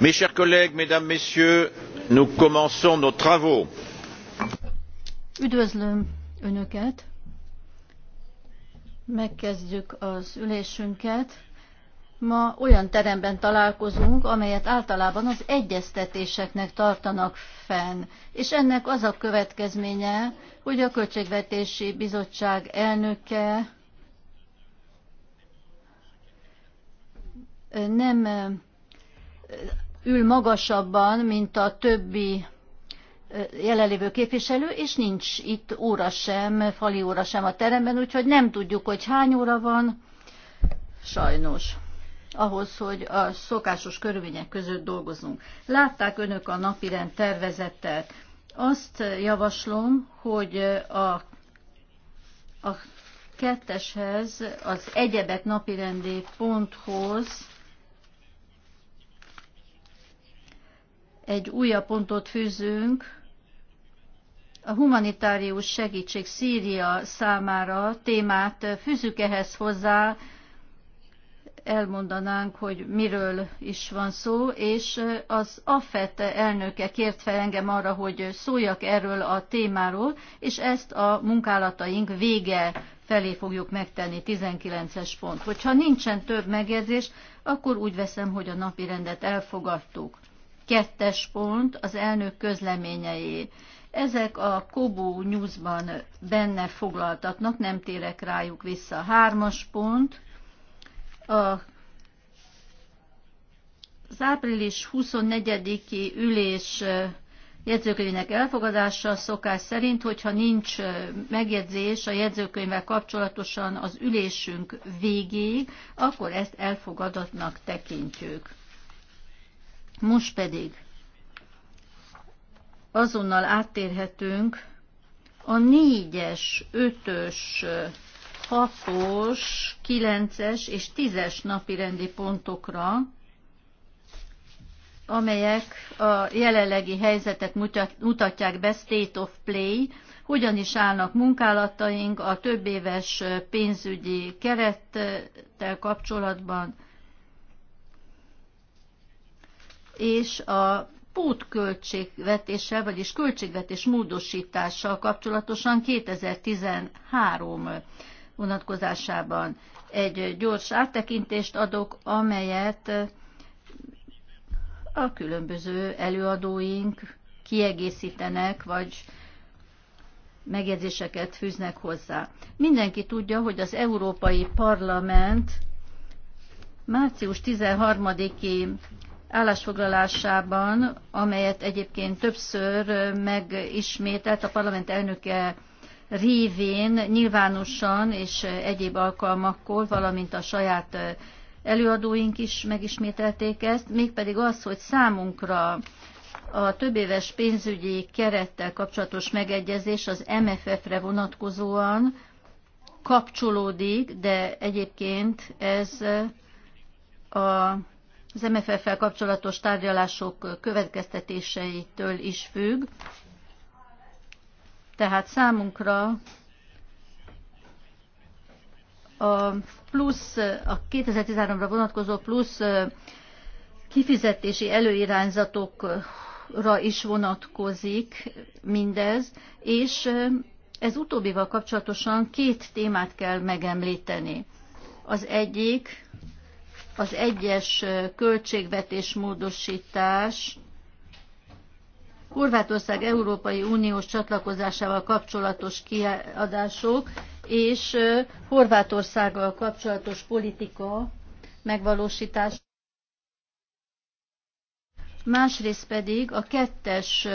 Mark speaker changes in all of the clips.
Speaker 1: Mes chers collègues, mesdames, messieurs,
Speaker 2: nous commençons nos travaux.
Speaker 3: Üdvözlöm Önöket! Megkezdjük az ülésünket. Ma olyan teremben találkozunk, amelyet általában az egyeztetéseknek tartanak fenn, és ennek az a következménye, hogy a Költségvetési Bizottság elnöke nem ül magasabban, mint a többi jelenlévő képviselő, és nincs itt óra sem, fali óra sem a teremben, úgyhogy nem tudjuk, hogy hány óra van, sajnos, ahhoz, hogy a szokásos körülmények között dolgozunk. Látták önök a napirend tervezettel. Azt javaslom, hogy a, a ketteshez, az egyebek napirendi ponthoz, egy újabb pontot fűzünk a humanitárius segítség Szíria számára témát fűzük ehhez hozzá, elmondanánk, hogy miről is van szó, és az AFET elnöke kért fel engem arra, hogy szóljak erről a témáról, és ezt a munkálataink vége felé fogjuk megtenni, 19-es pont. Hogyha nincsen több megjegyzés, akkor úgy veszem, hogy a napi rendet elfogadtuk kettes pont az elnök közleményei. Ezek a Kobo Newsban benne foglaltatnak, nem térek rájuk vissza. Hármas pont, a az április 24-i ülés jegyzőkönyvének elfogadása szokás szerint, hogyha nincs megjegyzés a jegyzőkönyvvel kapcsolatosan az ülésünk végéig, akkor ezt elfogadatnak tekintjük. Most pedig azonnal áttérhetünk a négyes, ötös, hatos, kilences és tízes napi rendi pontokra, amelyek a jelenlegi helyzetet mutatják be, State of Play, hogyan is állnak munkálataink a több éves pénzügyi kerettel kapcsolatban, és a pótköltségvetéssel, vagyis költségvetés módosítással kapcsolatosan 2013 vonatkozásában egy gyors áttekintést adok, amelyet a különböző előadóink kiegészítenek, vagy megjegyzéseket fűznek hozzá. Mindenki tudja, hogy az Európai Parlament március 13-i állásfoglalásában, amelyet egyébként többször megismételt a parlament elnöke révén nyilvánosan és egyéb alkalmakkor, valamint a saját előadóink is megismételték ezt, mégpedig az, hogy számunkra a többéves pénzügyi kerettel kapcsolatos megegyezés az MFF-re vonatkozóan kapcsolódik, de egyébként ez a az MFF-fel kapcsolatos tárgyalások következtetéseitől is függ. Tehát számunkra a plusz, a 2013-ra vonatkozó plusz kifizetési előirányzatokra is vonatkozik mindez, és ez utóbbival kapcsolatosan két témát kell megemlíteni. Az egyik az egyes költségvetés módosítás Horvátország Európai Uniós csatlakozásával kapcsolatos kiadások és Horvátországgal kapcsolatos politika megvalósítás. Másrészt pedig a kettes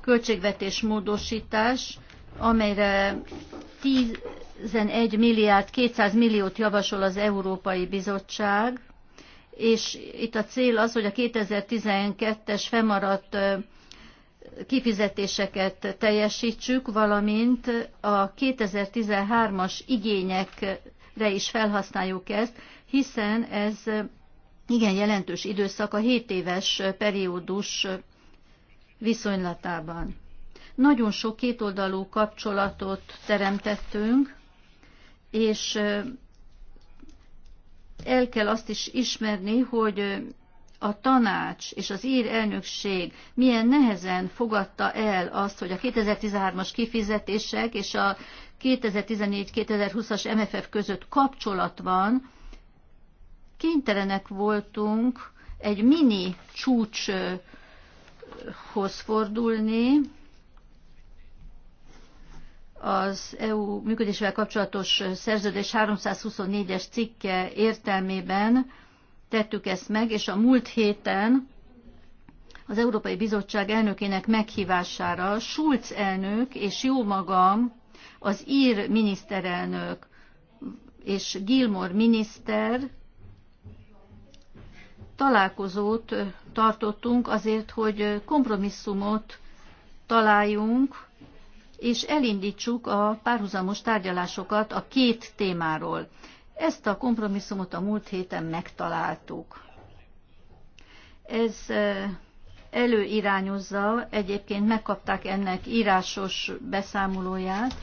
Speaker 3: költségvetés módosítás, amelyre 10, 11 milliárd 200 milliót javasol az Európai Bizottság, és itt a cél az, hogy a 2012-es fennmaradt kifizetéseket teljesítsük, valamint a 2013-as igényekre is felhasználjuk ezt, hiszen ez igen jelentős időszak a 7 éves periódus viszonylatában. Nagyon sok kétoldalú kapcsolatot teremtettünk, és el kell azt is ismerni, hogy a tanács és az ír elnökség milyen nehezen fogadta el azt, hogy a 2013-as kifizetések és a 2014-2020-as MFF között kapcsolat van, kénytelenek voltunk egy mini csúcshoz fordulni, az EU működésével kapcsolatos szerződés 324-es cikke értelmében tettük ezt meg, és a múlt héten az Európai Bizottság elnökének meghívására Schulz elnök és jó magam, az ír miniszterelnök és Gilmore miniszter találkozót tartottunk azért, hogy kompromisszumot találjunk és elindítsuk a párhuzamos tárgyalásokat a két témáról. Ezt a kompromisszumot a múlt héten megtaláltuk. Ez előirányozza, egyébként megkapták ennek írásos beszámolóját,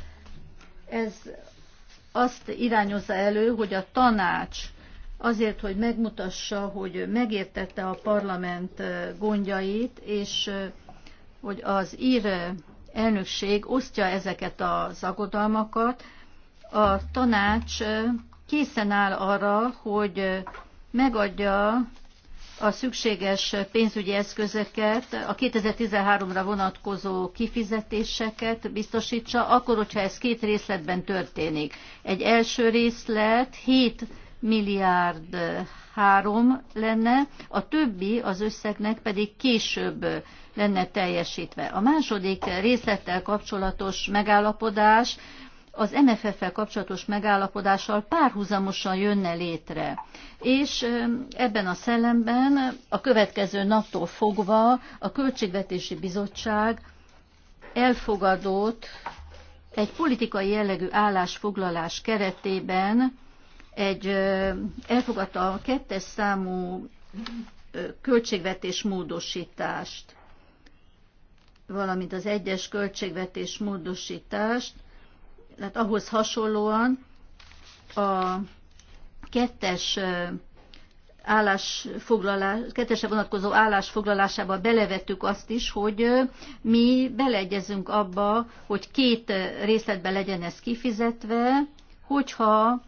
Speaker 3: ez azt irányozza elő, hogy a tanács azért, hogy megmutassa, hogy megértette a parlament gondjait, és hogy az ír elnökség osztja ezeket az aggodalmakat. A tanács készen áll arra, hogy megadja a szükséges pénzügyi eszközöket, a 2013-ra vonatkozó kifizetéseket biztosítsa, akkor, hogyha ez két részletben történik. Egy első részlet 7 milliárd 3 lenne, a többi az összegnek pedig később lenne teljesítve. A második részlettel kapcsolatos megállapodás az MFF-fel kapcsolatos megállapodással párhuzamosan jönne létre. És ebben a szellemben a következő naptól fogva a Költségvetési Bizottság elfogadott egy politikai jellegű állásfoglalás keretében egy elfogadta a kettes számú költségvetés módosítást valamint az egyes költségvetés módosítást, tehát ahhoz hasonlóan a kettes állásfoglalás, kettesre vonatkozó állásfoglalásába belevettük azt is, hogy mi beleegyezünk abba, hogy két részletben legyen ez kifizetve, hogyha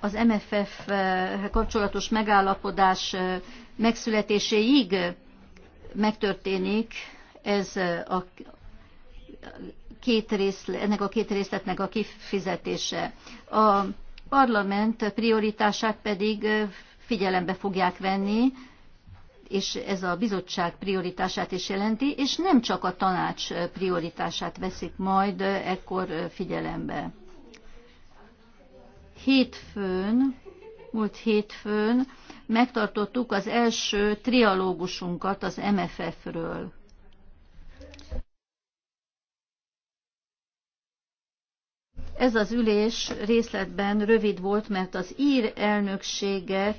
Speaker 3: az MFF kapcsolatos megállapodás megszületéséig megtörténik ez a két rész, ennek a két részletnek a kifizetése. A parlament prioritását pedig figyelembe fogják venni, és ez a bizottság prioritását is jelenti, és nem csak a tanács prioritását veszik majd ekkor figyelembe. Hétfőn, múlt hétfőn megtartottuk az első trialógusunkat az MFF-ről. Ez az ülés részletben rövid volt, mert az ír elnökséget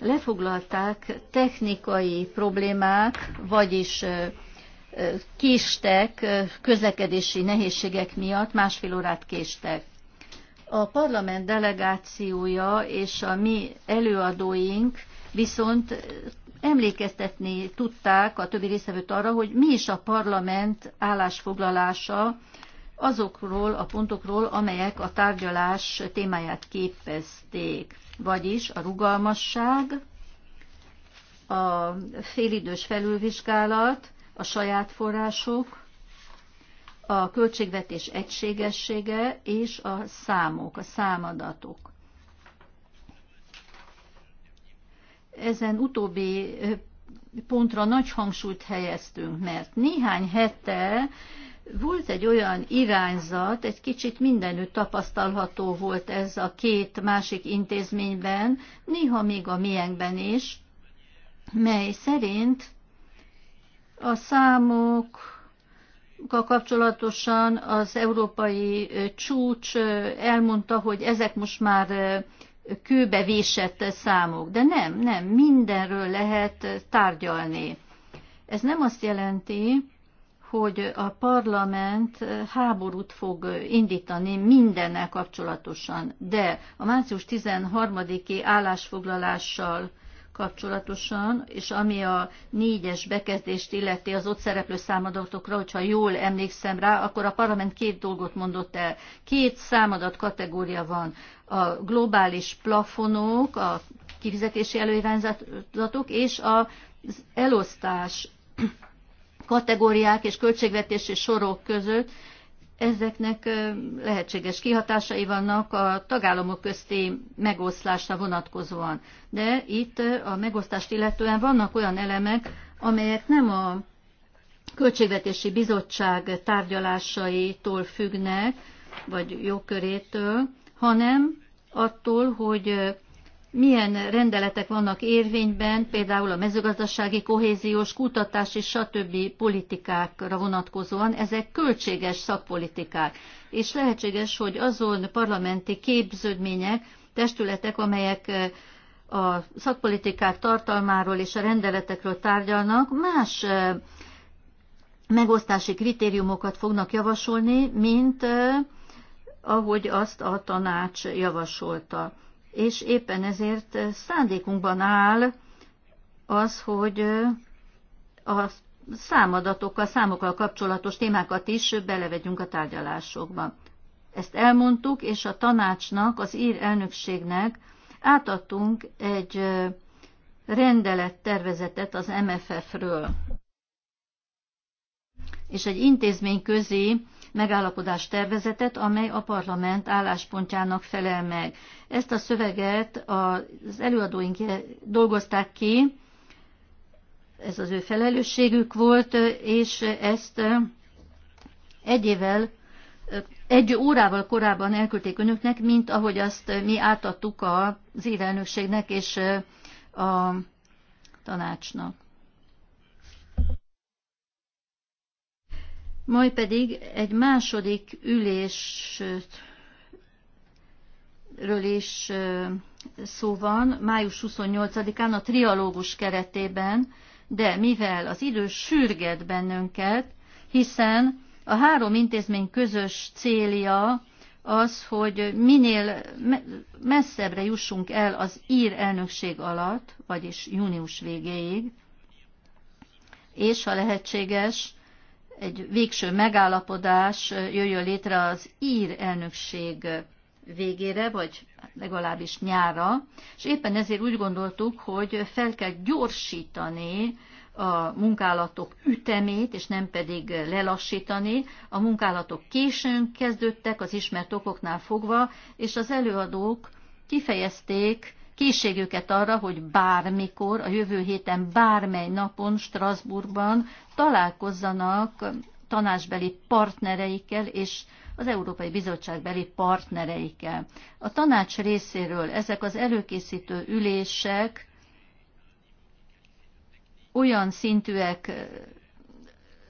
Speaker 3: lefoglalták technikai problémák, vagyis késtek közlekedési nehézségek miatt, másfél órát késtek. A parlament delegációja és a mi előadóink viszont emlékeztetni tudták a többi résztvevőt arra, hogy mi is a parlament állásfoglalása azokról a pontokról, amelyek a tárgyalás témáját képezték, vagyis a rugalmasság, a félidős felülvizsgálat, a saját források, a költségvetés egységessége és a számok, a számadatok. Ezen utóbbi eh, pontra nagy hangsúlyt helyeztünk, mert néhány hete volt egy olyan irányzat, egy kicsit mindenütt tapasztalható volt ez a két másik intézményben, néha még a miénkben is, mely szerint a számok, kapcsolatosan az európai csúcs elmondta, hogy ezek most már kőbe vésett számok. De nem, nem, mindenről lehet tárgyalni. Ez nem azt jelenti, hogy a parlament eh, háborút fog eh, indítani mindennel kapcsolatosan, de a március 13-i állásfoglalással kapcsolatosan, és ami a négyes bekezdést illeti az ott szereplő számadatokra, hogyha jól emlékszem rá, akkor a parlament két dolgot mondott el. Két számadat kategória van. A globális plafonok, a kifizetési előirányzatok és az elosztás kategóriák és költségvetési sorok között, ezeknek lehetséges kihatásai vannak a tagállamok közti megoszlásra vonatkozóan. De itt a megosztást illetően vannak olyan elemek, amelyek nem a Költségvetési Bizottság tárgyalásaitól függnek, vagy jogkörétől, hanem attól, hogy milyen rendeletek vannak érvényben, például a mezőgazdasági, kohéziós, kutatási, stb. politikákra vonatkozóan. Ezek költséges szakpolitikák, és lehetséges, hogy azon parlamenti képződmények, testületek, amelyek eh, a szakpolitikák tartalmáról és a rendeletekről tárgyalnak, más eh, megosztási kritériumokat fognak javasolni, mint eh, ahogy azt a tanács javasolta és éppen ezért szándékunkban áll az, hogy a számadatokkal, számokkal kapcsolatos témákat is belevegyünk a tárgyalásokba. Ezt elmondtuk, és a tanácsnak, az ír elnökségnek átadtunk egy rendelettervezetet az MFF-ről. És egy intézményközi megállapodás tervezetet, amely a parlament álláspontjának felel meg. Ezt a szöveget az előadóink dolgozták ki, ez az ő felelősségük volt, és ezt egy évvel, egy órával korábban elküldték önöknek, mint ahogy azt mi átadtuk az évelnökségnek és a tanácsnak. Majd pedig egy második ülésről is szó van, május 28-án a trialógus keretében, de mivel az idő sürget bennünket, hiszen a három intézmény közös célja az, hogy minél messzebbre jussunk el az ír elnökség alatt, vagyis június végéig, és ha lehetséges, egy végső megállapodás jöjjön létre az ír elnökség végére, vagy legalábbis nyára, és éppen ezért úgy gondoltuk, hogy fel kell gyorsítani a munkálatok ütemét, és nem pedig lelassítani. A munkálatok későn kezdődtek az ismert okoknál fogva, és az előadók kifejezték készségüket arra, hogy bármikor, a jövő héten bármely napon Strasbourgban találkozzanak tanácsbeli partnereikkel és az Európai Bizottság beli partnereikkel. A tanács részéről ezek az előkészítő ülések olyan szintűek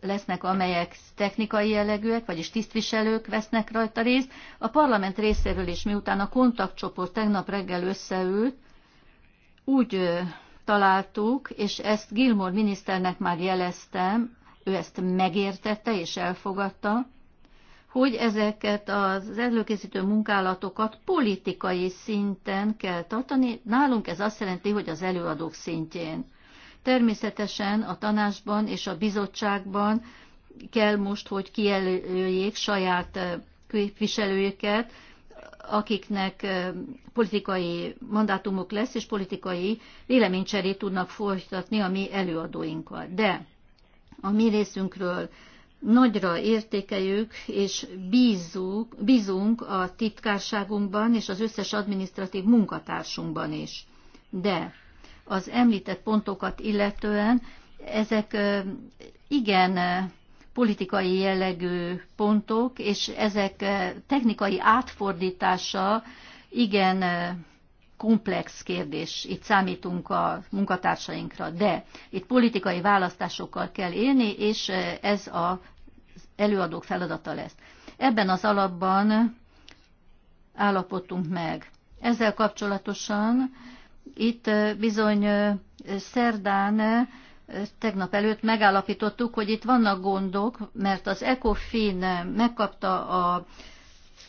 Speaker 3: lesznek, amelyek technikai jellegűek, vagyis tisztviselők vesznek rajta részt. A parlament részéről is, miután a kontaktcsoport tegnap reggel összeült, úgy találtuk, és ezt Gilmore miniszternek már jeleztem, ő ezt megértette és elfogadta, hogy ezeket az előkészítő munkálatokat politikai szinten kell tartani. Nálunk ez azt jelenti, hogy az előadók szintjén. Természetesen a tanácsban és a bizottságban kell most, hogy kijelöljék saját eh, képviselőjüket, akiknek eh, politikai mandátumok lesz, és politikai véleménycserét tudnak folytatni a mi előadóinkkal. De a mi részünkről nagyra értékeljük és bízunk, bízunk a titkárságunkban és az összes adminisztratív munkatársunkban is. De az említett pontokat illetően, ezek igen politikai jellegű pontok, és ezek technikai átfordítása igen komplex kérdés. Itt számítunk a munkatársainkra, de itt politikai választásokkal kell élni, és ez az előadók feladata lesz. Ebben az alapban állapodtunk meg. Ezzel kapcsolatosan itt bizony szerdán tegnap előtt megállapítottuk, hogy itt vannak gondok, mert az ECOFIN megkapta a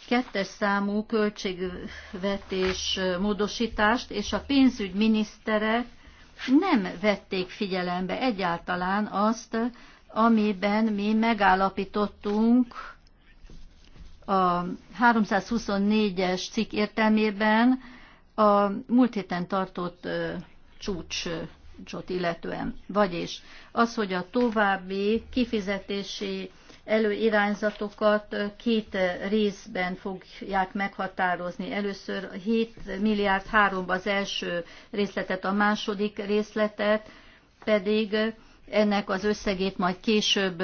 Speaker 3: kettes számú költségvetés módosítást, és a pénzügyminiszterek nem vették figyelembe egyáltalán azt, amiben mi megállapítottunk a 324-es cikk értelmében, a múlt héten tartott csúcsot illetően. Vagyis az, hogy a további kifizetési előirányzatokat két részben fogják meghatározni. Először 7 milliárd háromba az első részletet, a második részletet pedig ennek az összegét majd később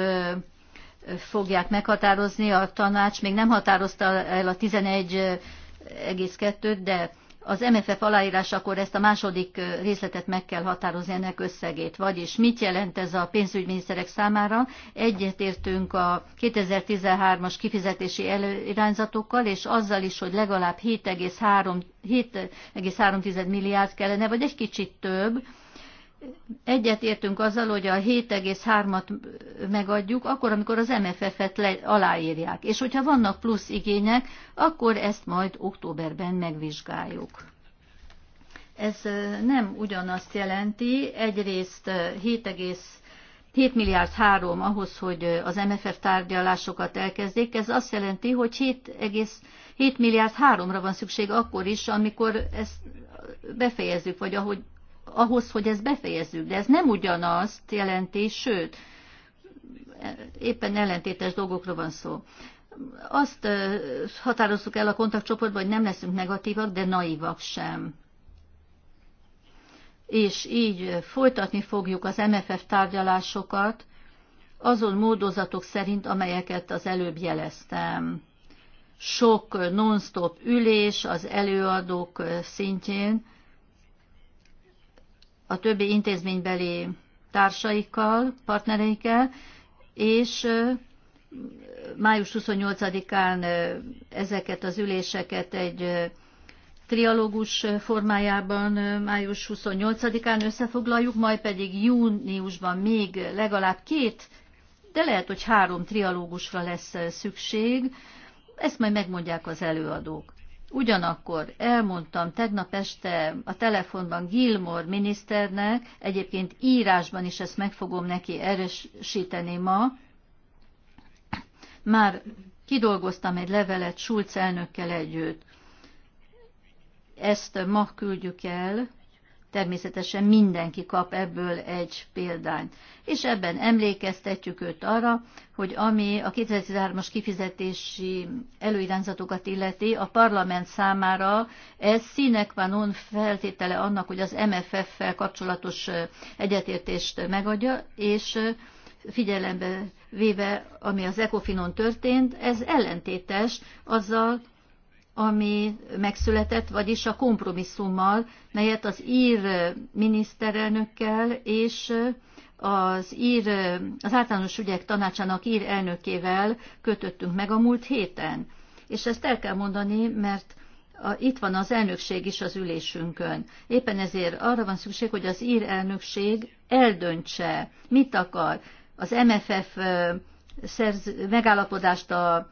Speaker 3: fogják meghatározni. A tanács még nem határozta el a 11,2-t, de az MFF aláírásakor ezt a második részletet meg kell határozni ennek összegét. Vagyis mit jelent ez a pénzügyminiszterek számára? Egyetértünk a 2013-as kifizetési előirányzatokkal, és azzal is, hogy legalább 7,3 milliárd kellene, vagy egy kicsit több, egyetértünk azzal, hogy a 7,3-at megadjuk, akkor, amikor az MFF-et le, aláírják. És hogyha vannak plusz igények, akkor ezt majd októberben megvizsgáljuk. Ez nem ugyanazt jelenti, egyrészt 7, 7 milliárd 3 ahhoz, hogy az MFF tárgyalásokat elkezdjék, ez azt jelenti, hogy 7,7 milliárd 3-ra van szükség akkor is, amikor ezt befejezzük, vagy ahogy ahhoz, hogy ezt befejezzük. De ez nem ugyanazt jelenti, sőt, éppen ellentétes dolgokról van szó. Azt határozzuk el a kontaktcsoportban, hogy nem leszünk negatívak, de naivak sem. És így folytatni fogjuk az MFF tárgyalásokat azon módozatok szerint, amelyeket az előbb jeleztem. Sok non-stop ülés az előadók szintjén, a többi intézménybeli társaikkal, partnereikkel, és május 28-án ezeket az üléseket egy trialógus formájában május 28-án összefoglaljuk, majd pedig júniusban még legalább két, de lehet, hogy három trialógusra lesz szükség, ezt majd megmondják az előadók. Ugyanakkor elmondtam tegnap este a telefonban Gilmore miniszternek, egyébként írásban is ezt meg fogom neki erősíteni ma, már kidolgoztam egy levelet Schulz elnökkel együtt. Ezt ma küldjük el, természetesen mindenki kap ebből egy példányt. És ebben emlékeztetjük őt arra, hogy ami a 2013-as kifizetési előirányzatokat illeti, a parlament számára ez színek van on feltétele annak, hogy az MFF-fel kapcsolatos egyetértést megadja, és figyelembe véve, ami az Ecofinon történt, ez ellentétes azzal, ami megszületett, vagyis a kompromisszummal, melyet az ír miniszterelnökkel és az ír, az általános ügyek tanácsának ír elnökével kötöttünk meg a múlt héten. És ezt el kell mondani, mert a, itt van az elnökség is az ülésünkön. Éppen ezért arra van szükség, hogy az ír elnökség eldöntse, mit akar az MFF szerz, megállapodást a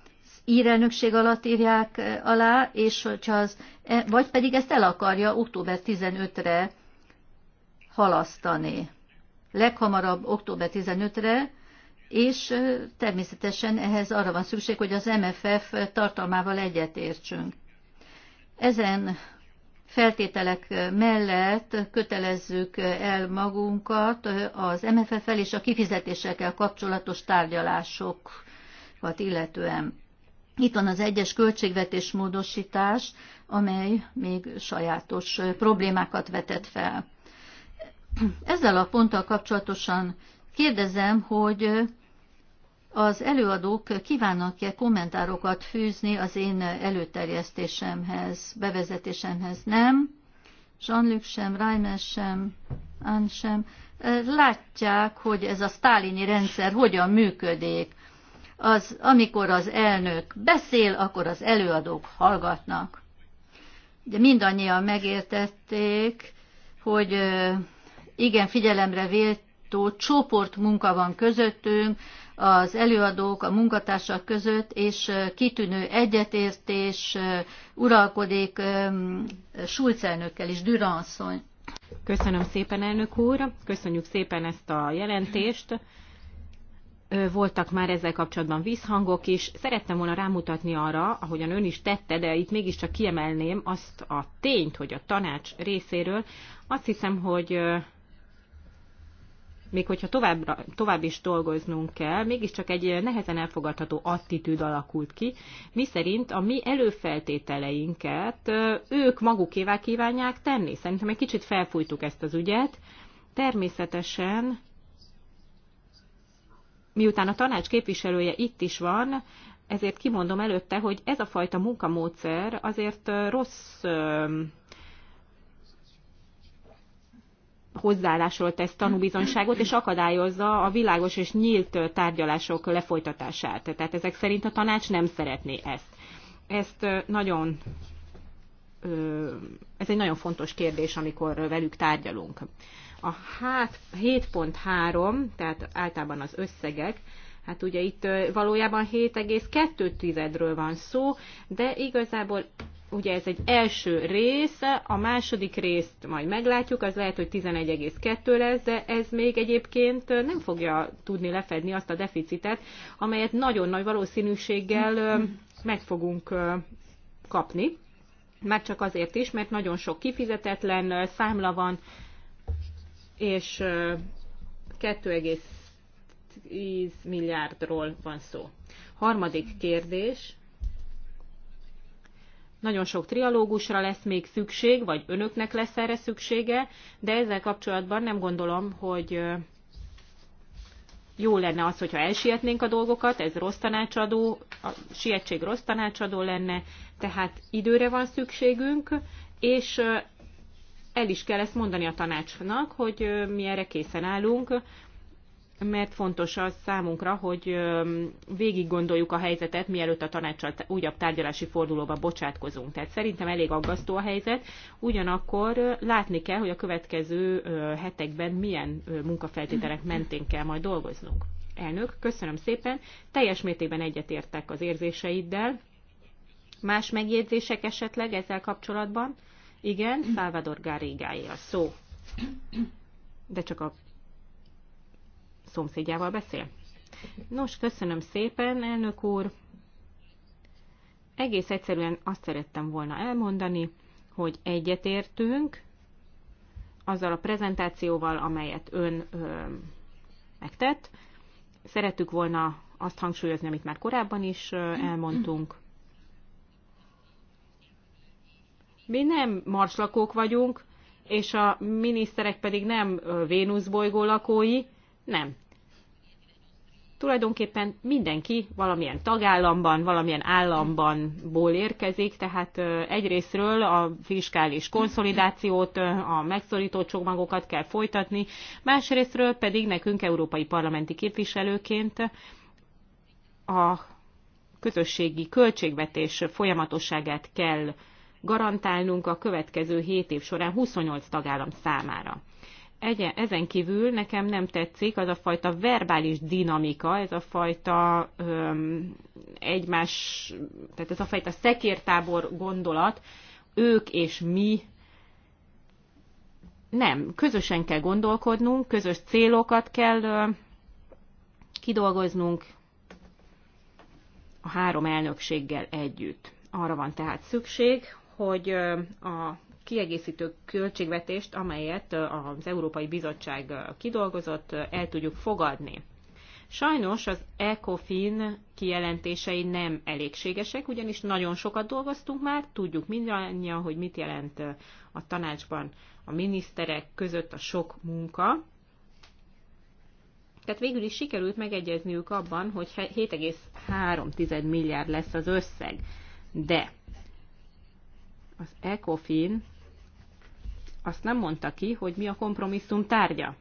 Speaker 3: írelnökség alatt írják alá, és hogyha az, e, vagy pedig ezt el akarja október 15-re halasztani. Leghamarabb október 15-re, és természetesen ehhez arra van szükség, hogy az MFF tartalmával egyetértsünk. Ezen feltételek mellett kötelezzük el magunkat az MFF-el és a kifizetésekkel kapcsolatos tárgyalásokat illetően. Itt van az egyes költségvetés módosítás, amely még sajátos problémákat vetett fel. Ezzel a ponttal kapcsolatosan kérdezem, hogy az előadók kívánnak-e kommentárokat fűzni az én előterjesztésemhez, bevezetésemhez? Nem. Jean-Luc sem, Reimer sem, Anne sem. Látják, hogy ez a sztálini rendszer hogyan működik az, amikor az elnök beszél, akkor az előadók hallgatnak. Ugye mindannyian megértették, hogy igen, figyelemre véltó csoportmunka van közöttünk, az előadók, a munkatársak között, és kitűnő egyetértés uralkodik Schulz elnökkel is, Duranszony.
Speaker 1: Köszönöm szépen, elnök úr, köszönjük szépen ezt a jelentést voltak már ezzel kapcsolatban visszhangok is. Szerettem volna rámutatni arra, ahogyan ön is tette, de itt mégiscsak kiemelném azt a tényt, hogy a tanács részéről azt hiszem, hogy még hogyha tovább, tovább is dolgoznunk kell, mégiscsak egy nehezen elfogadható attitűd alakult ki, miszerint a mi előfeltételeinket ők magukévá kívánják tenni. Szerintem egy kicsit felfújtuk ezt az ügyet. Természetesen miután a tanács képviselője itt is van, ezért kimondom előtte, hogy ez a fajta munkamódszer azért rossz hozzáállásról tesz tanúbizonságot, és akadályozza a világos és nyílt tárgyalások lefolytatását. Tehát ezek szerint a tanács nem szeretné ezt. Ezt nagyon, ez egy nagyon fontos kérdés, amikor velük tárgyalunk. A 7.3, tehát általában az összegek, hát ugye itt valójában 7,2-ről van szó, de igazából ugye ez egy első rész, a második részt majd meglátjuk, az lehet, hogy 11,2 lesz, de ez még egyébként nem fogja tudni lefedni azt a deficitet, amelyet nagyon nagy valószínűséggel meg fogunk kapni. Már csak azért is, mert nagyon sok kifizetetlen számla van, és 2,10 milliárdról van szó. Harmadik kérdés. Nagyon sok trialógusra lesz még szükség, vagy önöknek lesz erre szüksége, de ezzel kapcsolatban nem gondolom, hogy jó lenne az, hogyha elsietnénk a dolgokat, ez rossz tanácsadó, a sietség rossz tanácsadó lenne, tehát időre van szükségünk, és el is kell ezt mondani a tanácsnak, hogy mi erre készen állunk, mert fontos az számunkra, hogy végig gondoljuk a helyzetet, mielőtt a tanácssal újabb tárgyalási fordulóba bocsátkozunk. Tehát szerintem elég aggasztó a helyzet, ugyanakkor látni kell, hogy a következő hetekben milyen munkafeltételek mentén kell majd dolgoznunk. Elnök, köszönöm szépen, teljes mértékben egyetértek az érzéseiddel. Más megjegyzések esetleg ezzel kapcsolatban? Igen, Salvador Garrigáé a szó. De csak a szomszédjával beszél. Nos, köszönöm szépen, elnök úr. Egész egyszerűen azt szerettem volna elmondani, hogy egyetértünk azzal a prezentációval, amelyet ön ö, megtett. Szerettük volna azt hangsúlyozni, amit már korábban is elmondtunk, Mi nem marslakók vagyunk, és a miniszterek pedig nem Vénusz bolygó lakói, nem. Tulajdonképpen mindenki valamilyen tagállamban, valamilyen állambanból érkezik, tehát egyrésztről a fiskális konszolidációt, a megszorító csomagokat kell folytatni, másrésztről pedig nekünk európai parlamenti képviselőként a közösségi költségvetés folyamatosságát kell garantálnunk a következő 7 év során 28 tagállam számára. ezen kívül nekem nem tetszik az a fajta verbális dinamika, ez a fajta öm, egymás, tehát ez a fajta szekértábor gondolat, ők és mi. Nem, közösen kell gondolkodnunk, közös célokat kell ö, kidolgoznunk a három elnökséggel együtt. Arra van tehát szükség, hogy a kiegészítő költségvetést, amelyet az Európai Bizottság kidolgozott, el tudjuk fogadni. Sajnos az ECOFIN kijelentései nem elégségesek, ugyanis nagyon sokat dolgoztunk már, tudjuk mindannyian, hogy mit jelent a tanácsban a miniszterek között a sok munka. Tehát végül is sikerült megegyezniük abban, hogy 7,3 milliárd lesz az összeg. De az ECOFIN azt nem mondta ki, hogy mi a kompromisszum tárgya.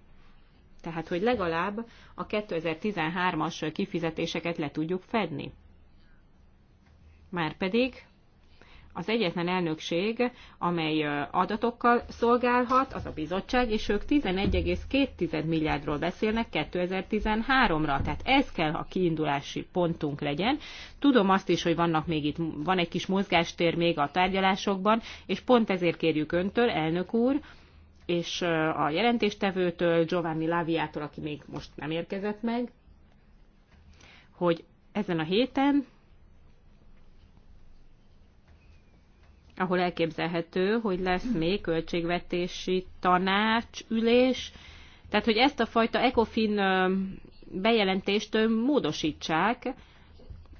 Speaker 1: Tehát, hogy legalább a 2013-as kifizetéseket le tudjuk fedni. Márpedig az egyetlen elnökség, amely adatokkal szolgálhat, az a bizottság, és ők 11,2 milliárdról beszélnek 2013-ra. Tehát ez kell a kiindulási pontunk legyen. Tudom azt is, hogy vannak még itt, van egy kis mozgástér még a tárgyalásokban, és pont ezért kérjük öntől, elnök úr, és a jelentéstevőtől, Giovanni Láviától, aki még most nem érkezett meg, hogy ezen a héten ahol elképzelhető, hogy lesz még költségvetési tanácsülés, tehát hogy ezt a fajta ECOFIN bejelentést módosítsák,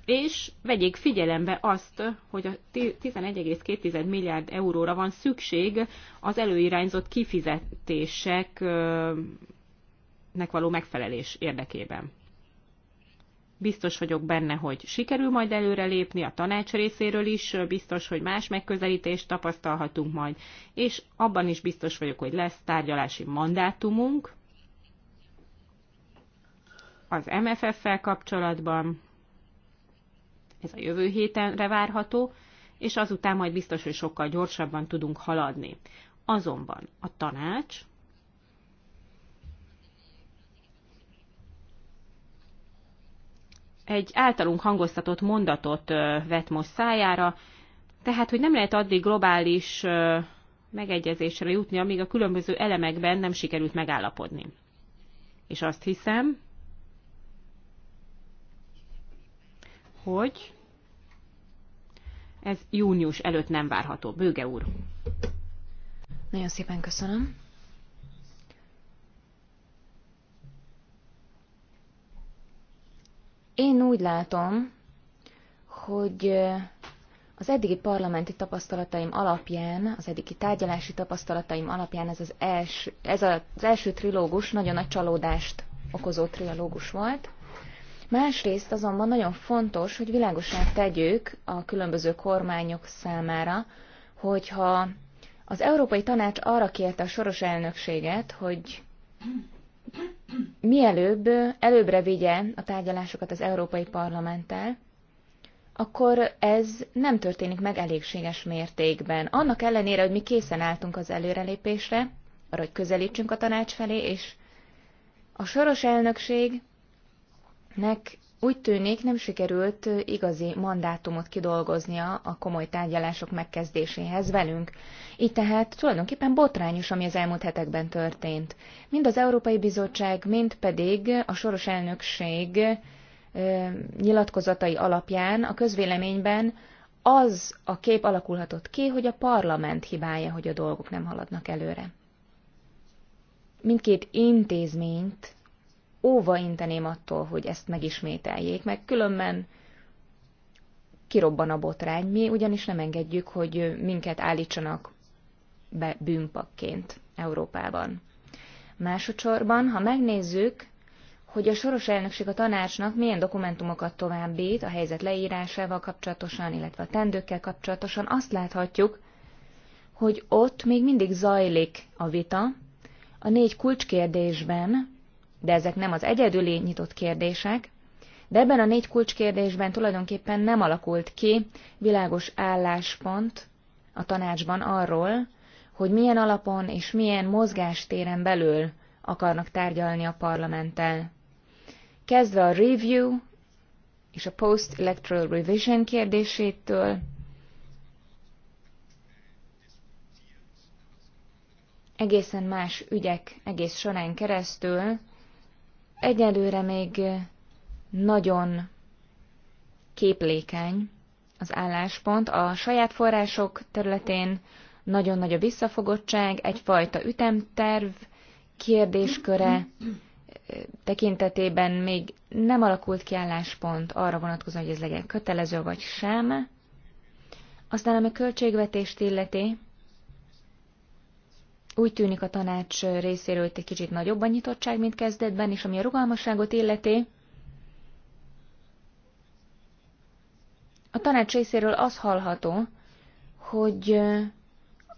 Speaker 1: és vegyék figyelembe azt, hogy a 11,2 milliárd euróra van szükség az előirányzott kifizetéseknek való megfelelés érdekében. Biztos vagyok benne, hogy sikerül majd előrelépni a tanács részéről is, biztos, hogy más megközelítést tapasztalhatunk majd, és abban is biztos vagyok, hogy lesz tárgyalási mandátumunk az MFF-fel kapcsolatban, ez a jövő hétenre várható, és azután majd biztos, hogy sokkal gyorsabban tudunk haladni. Azonban a tanács egy általunk hangoztatott mondatot vett most szájára, tehát, hogy nem lehet addig globális megegyezésre jutni, amíg a különböző elemekben nem sikerült megállapodni. És azt hiszem, hogy ez június előtt nem várható. Bőge úr.
Speaker 2: Nagyon szépen köszönöm. Én úgy látom, hogy az eddigi parlamenti tapasztalataim alapján, az eddigi tárgyalási tapasztalataim alapján ez az, els, ez az első trilógus nagyon nagy csalódást okozó trilógus volt. Másrészt azonban nagyon fontos, hogy világosan tegyük a különböző kormányok számára, hogyha az Európai Tanács arra kérte a soros elnökséget, hogy mielőbb előbbre vigye a tárgyalásokat az Európai Parlamenttel, akkor ez nem történik meg elégséges mértékben. Annak ellenére, hogy mi készen álltunk az előrelépésre, arra, hogy közelítsünk a tanács felé, és a soros elnökségnek úgy tűnik, nem sikerült igazi mandátumot kidolgoznia a komoly tárgyalások megkezdéséhez velünk. Így tehát tulajdonképpen botrányos, ami az elmúlt hetekben történt. Mind az Európai Bizottság, mind pedig a soros elnökség nyilatkozatai alapján a közvéleményben az a kép alakulhatott ki, hogy a parlament hibája, hogy a dolgok nem haladnak előre. Mindkét intézményt óva inteném attól, hogy ezt megismételjék, meg különben kirobban a botrány, mi ugyanis nem engedjük, hogy minket állítsanak be bűnpakként Európában. Másodszorban, ha megnézzük, hogy a soros elnökség a tanácsnak milyen dokumentumokat továbbít a helyzet leírásával kapcsolatosan, illetve a tendőkkel kapcsolatosan, azt láthatjuk, hogy ott még mindig zajlik a vita, a négy kulcskérdésben de ezek nem az egyedüli nyitott kérdések, de ebben a négy kulcskérdésben tulajdonképpen nem alakult ki világos álláspont a tanácsban arról, hogy milyen alapon és milyen mozgástéren belül akarnak tárgyalni a parlamenttel. Kezdve a review és a post-electoral revision kérdésétől, egészen más ügyek egész során keresztül, Egyelőre még nagyon képlékeny az álláspont. A saját források területén nagyon nagy a visszafogottság, egyfajta ütemterv kérdésköre tekintetében még nem alakult ki álláspont arra vonatkozóan, hogy ez legyen kötelező vagy sem. Aztán, ami költségvetést illeti, úgy tűnik a tanács részéről itt egy kicsit nagyobb a nyitottság, mint kezdetben, és ami a rugalmasságot illeti, a tanács részéről az hallható, hogy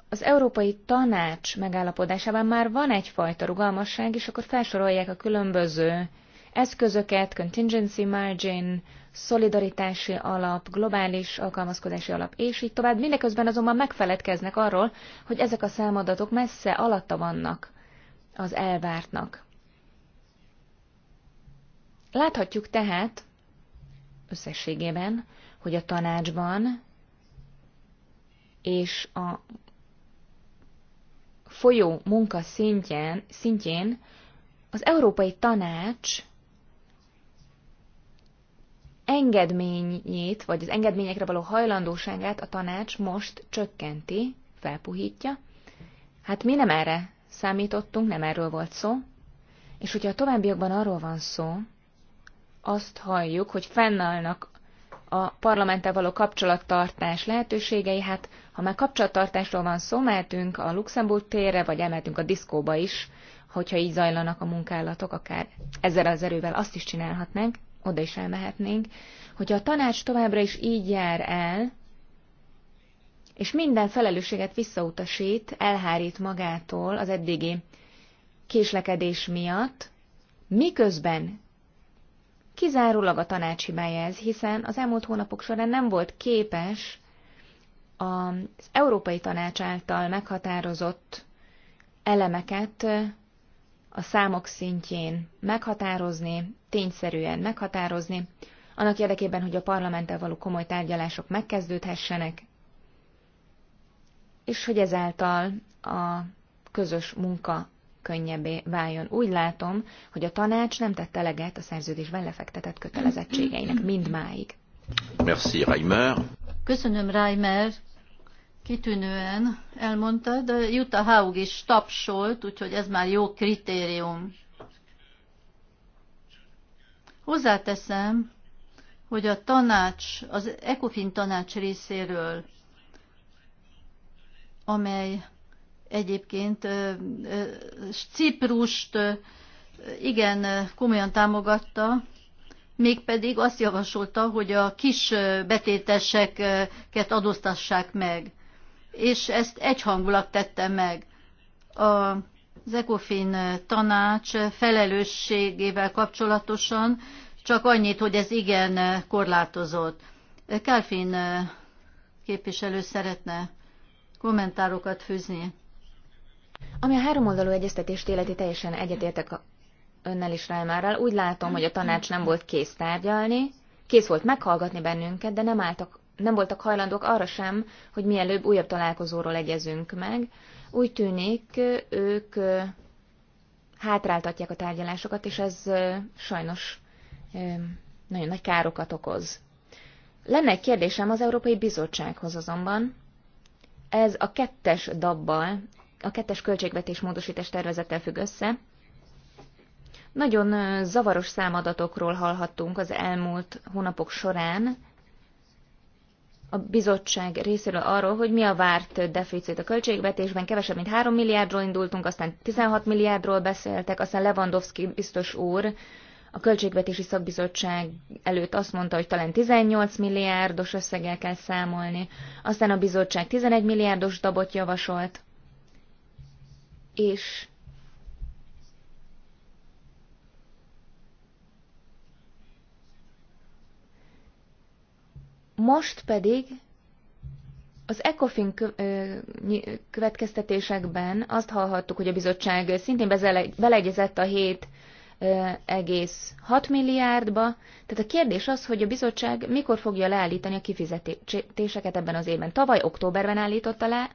Speaker 2: az Európai Tanács megállapodásában már van egyfajta rugalmasság, és akkor felsorolják a különböző eszközöket, contingency margin, szolidaritási alap, globális alkalmazkodási alap, és így tovább. Mindeközben azonban megfeledkeznek arról, hogy ezek a számadatok messze alatta vannak az elvártnak. Láthatjuk tehát összességében, hogy a tanácsban és a folyó munka szintjén, szintjén az Európai Tanács engedményét, vagy az engedményekre való hajlandóságát a tanács most csökkenti, felpuhítja. Hát mi nem erre számítottunk, nem erről volt szó. És hogyha a továbbiakban arról van szó, azt halljuk, hogy fennállnak a parlamenttel való kapcsolattartás lehetőségei, hát ha már kapcsolattartásról van szó, mehetünk a Luxemburg térre, vagy elmehetünk a diszkóba is, hogyha így zajlanak a munkálatok, akár ezzel az erővel azt is csinálhatnánk oda is elmehetnénk, hogyha a tanács továbbra is így jár el, és minden felelősséget visszautasít, elhárít magától az eddigi késlekedés miatt, miközben kizárólag a tanács hibája ez, hiszen az elmúlt hónapok során nem volt képes az Európai Tanács által meghatározott elemeket a számok szintjén meghatározni, tényszerűen meghatározni, annak érdekében, hogy a parlamenttel való komoly tárgyalások megkezdődhessenek, és hogy ezáltal a közös munka könnyebbé váljon. Úgy látom, hogy a tanács nem tett eleget a szerződésben lefektetett kötelezettségeinek mindmáig. Merci, Reimer.
Speaker 3: Köszönöm, Reimer. Kitűnően elmondta, Jutta Haug is tapsolt, úgyhogy ez már jó kritérium. Hozzáteszem, hogy a tanács, az ECOFIN tanács részéről, amely egyébként Ciprust igen komolyan támogatta, mégpedig azt javasolta, hogy a kis betéteseket adóztassák meg. És ezt egyhangulat tette meg. A az ECOFIN tanács felelősségével kapcsolatosan, csak annyit, hogy ez igen korlátozott. Kálfin képviselő szeretne kommentárokat fűzni.
Speaker 2: Ami a háromoldalú egyeztetést életi teljesen egyetértek önnel is Reimerrel. Úgy látom, hogy a tanács nem volt kész tárgyalni, kész volt meghallgatni bennünket, de nem, álltak, nem voltak hajlandók arra sem, hogy mielőbb újabb találkozóról egyezünk meg. Úgy tűnik, ők hátráltatják a tárgyalásokat, és ez sajnos nagyon nagy károkat okoz. Lenne egy kérdésem az Európai Bizottsághoz azonban. Ez a kettes dabbal, a kettes költségvetés módosítás tervezettel függ össze. Nagyon zavaros számadatokról hallhattunk az elmúlt hónapok során, a bizottság részéről arról, hogy mi a várt deficit a költségvetésben. Kevesebb, mint 3 milliárdról indultunk, aztán 16 milliárdról beszéltek, aztán Lewandowski biztos úr a Költségvetési Szakbizottság előtt azt mondta, hogy talán 18 milliárdos összeggel kell számolni, aztán a bizottság 11 milliárdos dabot javasolt, és Most pedig az ECOFIN következtetésekben azt hallhattuk, hogy a bizottság szintén beleegyezett a 7,6 milliárdba. Tehát a kérdés az, hogy a bizottság mikor fogja leállítani a kifizetéseket ebben az évben. Tavaly októberben állította le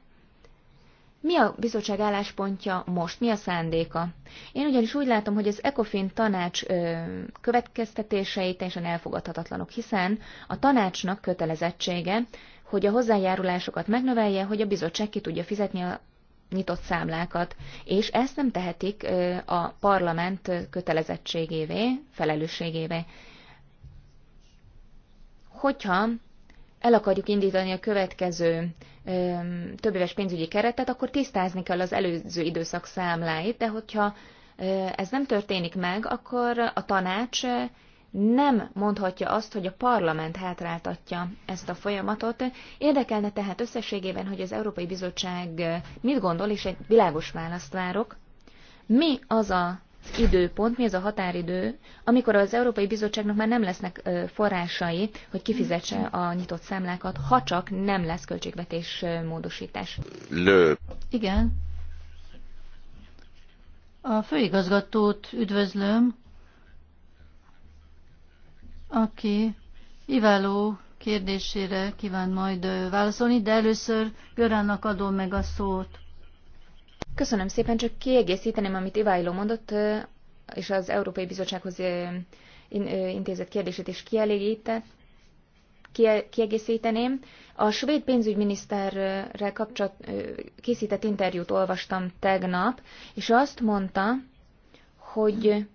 Speaker 2: mi a bizottság álláspontja most? Mi a szándéka? Én ugyanis úgy látom, hogy az ECOFIN tanács ö, következtetései teljesen elfogadhatatlanok, hiszen a tanácsnak kötelezettsége, hogy a hozzájárulásokat megnövelje, hogy a bizottság ki tudja fizetni a nyitott számlákat, és ezt nem tehetik a parlament kötelezettségévé, felelősségévé. Hogyha el akarjuk indítani a következő éves pénzügyi keretet, akkor tisztázni kell az előző időszak számláit, de hogyha ez nem történik meg, akkor a tanács nem mondhatja azt, hogy a parlament hátráltatja ezt a folyamatot. Érdekelne tehát összességében, hogy az Európai Bizottság mit gondol, és egy világos választ várok. Mi az a időpont, mi ez a határidő, amikor az Európai Bizottságnak már nem lesznek forrásai, hogy kifizetse a nyitott számlákat, ha csak nem lesz költségvetés módosítás. Lő. Igen.
Speaker 3: A főigazgatót üdvözlöm, aki iváló kérdésére kíván majd válaszolni, de
Speaker 2: először Görának adom meg a szót. Köszönöm szépen, csak kiegészíteném, amit Iváiló mondott, és az Európai Bizottsághoz intézett kérdését is kielégített, kiegészíteném. A svéd pénzügyminiszterrel kapcsolat, készített interjút olvastam tegnap, és azt mondta, hogy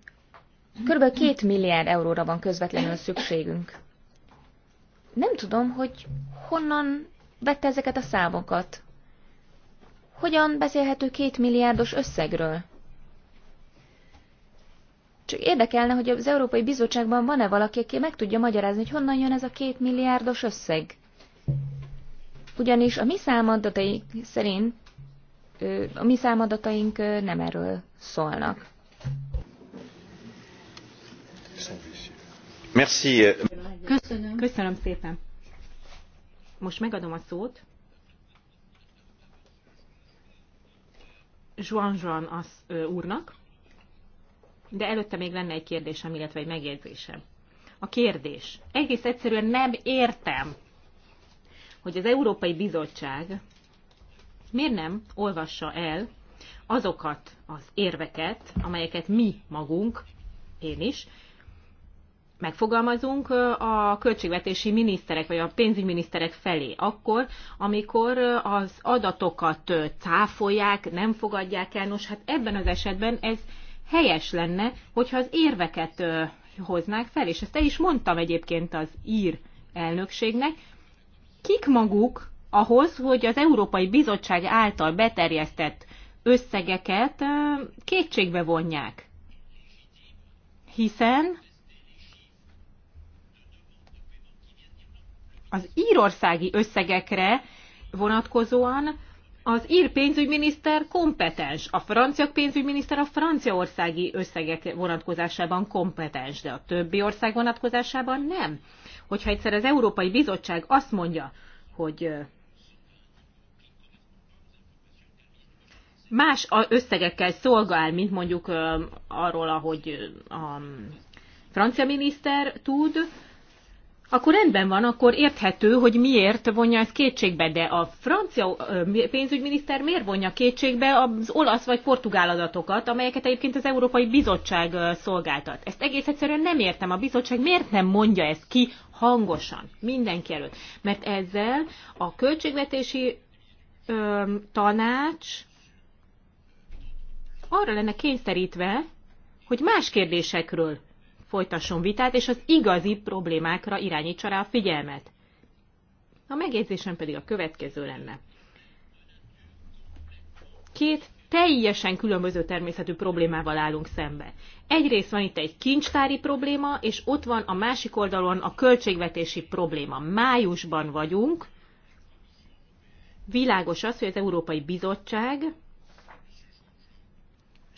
Speaker 2: kb. két milliárd euróra van közvetlenül szükségünk. Nem tudom, hogy honnan vette ezeket a számokat. Hogyan beszélhető két milliárdos összegről? Csak érdekelne, hogy az Európai Bizottságban van-e valaki, aki meg tudja magyarázni, hogy honnan jön ez a két milliárdos összeg. Ugyanis a mi számadataink szerint, a mi számadataink nem erről szólnak.
Speaker 1: Köszönöm. Köszönöm szépen. Most megadom a szót Zsuan Zsuan az úrnak, de előtte még lenne egy kérdésem, illetve egy megjegyzésem. A kérdés. Egész egyszerűen nem értem, hogy az Európai Bizottság miért nem olvassa el azokat az érveket, amelyeket mi magunk, én is, megfogalmazunk a költségvetési miniszterek vagy a pénzügyminiszterek felé, akkor, amikor az adatokat cáfolják, nem fogadják el, nos, hát ebben az esetben ez helyes lenne, hogyha az érveket hoznák fel, és ezt el is mondtam egyébként az ír elnökségnek, kik maguk ahhoz, hogy az Európai Bizottság által beterjesztett összegeket kétségbe vonják. Hiszen az írországi összegekre vonatkozóan az ír pénzügyminiszter kompetens, a francia pénzügyminiszter a franciaországi összegek vonatkozásában kompetens, de a többi ország vonatkozásában nem. Hogyha egyszer az Európai Bizottság azt mondja, hogy más összegekkel szolgál, mint mondjuk arról, ahogy a francia miniszter tud, akkor rendben van, akkor érthető, hogy miért vonja ezt kétségbe, de a francia pénzügyminiszter miért vonja kétségbe az olasz vagy portugál adatokat, amelyeket egyébként az Európai Bizottság szolgáltat. Ezt egész egyszerűen nem értem. A bizottság miért nem mondja ezt ki hangosan, mindenki előtt? Mert ezzel a költségvetési ö, tanács arra lenne kényszerítve, hogy más kérdésekről folytasson vitát, és az igazi problémákra irányítsa rá a figyelmet. A megjegyzésem pedig a következő lenne. Két teljesen különböző természetű problémával állunk szembe. Egyrészt van itt egy kincstári probléma, és ott van a másik oldalon a költségvetési probléma. Májusban vagyunk, világos az, hogy az Európai Bizottság,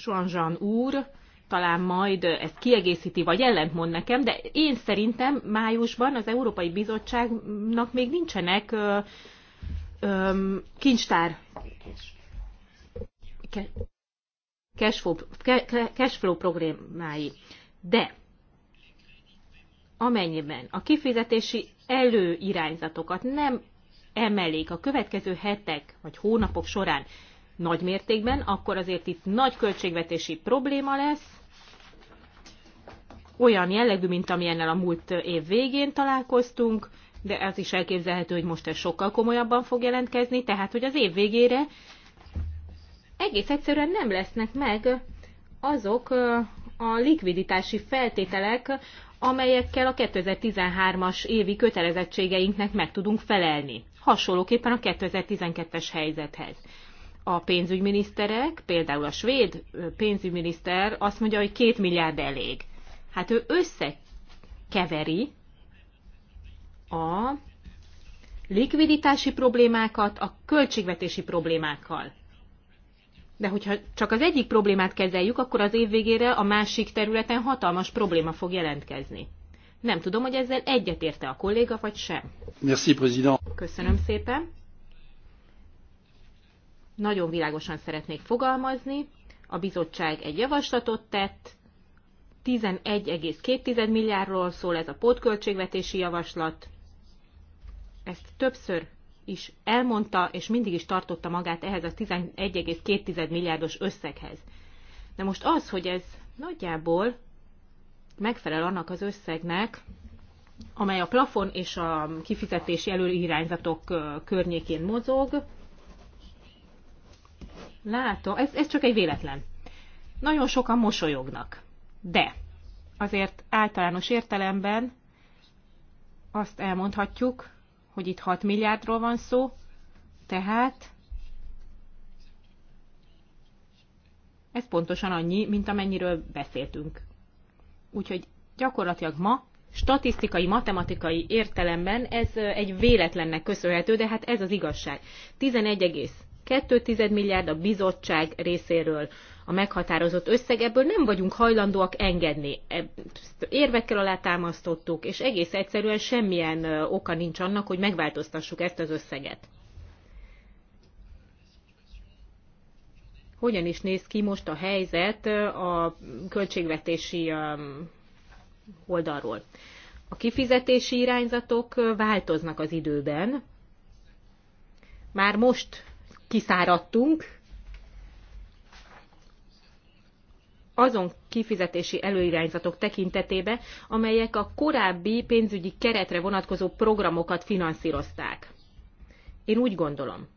Speaker 1: Jean-Jean úr, talán majd ezt kiegészíti, vagy ellentmond nekem, de én szerintem májusban az Európai Bizottságnak még nincsenek ö, ö, kincstár cashflow, cashflow problémái. De amennyiben a kifizetési előirányzatokat nem emelik a következő hetek vagy hónapok során, nagy mértékben, akkor azért itt nagy költségvetési probléma lesz, olyan jellegű, mint amilyennel a múlt év végén találkoztunk, de ez is elképzelhető, hogy most ez sokkal komolyabban fog jelentkezni, tehát hogy az év végére egész egyszerűen nem lesznek meg azok a likviditási feltételek, amelyekkel a 2013-as évi kötelezettségeinknek meg tudunk felelni. Hasonlóképpen a 2012-es helyzethez a pénzügyminiszterek, például a svéd pénzügyminiszter azt mondja, hogy két milliárd elég. Hát ő összekeveri a likviditási problémákat a költségvetési problémákkal. De hogyha csak az egyik problémát kezeljük, akkor az év végére a másik területen hatalmas probléma fog jelentkezni. Nem tudom, hogy ezzel egyetérte a kolléga, vagy sem. Merci, président. Köszönöm szépen. Nagyon világosan szeretnék fogalmazni. A bizottság egy javaslatot tett, 11,2 milliárdról szól ez a pótköltségvetési javaslat. Ezt többször is elmondta, és mindig is tartotta magát ehhez a 11,2 milliárdos összeghez. De most az, hogy ez nagyjából megfelel annak az összegnek, amely a plafon és a kifizetési előirányzatok környékén mozog, látom, ez, ez csak egy véletlen. Nagyon sokan mosolyognak, de azért általános értelemben azt elmondhatjuk, hogy itt 6 milliárdról van szó, tehát ez pontosan annyi, mint amennyiről beszéltünk. Úgyhogy gyakorlatilag ma statisztikai, matematikai értelemben ez egy véletlennek köszönhető, de hát ez az igazság. 2,2 milliárd a bizottság részéről a meghatározott összeg, ebből nem vagyunk hajlandóak engedni. Ezt érvekkel alátámasztottuk, és egész egyszerűen semmilyen oka nincs annak, hogy megváltoztassuk ezt az összeget. Hogyan is néz ki most a helyzet a költségvetési oldalról? A kifizetési irányzatok változnak az időben. Már most kiszáradtunk, azon kifizetési előirányzatok tekintetébe, amelyek a korábbi pénzügyi keretre vonatkozó programokat finanszírozták. Én úgy gondolom,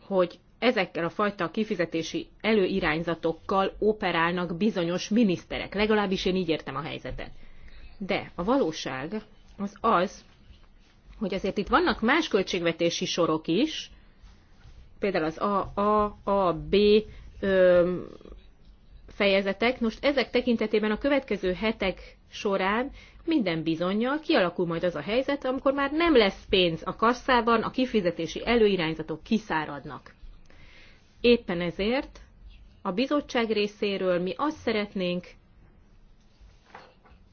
Speaker 1: hogy ezekkel a fajta kifizetési előirányzatokkal operálnak bizonyos miniszterek. Legalábbis én így értem a helyzetet. De a valóság az az, hogy azért itt vannak más költségvetési sorok is, például az A, A, A, B ö, fejezetek. Most ezek tekintetében a következő hetek során minden bizonyal kialakul majd az a helyzet, amikor már nem lesz pénz a kasszában, a kifizetési előirányzatok kiszáradnak. Éppen ezért a bizottság részéről mi azt szeretnénk,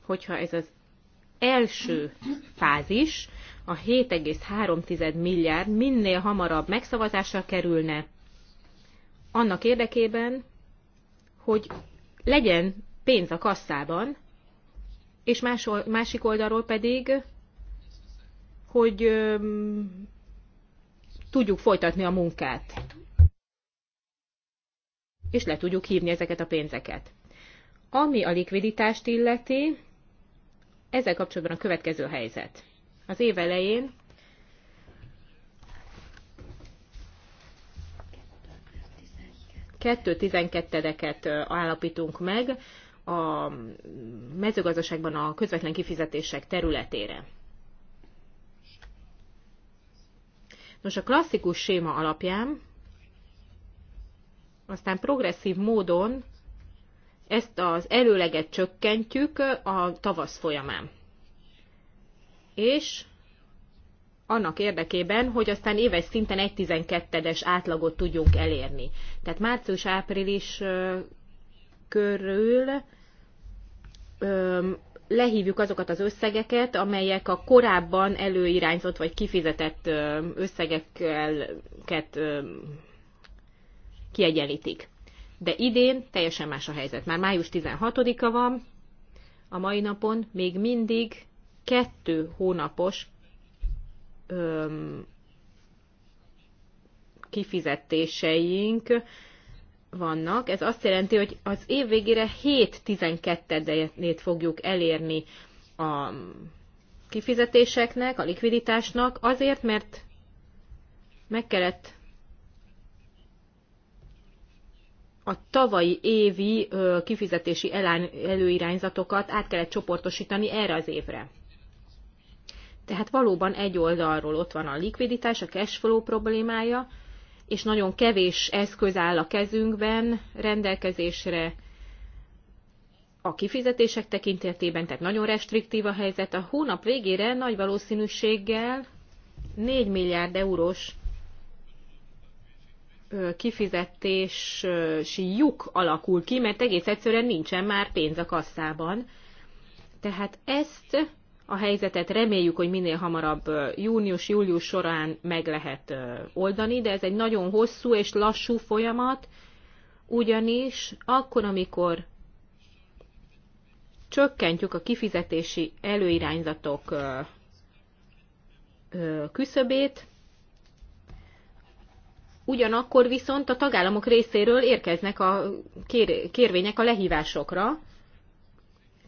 Speaker 1: hogyha ez az első fázis, a 7,3 milliárd minél hamarabb megszavazásra kerülne, annak érdekében, hogy legyen pénz a kasszában, és más, másik oldalról pedig, hogy ö, tudjuk folytatni a munkát, és le tudjuk hívni ezeket a pénzeket. Ami a likviditást illeti, ezzel kapcsolatban a következő helyzet az év elején, kettő tizenkettedeket állapítunk meg a mezőgazdaságban a közvetlen kifizetések területére. Nos, a klasszikus séma alapján aztán progresszív módon ezt az előleget csökkentjük a tavasz folyamán és annak érdekében, hogy aztán éves szinten egy 12-es átlagot tudjunk elérni. Tehát március-április körül lehívjuk azokat az összegeket, amelyek a korábban előirányzott vagy kifizetett összegeket kiegyenlítik. De idén teljesen más a helyzet. Már május 16-a van, a mai napon még mindig kettő hónapos öm, kifizetéseink vannak. Ez azt jelenti, hogy az év végére 7-12-et fogjuk elérni a kifizetéseknek, a likviditásnak, azért, mert meg kellett a tavalyi évi kifizetési előirányzatokat át kellett csoportosítani erre az évre. Tehát valóban egy oldalról ott van a likviditás, a cashflow problémája, és nagyon kevés eszköz áll a kezünkben rendelkezésre a kifizetések tekintetében, tehát nagyon restriktív a helyzet. A hónap végére nagy valószínűséggel 4 milliárd eurós kifizetési lyuk alakul ki, mert egész egyszerűen nincsen már pénz a kasszában. Tehát ezt a helyzetet. Reméljük, hogy minél hamarabb június-július során meg lehet oldani, de ez egy nagyon hosszú és lassú folyamat, ugyanis akkor, amikor csökkentjük a kifizetési előirányzatok küszöbét, ugyanakkor viszont a tagállamok részéről érkeznek a kérvények a lehívásokra,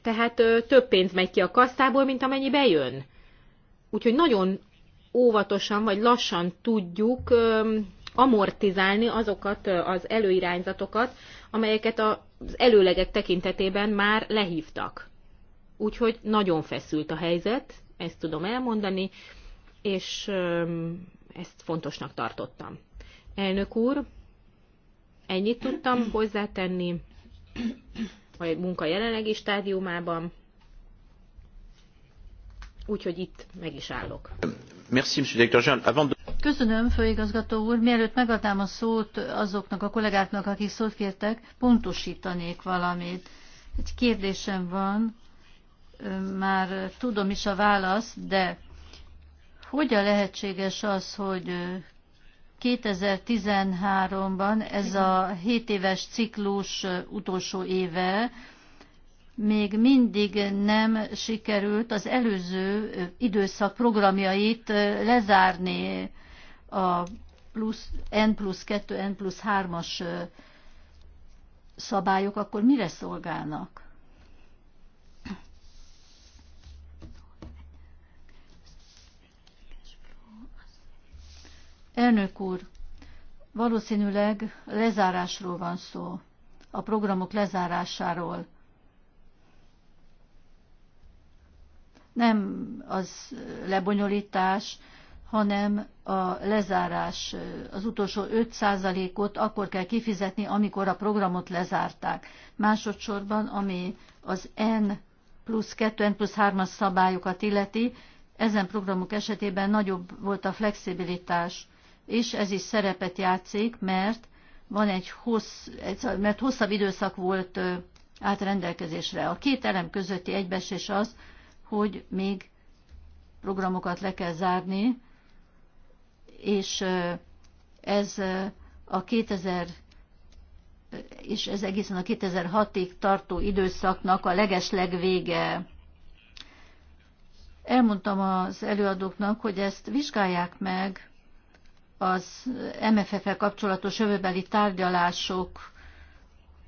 Speaker 1: tehát több pénz megy ki a kasszából, mint amennyi bejön. Úgyhogy nagyon óvatosan vagy lassan tudjuk amortizálni azokat az előirányzatokat, amelyeket az előlegek tekintetében már lehívtak. Úgyhogy nagyon feszült a helyzet, ezt tudom elmondani, és ezt fontosnak tartottam. Elnök úr, ennyit tudtam hozzátenni a munka jelenlegi stádiumában. Úgyhogy itt meg is állok.
Speaker 3: Köszönöm, főigazgató úr. Mielőtt megadnám a szót azoknak a kollégáknak, akik szót kértek, pontosítanék valamit. Egy kérdésem van, már tudom is a választ, de hogyan lehetséges az, hogy 2013-ban ez a 7 éves ciklus utolsó éve még mindig nem sikerült az előző időszak programjait lezárni a plusz, N plusz 2, N plusz 3-as szabályok, akkor mire szolgálnak? Elnök úr, valószínűleg lezárásról van szó, a programok lezárásáról. Nem az lebonyolítás, hanem a lezárás, az utolsó 5%-ot akkor kell kifizetni, amikor a programot lezárták. Másodszorban, ami az N plusz 2, N plusz 3-as szabályokat illeti, ezen programok esetében nagyobb volt a flexibilitás és ez is szerepet játszik, mert van egy hossz, mert hosszabb időszak volt át rendelkezésre. A két elem közötti egybesés az, hogy még programokat le kell zárni, és ez a 2000 és ez egészen a 2006-ig tartó időszaknak a legesleg vége. Elmondtam az előadóknak, hogy ezt vizsgálják meg az MFF-el kapcsolatos jövőbeli tárgyalások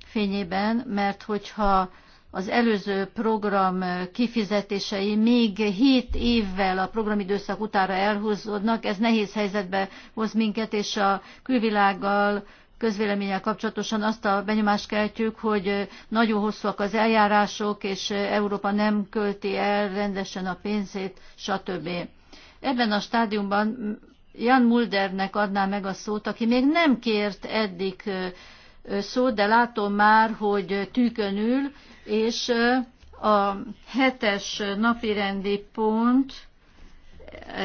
Speaker 3: fényében, mert hogyha az előző program kifizetései még 7 évvel a programidőszak utára elhúzódnak, ez nehéz helyzetbe hoz minket, és a külvilággal közvéleménnyel kapcsolatosan azt a benyomást keltjük, hogy nagyon hosszúak az eljárások, és Európa nem költi el rendesen a pénzét, stb. Ebben a stádiumban Jan Muldernek adná meg a szót, aki még nem kért eddig szót, de látom már, hogy tűkön ül, és a hetes napirendi pont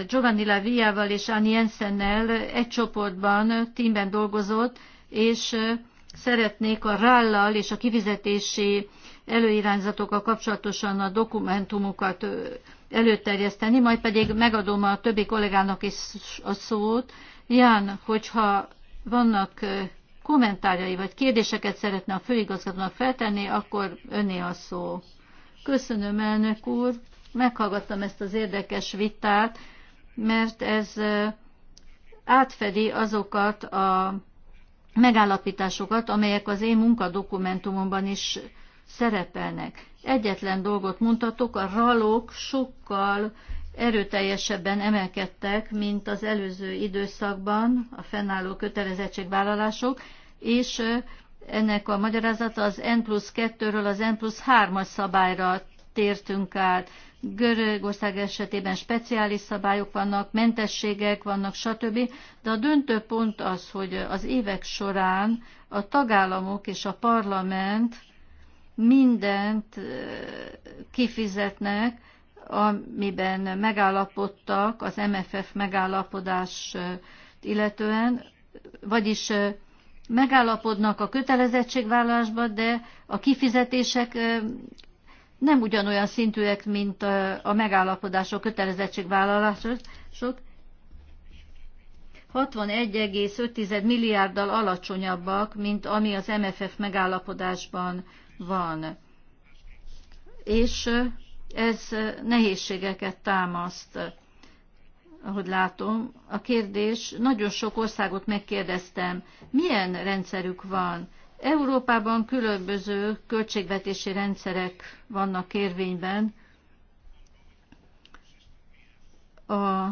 Speaker 3: Giovanni Laviával és Anni Jensennel egy csoportban, tímben dolgozott, és szeretnék a rállal és a kivizetési előirányzatokkal kapcsolatosan a dokumentumokat előterjeszteni, majd pedig megadom a többi kollégának is a szót. Ján, hogyha vannak kommentárjai vagy kérdéseket szeretne a főigazgatónak feltenni, akkor öné a szó. Köszönöm, elnök úr. Meghallgattam ezt az érdekes vitát, mert ez átfedi azokat a megállapításokat, amelyek az én munkadokumentumomban is szerepelnek. Egyetlen dolgot mondhatok, a ralok sokkal erőteljesebben emelkedtek, mint az előző időszakban a fennálló kötelezettségvállalások, és ennek a magyarázata az N plusz 2-ről az N plusz 3-as szabályra tértünk át. Görögország esetében speciális szabályok vannak, mentességek vannak, stb. De a döntő pont az, hogy az évek során a tagállamok és a parlament mindent kifizetnek, amiben megállapodtak az MFF megállapodás illetően, vagyis megállapodnak a kötelezettségvállalásba, de a kifizetések nem ugyanolyan szintűek, mint a megállapodások, kötelezettségvállalások. 61,5 milliárddal alacsonyabbak, mint ami az MFF megállapodásban van. És ez nehézségeket támaszt, ahogy látom. A kérdés, nagyon sok országot megkérdeztem, milyen rendszerük van. Európában különböző költségvetési rendszerek vannak érvényben. A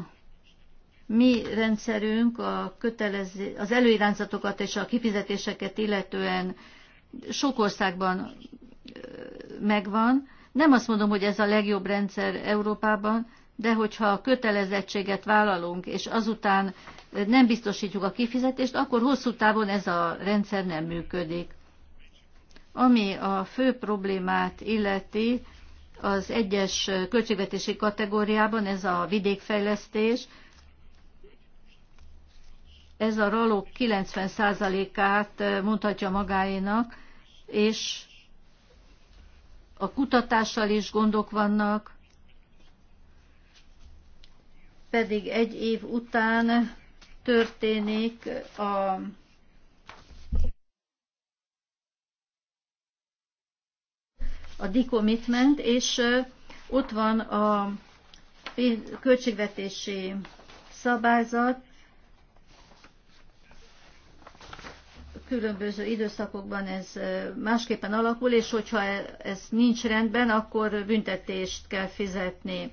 Speaker 3: mi rendszerünk a kötelező, az előirányzatokat és a kifizetéseket illetően sok országban megvan. Nem azt mondom, hogy ez a legjobb rendszer Európában, de hogyha kötelezettséget vállalunk, és azután nem biztosítjuk a kifizetést, akkor hosszú távon ez a rendszer nem működik. Ami a fő problémát illeti, az egyes költségvetési kategóriában ez a vidékfejlesztés, ez a RALOK 90%-át mondhatja magáénak, és a kutatással is gondok vannak, pedig egy év után történik a a decommitment, és ott van a költségvetési szabályzat, különböző időszakokban ez másképpen alakul, és hogyha e, ez nincs rendben, akkor büntetést kell fizetni.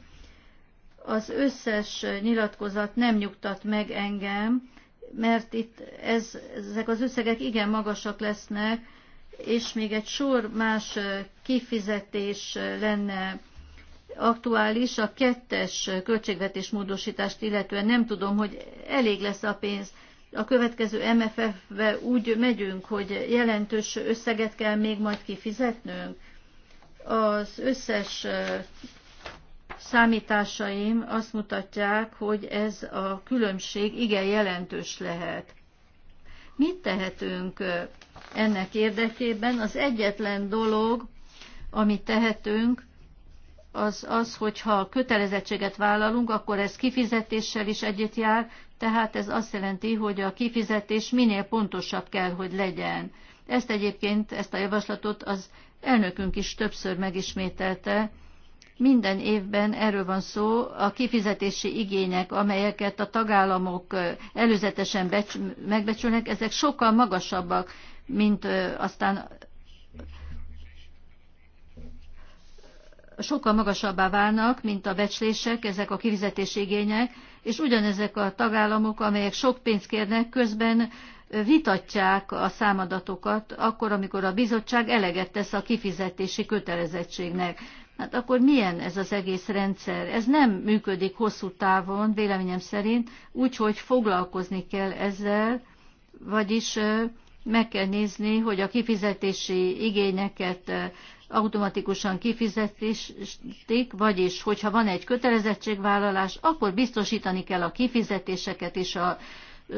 Speaker 3: Az összes nyilatkozat nem nyugtat meg engem, mert itt ez, ezek az összegek igen magasak lesznek, és még egy sor más kifizetés lenne aktuális, a kettes költségvetés módosítást illetően nem tudom, hogy elég lesz a pénz a következő MFF-be úgy megyünk, hogy jelentős összeget kell még majd kifizetnünk. Az összes számításaim azt mutatják, hogy ez a különbség igen jelentős lehet. Mit tehetünk ennek érdekében? Az egyetlen dolog, amit tehetünk, az az, hogyha kötelezettséget vállalunk, akkor ez kifizetéssel is egyet jár, tehát ez azt jelenti, hogy a kifizetés minél pontosabb kell, hogy legyen. Ezt egyébként, ezt a javaslatot az elnökünk is többször megismételte. Minden évben erről van szó, a kifizetési igények, amelyeket a tagállamok előzetesen becs- megbecsülnek, ezek sokkal magasabbak, mint aztán sokkal magasabbá válnak, mint a becslések, ezek a kifizetési igények, és ugyanezek a tagállamok, amelyek sok pénzt kérnek, közben vitatják a számadatokat, akkor, amikor a bizottság eleget tesz a kifizetési kötelezettségnek. Hát akkor milyen ez az egész rendszer? Ez nem működik hosszú távon, véleményem szerint, úgyhogy foglalkozni kell ezzel, vagyis meg kell nézni, hogy a kifizetési igényeket automatikusan kifizetik, vagyis hogyha van egy kötelezettségvállalás, akkor biztosítani kell a kifizetéseket is a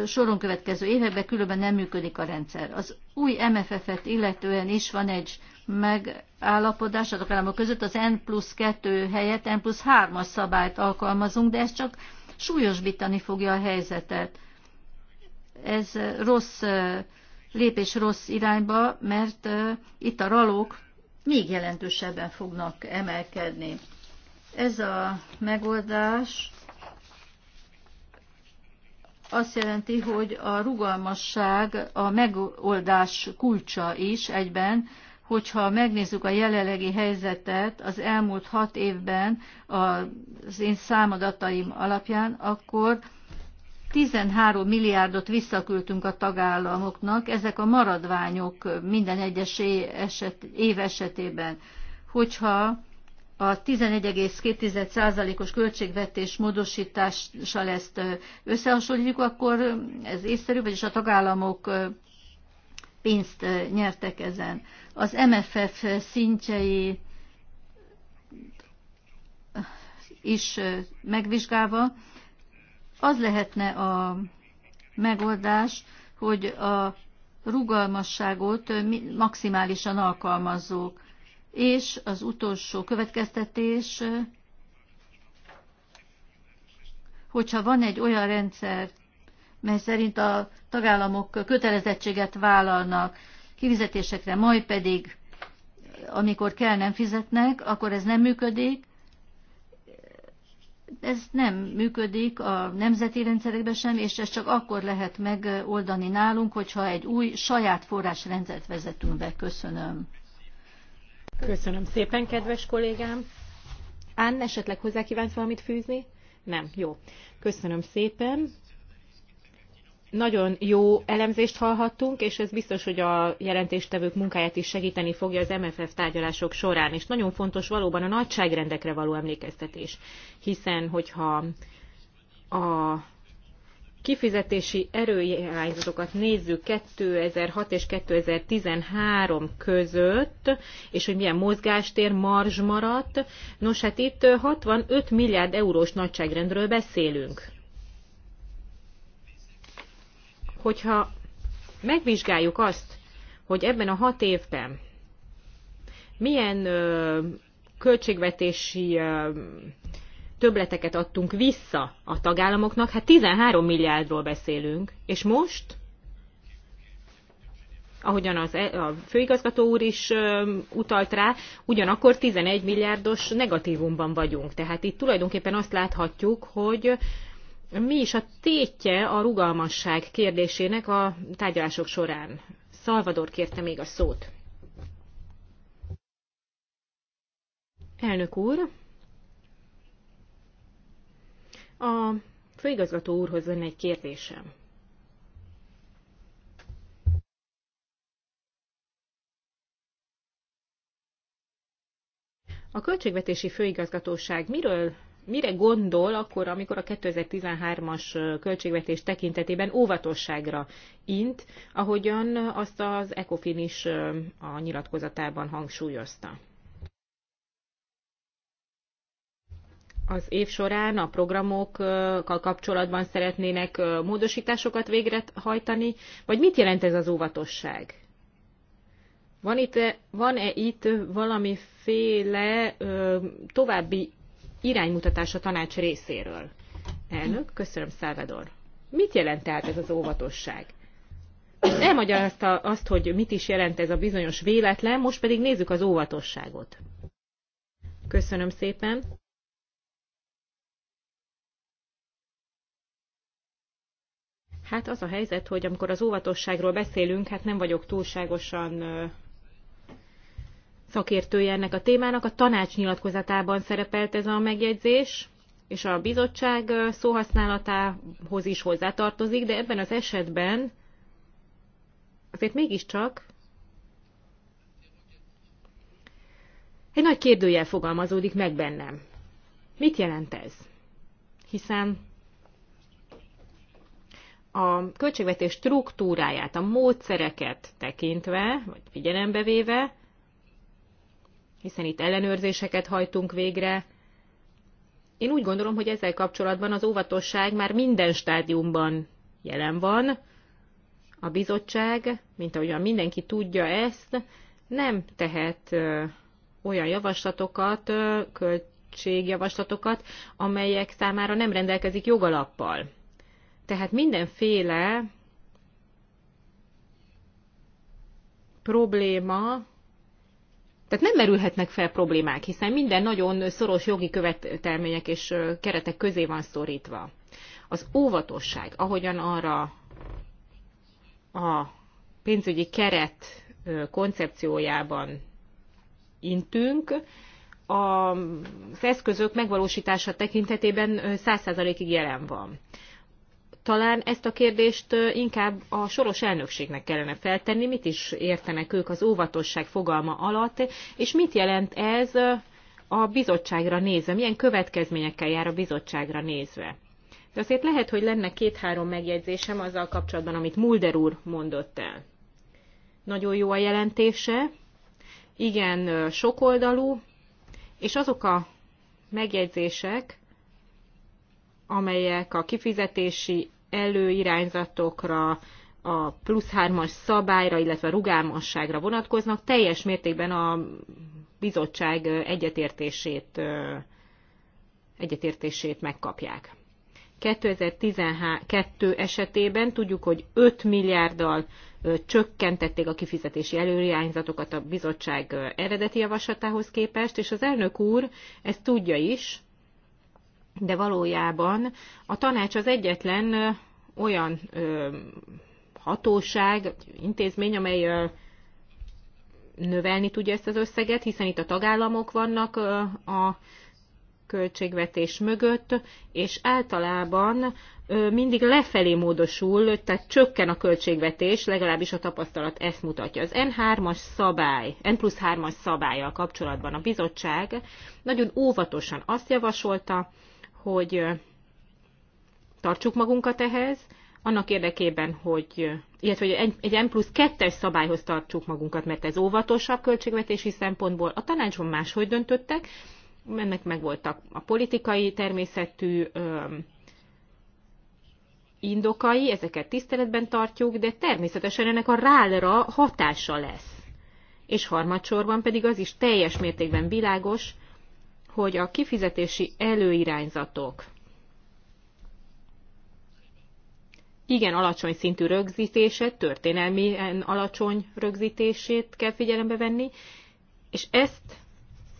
Speaker 3: soron következő években, különben nem működik a rendszer. Az új MFF-et illetően is van egy megállapodás a tagállamok között, az N plusz 2 helyett N plusz 3-as szabályt alkalmazunk, de ez csak súlyosbítani fogja a helyzetet. Ez rossz lépés rossz irányba, mert itt a ralók még jelentősebben fognak emelkedni. Ez a megoldás azt jelenti, hogy a rugalmasság a megoldás kulcsa is egyben, hogyha megnézzük a jelenlegi helyzetet az elmúlt hat évben az én számadataim alapján, akkor 13 milliárdot visszaküldtünk a tagállamoknak, ezek a maradványok minden egyes év esetében. Hogyha a 11,2%-os költségvetés módosítással ezt összehasonlítjuk, akkor ez észszerű, vagyis a tagállamok pénzt nyertek ezen. Az MFF szintjei is megvizsgálva, az lehetne a megoldás, hogy a rugalmasságot maximálisan alkalmazzuk. És az utolsó következtetés, hogyha van egy olyan rendszer, mely szerint a tagállamok kötelezettséget vállalnak kifizetésekre, majd pedig amikor kell nem fizetnek, akkor ez nem működik, ez nem működik a nemzeti rendszerekben sem, és ez csak akkor lehet megoldani nálunk, hogyha egy új saját forrásrendszert vezetünk be. Köszönöm.
Speaker 1: Köszönöm szépen, kedves kollégám. Ann, esetleg hozzá kívánsz valamit fűzni? Nem, jó. Köszönöm szépen. Nagyon jó elemzést hallhattunk, és ez biztos, hogy a jelentéstevők munkáját is segíteni fogja az MFF tárgyalások során, és nagyon fontos valóban a nagyságrendekre való emlékeztetés, hiszen hogyha a kifizetési erőjelányzatokat nézzük 2006 és 2013 között, és hogy milyen mozgástér, marzs maradt. Nos, hát itt 65 milliárd eurós nagyságrendről beszélünk. hogyha megvizsgáljuk azt, hogy ebben a hat évben milyen ö, költségvetési ö, töbleteket adtunk vissza a tagállamoknak, hát 13 milliárdról beszélünk, és most, ahogyan az, e, a főigazgató úr is ö, utalt rá, ugyanakkor 11 milliárdos negatívumban vagyunk. Tehát itt tulajdonképpen azt láthatjuk, hogy mi is a tétje a rugalmasság kérdésének a tárgyalások során? Szalvador kérte még a szót. Elnök úr, a főigazgató úrhoz lenne egy kérdésem. A Költségvetési Főigazgatóság miről mire gondol akkor, amikor a 2013-as költségvetés tekintetében óvatosságra int, ahogyan azt az ECOFIN is a nyilatkozatában hangsúlyozta? az év során a programokkal kapcsolatban szeretnének módosításokat végrehajtani, vagy mit jelent ez az óvatosság? Van itt, van-e itt valamiféle ö, további iránymutatás a tanács
Speaker 2: részéről.
Speaker 1: Elnök, köszönöm, Salvador. Mit jelent tehát ez az óvatosság? Elmagyarázta azt, hogy mit is jelent ez a bizonyos véletlen, most pedig nézzük az óvatosságot. Köszönöm szépen. Hát az a helyzet, hogy amikor az óvatosságról beszélünk, hát nem vagyok túlságosan szakértője ennek a témának. A tanács nyilatkozatában szerepelt ez a megjegyzés, és a bizottság szóhasználatához is hozzátartozik, de ebben az esetben azért mégiscsak egy nagy kérdőjel fogalmazódik meg bennem. Mit jelent ez? Hiszen a költségvetés struktúráját, a módszereket tekintve, vagy figyelembe véve, hiszen itt ellenőrzéseket hajtunk végre. Én úgy gondolom, hogy ezzel kapcsolatban az óvatosság már minden stádiumban jelen van. A bizottság, mint ahogyan mindenki tudja ezt, nem tehet olyan javaslatokat, költségjavaslatokat, amelyek számára nem rendelkezik jogalappal. Tehát mindenféle probléma tehát nem merülhetnek fel problémák, hiszen minden nagyon szoros jogi követelmények és keretek közé van szorítva. Az óvatosság, ahogyan arra a pénzügyi keret koncepciójában intünk, az eszközök megvalósítása tekintetében 100%-ig jelen van talán ezt a kérdést inkább a soros elnökségnek kellene feltenni, mit is értenek ők az óvatosság fogalma alatt, és mit jelent ez a bizottságra nézve, milyen következményekkel jár a bizottságra nézve. De azért lehet, hogy lenne két-három megjegyzésem azzal kapcsolatban, amit Mulder úr mondott el. Nagyon jó a jelentése, igen sokoldalú, és azok a megjegyzések, amelyek a kifizetési előirányzatokra, a plusz hármas szabályra, illetve a rugalmasságra vonatkoznak, teljes mértékben a bizottság egyetértését, egyetértését megkapják. 2012 esetében tudjuk, hogy 5 milliárddal csökkentették a kifizetési előirányzatokat a bizottság eredeti javaslatához képest, és az elnök úr ezt tudja is, de valójában a tanács az egyetlen olyan hatóság, intézmény, amely növelni tudja ezt az összeget, hiszen itt a tagállamok vannak a költségvetés mögött, és általában mindig lefelé módosul, tehát csökken a költségvetés, legalábbis a tapasztalat ezt mutatja. Az N3-as szabály, N plusz 3-as szabályjal kapcsolatban a bizottság nagyon óvatosan azt javasolta, hogy tartsuk magunkat ehhez, annak érdekében, hogy, illetve hogy egy M plusz kettes szabályhoz tartsuk magunkat, mert ez óvatosabb költségvetési szempontból. A tanácsban máshogy döntöttek, ennek megvoltak a politikai természetű indokai, ezeket tiszteletben tartjuk, de természetesen ennek a rálra hatása lesz. És harmadsorban pedig az is teljes mértékben világos, hogy a kifizetési előirányzatok igen alacsony szintű rögzítését, történelmien alacsony rögzítését kell figyelembe venni, és ezt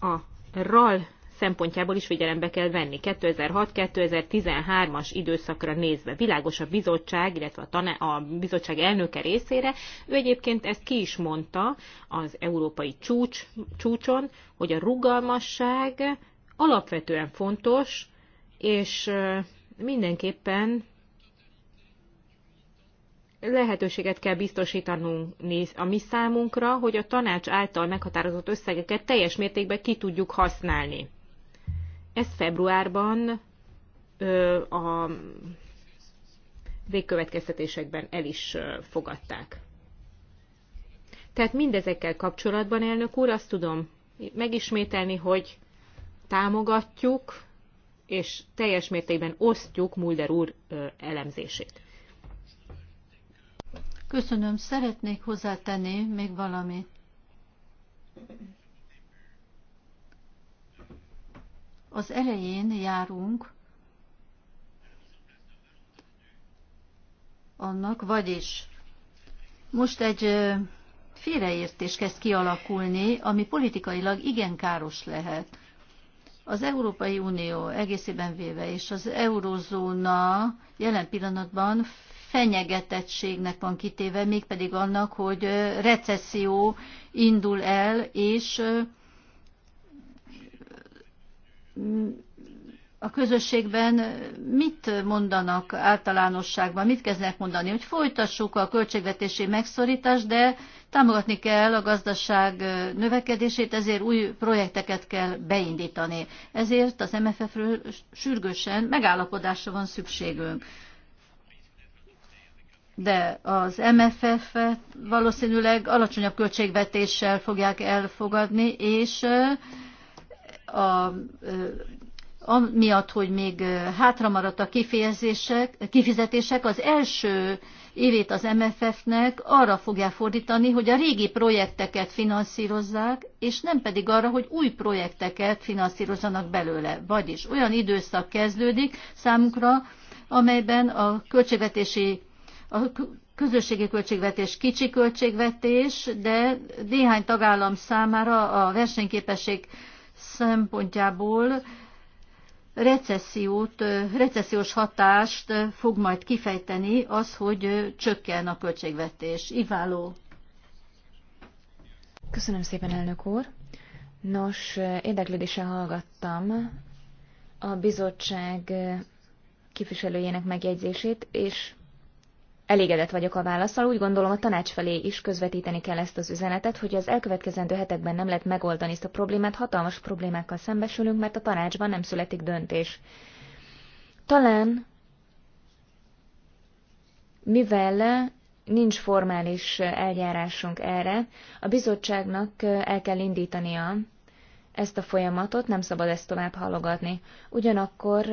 Speaker 1: a RAL szempontjából is figyelembe kell venni 2006-2013-as időszakra nézve. Világos a bizottság, illetve a, tane, a bizottság elnöke részére. Ő egyébként ezt ki is mondta az európai csúcs, csúcson, hogy a rugalmasság alapvetően fontos, és mindenképpen lehetőséget kell biztosítanunk a mi számunkra, hogy a tanács által meghatározott összegeket teljes mértékben ki tudjuk használni. Ez februárban ö, a végkövetkeztetésekben el is ö, fogadták. Tehát mindezekkel kapcsolatban, elnök úr, azt tudom megismételni, hogy támogatjuk és teljes mértékben osztjuk Mulder úr ö, elemzését.
Speaker 3: Köszönöm, szeretnék hozzátenni még valamit. Az elején járunk annak, vagyis most egy félreértés kezd kialakulni, ami politikailag igen káros lehet. Az Európai Unió egészében véve és az eurozóna jelen pillanatban fenyegetettségnek van kitéve, mégpedig annak, hogy recesszió indul el, és a közösségben mit mondanak általánosságban, mit kezdnek mondani, hogy folytassuk a költségvetési megszorítást, de támogatni kell a gazdaság növekedését, ezért új projekteket kell beindítani. Ezért az MFF-ről sürgősen megállapodásra van szükségünk de az MFF-et valószínűleg alacsonyabb költségvetéssel fogják elfogadni, és a, amiatt, hogy még hátra maradt a kifizetések, az első évét az MFF-nek arra fogják fordítani, hogy a régi projekteket finanszírozzák, és nem pedig arra, hogy új projekteket finanszírozzanak belőle. Vagyis olyan időszak kezdődik számunkra, amelyben a költségvetési a közösségi költségvetés kicsi költségvetés, de néhány tagállam számára a versenyképesség szempontjából recessziót, recessziós hatást fog majd kifejteni az, hogy csökken a költségvetés. Iváló.
Speaker 2: Köszönöm szépen, elnök úr. Nos, érdeklődéssel hallgattam a bizottság képviselőjének megjegyzését, és Elégedett vagyok a válaszsal, úgy gondolom a tanács felé is közvetíteni kell ezt az üzenetet, hogy az elkövetkezendő hetekben nem lehet megoldani ezt a problémát, hatalmas problémákkal szembesülünk, mert a tanácsban nem születik döntés. Talán, mivel nincs formális eljárásunk erre, a bizottságnak el kell indítania ezt a folyamatot, nem szabad ezt tovább halogatni. Ugyanakkor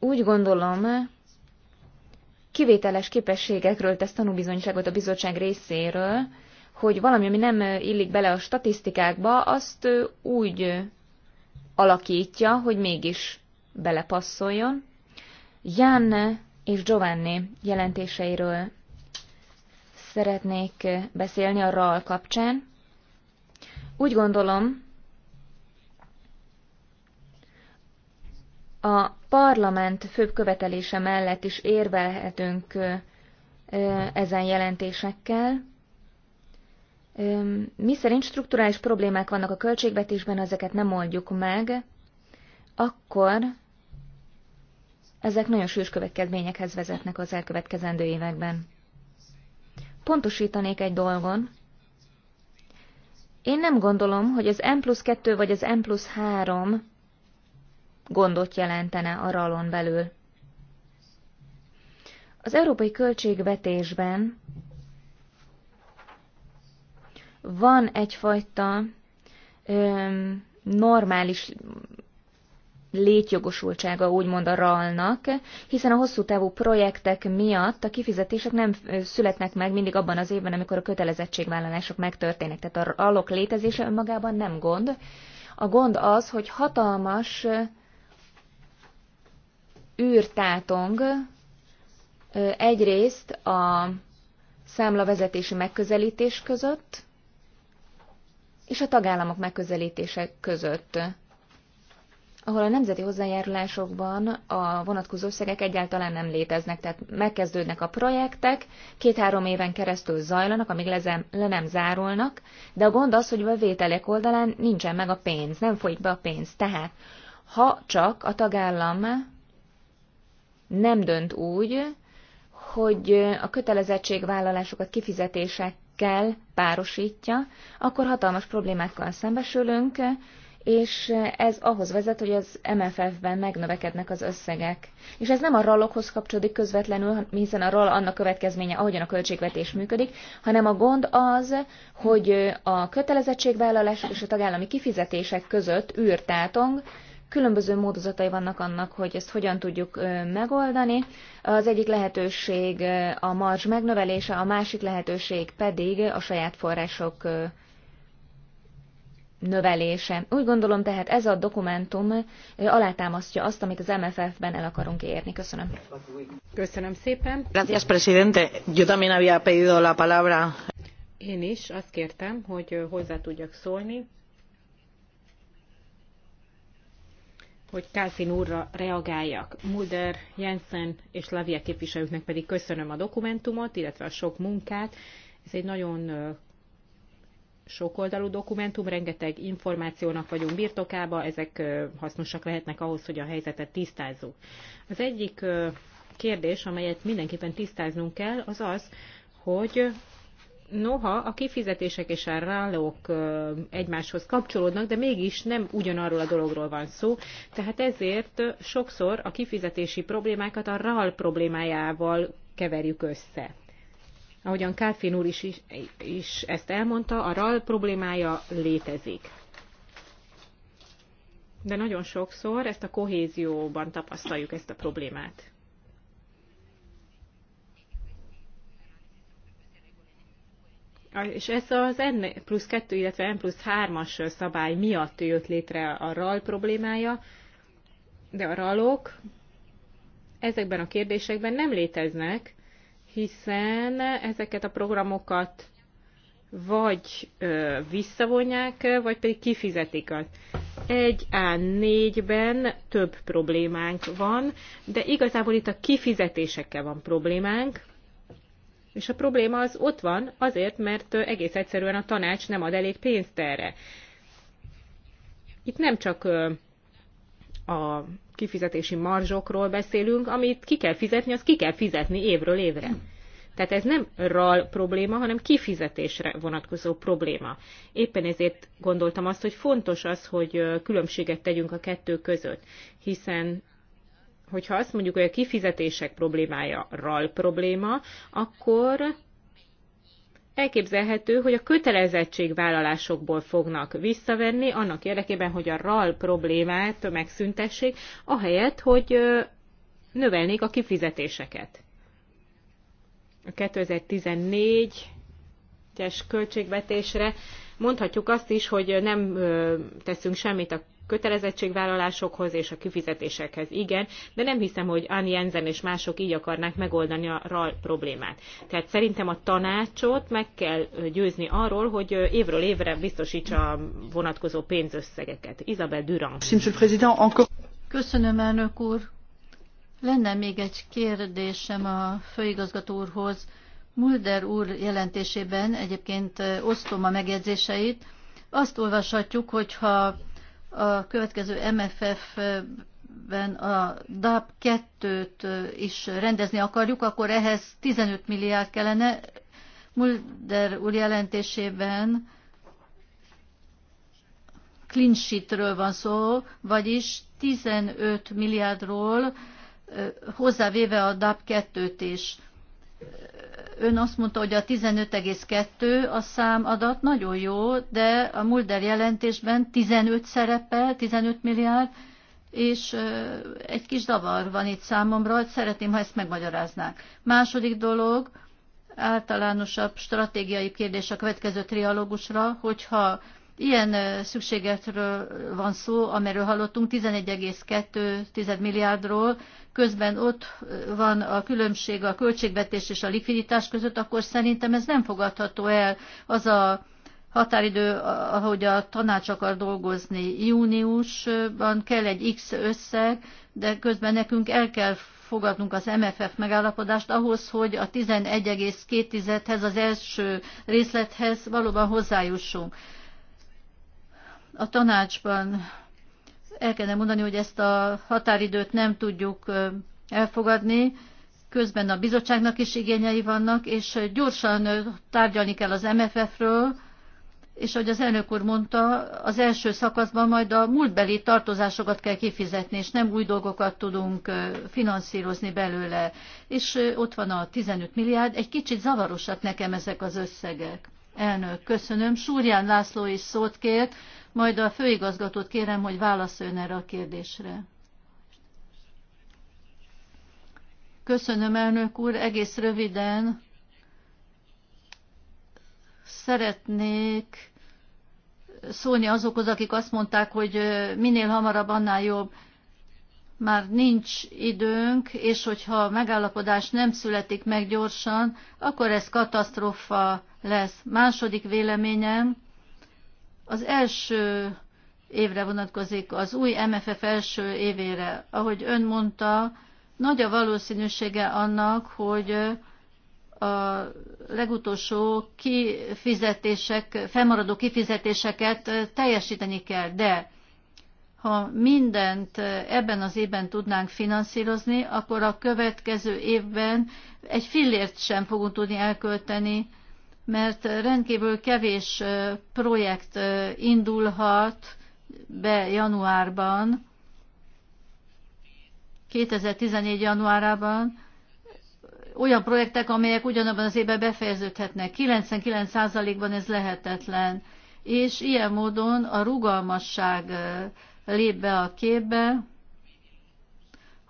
Speaker 2: Úgy gondolom, kivételes képességekről tesz tanúbizonyságot a bizottság részéről, hogy valami, ami nem illik bele a statisztikákba, azt úgy alakítja, hogy mégis belepasszoljon. Janne és Giovanni jelentéseiről szeretnék beszélni a RAL kapcsán. Úgy gondolom, a parlament főbb követelése mellett is érvelhetünk ezen jelentésekkel. Mi szerint strukturális problémák vannak a költségvetésben, ezeket nem oldjuk meg, akkor ezek nagyon sűrűs következményekhez vezetnek az elkövetkezendő években. Pontosítanék egy dolgon. Én nem gondolom, hogy az M plusz 2 vagy az M plusz 3 gondot jelentene a ralon belül. Az európai költségvetésben van egyfajta öm, normális létjogosultsága úgymond a RAL-nak, hiszen a hosszú távú projektek miatt a kifizetések nem születnek meg mindig abban az évben, amikor a kötelezettségvállalások megtörténnek. Tehát a RAL-ok -ok létezése önmagában nem gond. A gond az, hogy hatalmas űrtátong egyrészt a számlavezetési megközelítés között, és a tagállamok megközelítése között, ahol a nemzeti hozzájárulásokban a vonatkozó összegek egyáltalán nem léteznek, tehát megkezdődnek a projektek, két-három éven keresztül zajlanak, amíg lezem, le nem zárulnak, de a gond az, hogy a vételek oldalán nincsen meg a pénz, nem folyik be a pénz. Tehát, ha csak a tagállam nem dönt úgy, hogy a kötelezettségvállalásokat kifizetésekkel párosítja, akkor hatalmas problémákkal szembesülünk, és ez ahhoz vezet, hogy az MFF-ben megnövekednek az összegek. És ez nem a rallokhoz kapcsolódik közvetlenül, hiszen a RAL annak következménye, ahogyan a költségvetés működik, hanem a gond az, hogy a kötelezettségvállalások és a tagállami kifizetések között űrtátong, Különböző módozatai vannak annak, hogy ezt hogyan tudjuk megoldani. Az egyik lehetőség a marzs megnövelése, a másik lehetőség pedig a saját források növelése. Úgy gondolom tehát ez a dokumentum alátámasztja azt, amit az MFF-ben el akarunk érni. Köszönöm.
Speaker 1: Köszönöm szépen. Gracias,
Speaker 3: presidente. Yo también había pedido la palabra.
Speaker 1: Én is azt kértem, hogy hozzá tudjak szólni. hogy Kászin úrra reagáljak. Mulder, Jensen és Lavia képviselőknek pedig köszönöm a dokumentumot, illetve a sok munkát. Ez egy nagyon sokoldalú dokumentum, rengeteg információnak vagyunk birtokába, ezek hasznosak lehetnek ahhoz, hogy a helyzetet tisztázzuk. Az egyik kérdés, amelyet mindenképpen tisztáznunk kell, az az, hogy Noha a kifizetések és a rálók egymáshoz kapcsolódnak, de mégis nem ugyanarról a dologról van szó, tehát ezért sokszor a kifizetési problémákat a rál problémájával keverjük össze. Ahogyan Kárfin úr is, is, is ezt elmondta, a rál problémája létezik. De nagyon sokszor ezt a kohézióban tapasztaljuk ezt a problémát. és ez az N plusz 2, illetve N plusz 3-as szabály miatt jött létre a RAL problémája, de a RALok -ok ezekben a kérdésekben nem léteznek, hiszen ezeket a programokat vagy ö, visszavonják, vagy pedig kifizetik az. 1A4-ben több problémánk van, de igazából itt a kifizetésekkel van problémánk, és a probléma az ott van azért, mert egész egyszerűen a tanács nem ad elég pénzt erre. Itt nem csak a kifizetési marzsokról beszélünk, amit ki kell fizetni, az, ki kell fizetni évről évre. Tehát ez nem RAL probléma, hanem kifizetésre vonatkozó probléma. Éppen ezért gondoltam azt, hogy fontos az, hogy különbséget tegyünk a kettő között, hiszen hogyha azt mondjuk, hogy a kifizetések problémája RAL probléma, akkor elképzelhető, hogy a kötelezettségvállalásokból fognak visszavenni, annak érdekében, hogy a RAL problémát megszüntessék, ahelyett, hogy növelnék a kifizetéseket. A 2014-es költségvetésre Mondhatjuk azt is, hogy nem teszünk semmit a kötelezettségvállalásokhoz és a kifizetésekhez igen, de nem hiszem, hogy Anni Jensen és mások így akarnák megoldani a RAL problémát. Tehát szerintem a tanácsot meg kell győzni arról, hogy évről évre biztosítsa a vonatkozó pénzösszegeket. Isabel Durand.
Speaker 3: Köszönöm, elnök úr. Lenne még egy kérdésem a főigazgató úrhoz. Mulder úr jelentésében egyébként osztom a megjegyzéseit. Azt olvashatjuk, hogyha a következő MFF-ben a DAP 2-t is rendezni akarjuk, akkor ehhez 15 milliárd kellene. Mulder úr jelentésében clean sheetről van szó, vagyis 15 milliárdról hozzávéve a DAP 2-t is. Ön azt mondta, hogy a 15,2 a számadat nagyon jó, de a Mulder jelentésben 15 szerepel, 15 milliárd, és egy kis zavar van itt számomra, szeretném, ha ezt megmagyaráznák. Második dolog, általánosabb stratégiai kérdés a következő trialógusra, hogyha Ilyen szükségetről van szó, amiről hallottunk, 11,2 milliárdról, közben ott van a különbség a költségvetés és a likviditás között, akkor szerintem ez nem fogadható el az a határidő, ahogy a tanács akar dolgozni. Júniusban kell egy X összeg, de közben nekünk el kell fogadnunk az MFF megállapodást ahhoz, hogy a 11,2-hez, az első részlethez valóban hozzájussunk a tanácsban el kellene mondani, hogy ezt a határidőt nem tudjuk elfogadni, közben a bizottságnak is igényei vannak, és gyorsan tárgyalni kell az MFF-ről, és ahogy az elnök úr mondta, az első szakaszban majd a múltbeli tartozásokat kell kifizetni, és nem új dolgokat tudunk finanszírozni belőle. És ott van a 15 milliárd, egy kicsit zavarosak nekem ezek az összegek. Elnök, köszönöm. Súrján László is szót kért, majd a főigazgatót kérem, hogy válaszoljon erre a kérdésre. Köszönöm, elnök úr, egész röviden szeretnék szólni azokhoz, akik azt mondták, hogy minél hamarabb, annál jobb. Már nincs időnk, és hogyha megállapodás nem születik meg gyorsan, akkor ez katasztrófa lesz. Második véleményem, az első évre vonatkozik, az új MFF első évére. Ahogy ön mondta, nagy a valószínűsége annak, hogy a legutolsó kifizetések, felmaradó kifizetéseket teljesíteni kell, de ha mindent ebben az évben tudnánk finanszírozni, akkor a következő évben egy fillért sem fogunk tudni elkölteni mert rendkívül kevés projekt indulhat be januárban, 2014. januárában, olyan projektek, amelyek ugyanabban az évben befejeződhetnek. 99%-ban ez lehetetlen. És ilyen módon a rugalmasság lép be a képbe,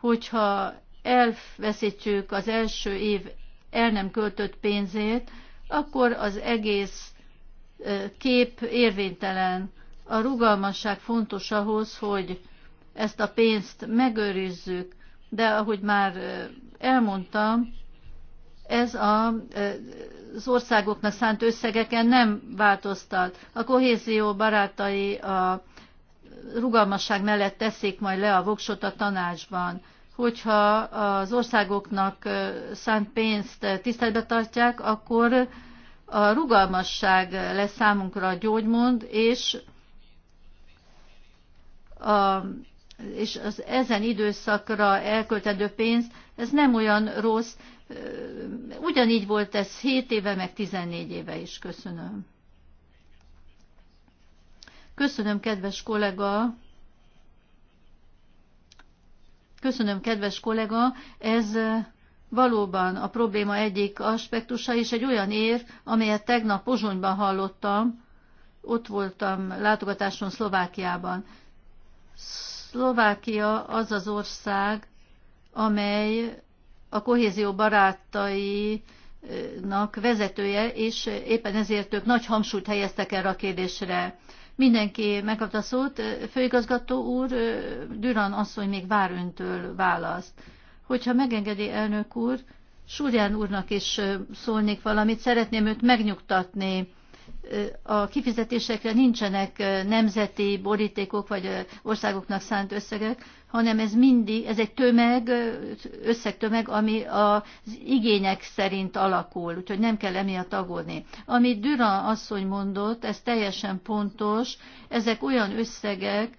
Speaker 3: hogyha elveszítjük az első év el nem költött pénzét, akkor az egész kép érvénytelen. A rugalmasság fontos ahhoz, hogy ezt a pénzt megőrizzük, de ahogy már elmondtam, ez a, az országoknak szánt összegeken nem változtat. A kohézió barátai a rugalmasság mellett teszik majd le a voksot a tanácsban hogyha az országoknak szánt pénzt tiszteletbe tartják, akkor a rugalmasság lesz számunkra a gyógymond, és, a, és az ezen időszakra elköltendő pénz, ez nem olyan rossz. Ugyanígy volt ez 7 éve, meg 14 éve is. Köszönöm. Köszönöm, kedves kollega, Köszönöm, kedves kollega, ez eh, valóban a probléma egyik aspektusa, és egy olyan ér, amelyet tegnap Pozsonyban hallottam, ott voltam látogatáson Szlovákiában. Szlovákia az az ország, amely a kohézió barátainak vezetője, és éppen ezért ők nagy hangsúlyt helyeztek erre a kérdésre. Mindenki megkapta a szót. Főigazgató úr, Düran asszony még vár öntől választ. Hogyha megengedi elnök úr, Súrján úrnak is szólnék valamit, szeretném őt megnyugtatni a kifizetésekre nincsenek nemzeti borítékok vagy országoknak szánt összegek, hanem ez mindig, ez egy tömeg, összegtömeg, ami az igények szerint alakul, úgyhogy nem kell emiatt aggódni. Amit Düran asszony mondott, ez teljesen pontos, ezek olyan összegek,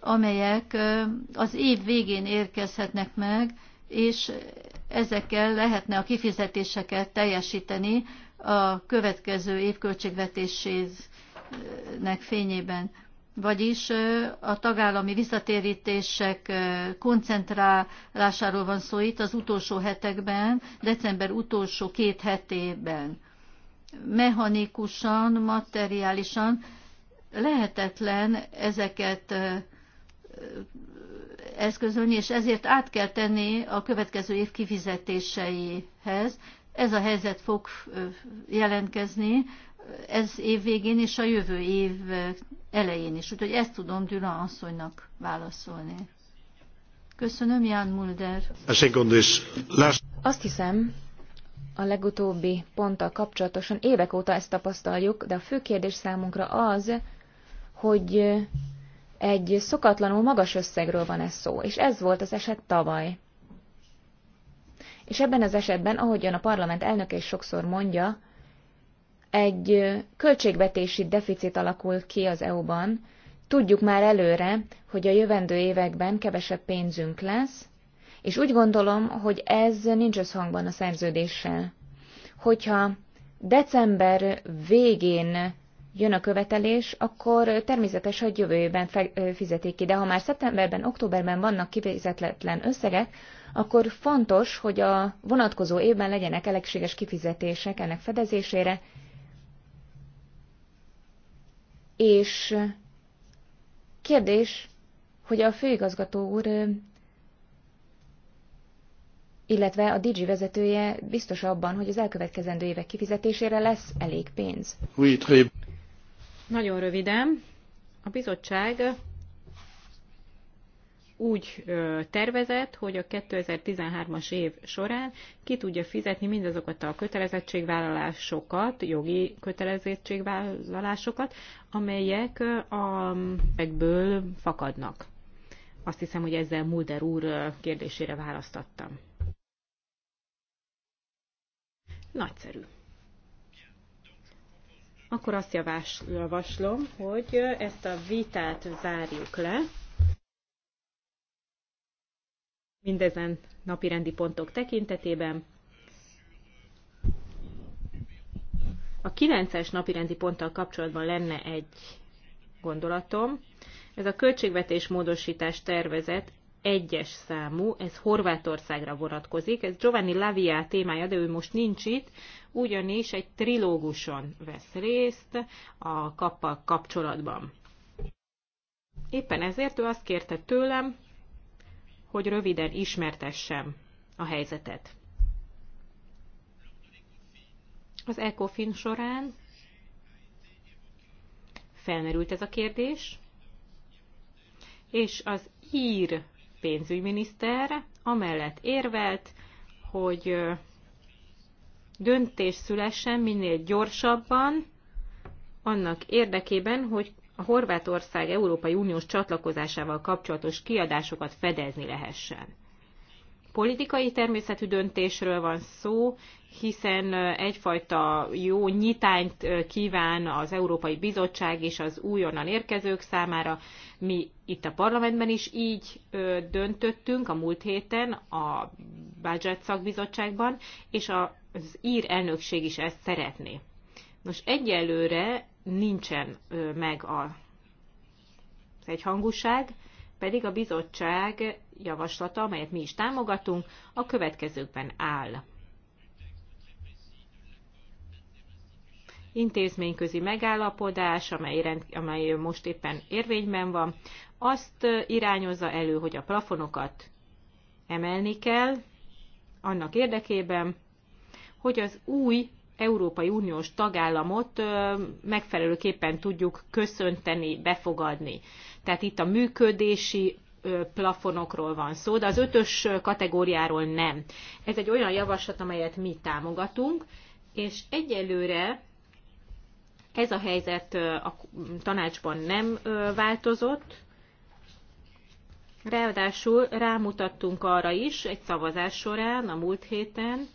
Speaker 3: amelyek az év végén érkezhetnek meg, és ezekkel lehetne a kifizetéseket teljesíteni, a következő évköltségvetésének fényében. Vagyis a tagállami visszatérítések koncentrálásáról van szó itt az utolsó hetekben, december utolsó két hetében. Mechanikusan, materiálisan lehetetlen ezeket eszközölni, és ezért át kell tenni a következő év kifizetéseihez, ez a helyzet fog jelentkezni ez év végén és a jövő év elején is. Úgyhogy ezt tudom Dülan asszonynak válaszolni.
Speaker 2: Köszönöm, Ján Mulder. Azt hiszem, a legutóbbi ponttal kapcsolatosan évek óta ezt tapasztaljuk, de a fő kérdés számunkra az, hogy egy szokatlanul magas összegről van ez szó, és ez volt az eset tavaly és ebben az esetben, ahogyan a parlament elnöke is sokszor mondja, egy költségvetési deficit alakul ki az EU-ban. Tudjuk már előre, hogy a jövendő években kevesebb pénzünk lesz, és úgy gondolom, hogy ez nincs összhangban a szerződéssel. Hogyha december végén jön a követelés, akkor természetes, hogy jövő évben fizetik ki, de ha már szeptemberben, októberben vannak kifizetetlen összegek, akkor fontos, hogy a vonatkozó évben legyenek elegséges kifizetések ennek fedezésére, és kérdés, hogy a főigazgató úr, illetve a Digi vezetője biztos abban, hogy az elkövetkezendő évek kifizetésére lesz elég pénz.
Speaker 1: Nagyon röviden, a bizottság úgy tervezett, hogy a 2013-as év során ki tudja fizetni mindazokat a kötelezettségvállalásokat, jogi kötelezettségvállalásokat, amelyek a megből fakadnak. Azt hiszem, hogy ezzel Mulder úr kérdésére választattam. Nagyszerű. Akkor azt javaslom, hogy ezt a vitát zárjuk le. mindezen napirendi pontok tekintetében. A 9-es napirendi ponttal kapcsolatban lenne egy gondolatom. Ez a költségvetés módosítás tervezet egyes számú, ez Horvátországra vonatkozik. Ez Giovanni Lavia témája, de ő most nincs itt, ugyanis egy trilóguson vesz részt a kappal kapcsolatban. Éppen ezért ő azt kérte tőlem, hogy röviden ismertessem a helyzetet. Az ECOFIN során felmerült ez a kérdés, és az ír pénzügyminiszter amellett érvelt, hogy döntés szülessen minél gyorsabban, annak érdekében, hogy a Horvátország Európai Uniós csatlakozásával kapcsolatos kiadásokat fedezni lehessen. Politikai természetű döntésről van szó, hiszen egyfajta jó nyitányt kíván az Európai Bizottság és az újonnan érkezők számára. Mi itt a parlamentben is így döntöttünk a múlt héten a budget szakbizottságban, és az ír elnökség is ezt szeretné. Nos, egyelőre nincsen meg a hangúság, pedig a bizottság javaslata, amelyet mi is támogatunk, a következőkben áll. intézményközi megállapodás, amely, rend, amely most éppen érvényben van, azt irányozza elő, hogy a plafonokat emelni kell annak érdekében, hogy az új Európai Uniós tagállamot megfelelőképpen tudjuk köszönteni, befogadni. Tehát itt a működési plafonokról van szó, de az ötös kategóriáról nem. Ez egy olyan javaslat, amelyet mi támogatunk, és egyelőre ez a helyzet a tanácsban nem változott, Ráadásul rámutattunk arra is egy szavazás során a múlt héten,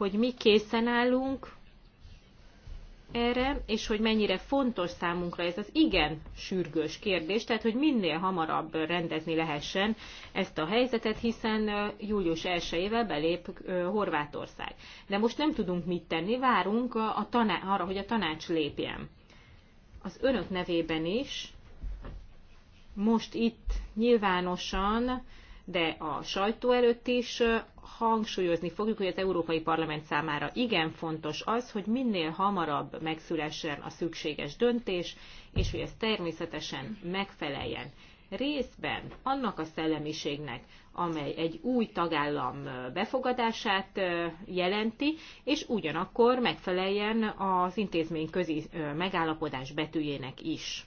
Speaker 1: hogy mi készen állunk erre, és hogy mennyire fontos számunkra ez az igen sürgős kérdés, tehát hogy minél hamarabb rendezni lehessen ezt a helyzetet, hiszen július 1-ével belép Horvátország. De most nem tudunk mit tenni, várunk a taná- arra, hogy a tanács lépjen. Az önök nevében is most itt nyilvánosan, de a sajtó előtt is hangsúlyozni fogjuk, hogy az Európai Parlament számára igen fontos az, hogy minél hamarabb megszülessen a szükséges döntés, és hogy ez természetesen megfeleljen részben annak a szellemiségnek, amely egy új tagállam befogadását jelenti, és ugyanakkor megfeleljen az intézmény közi megállapodás betűjének is.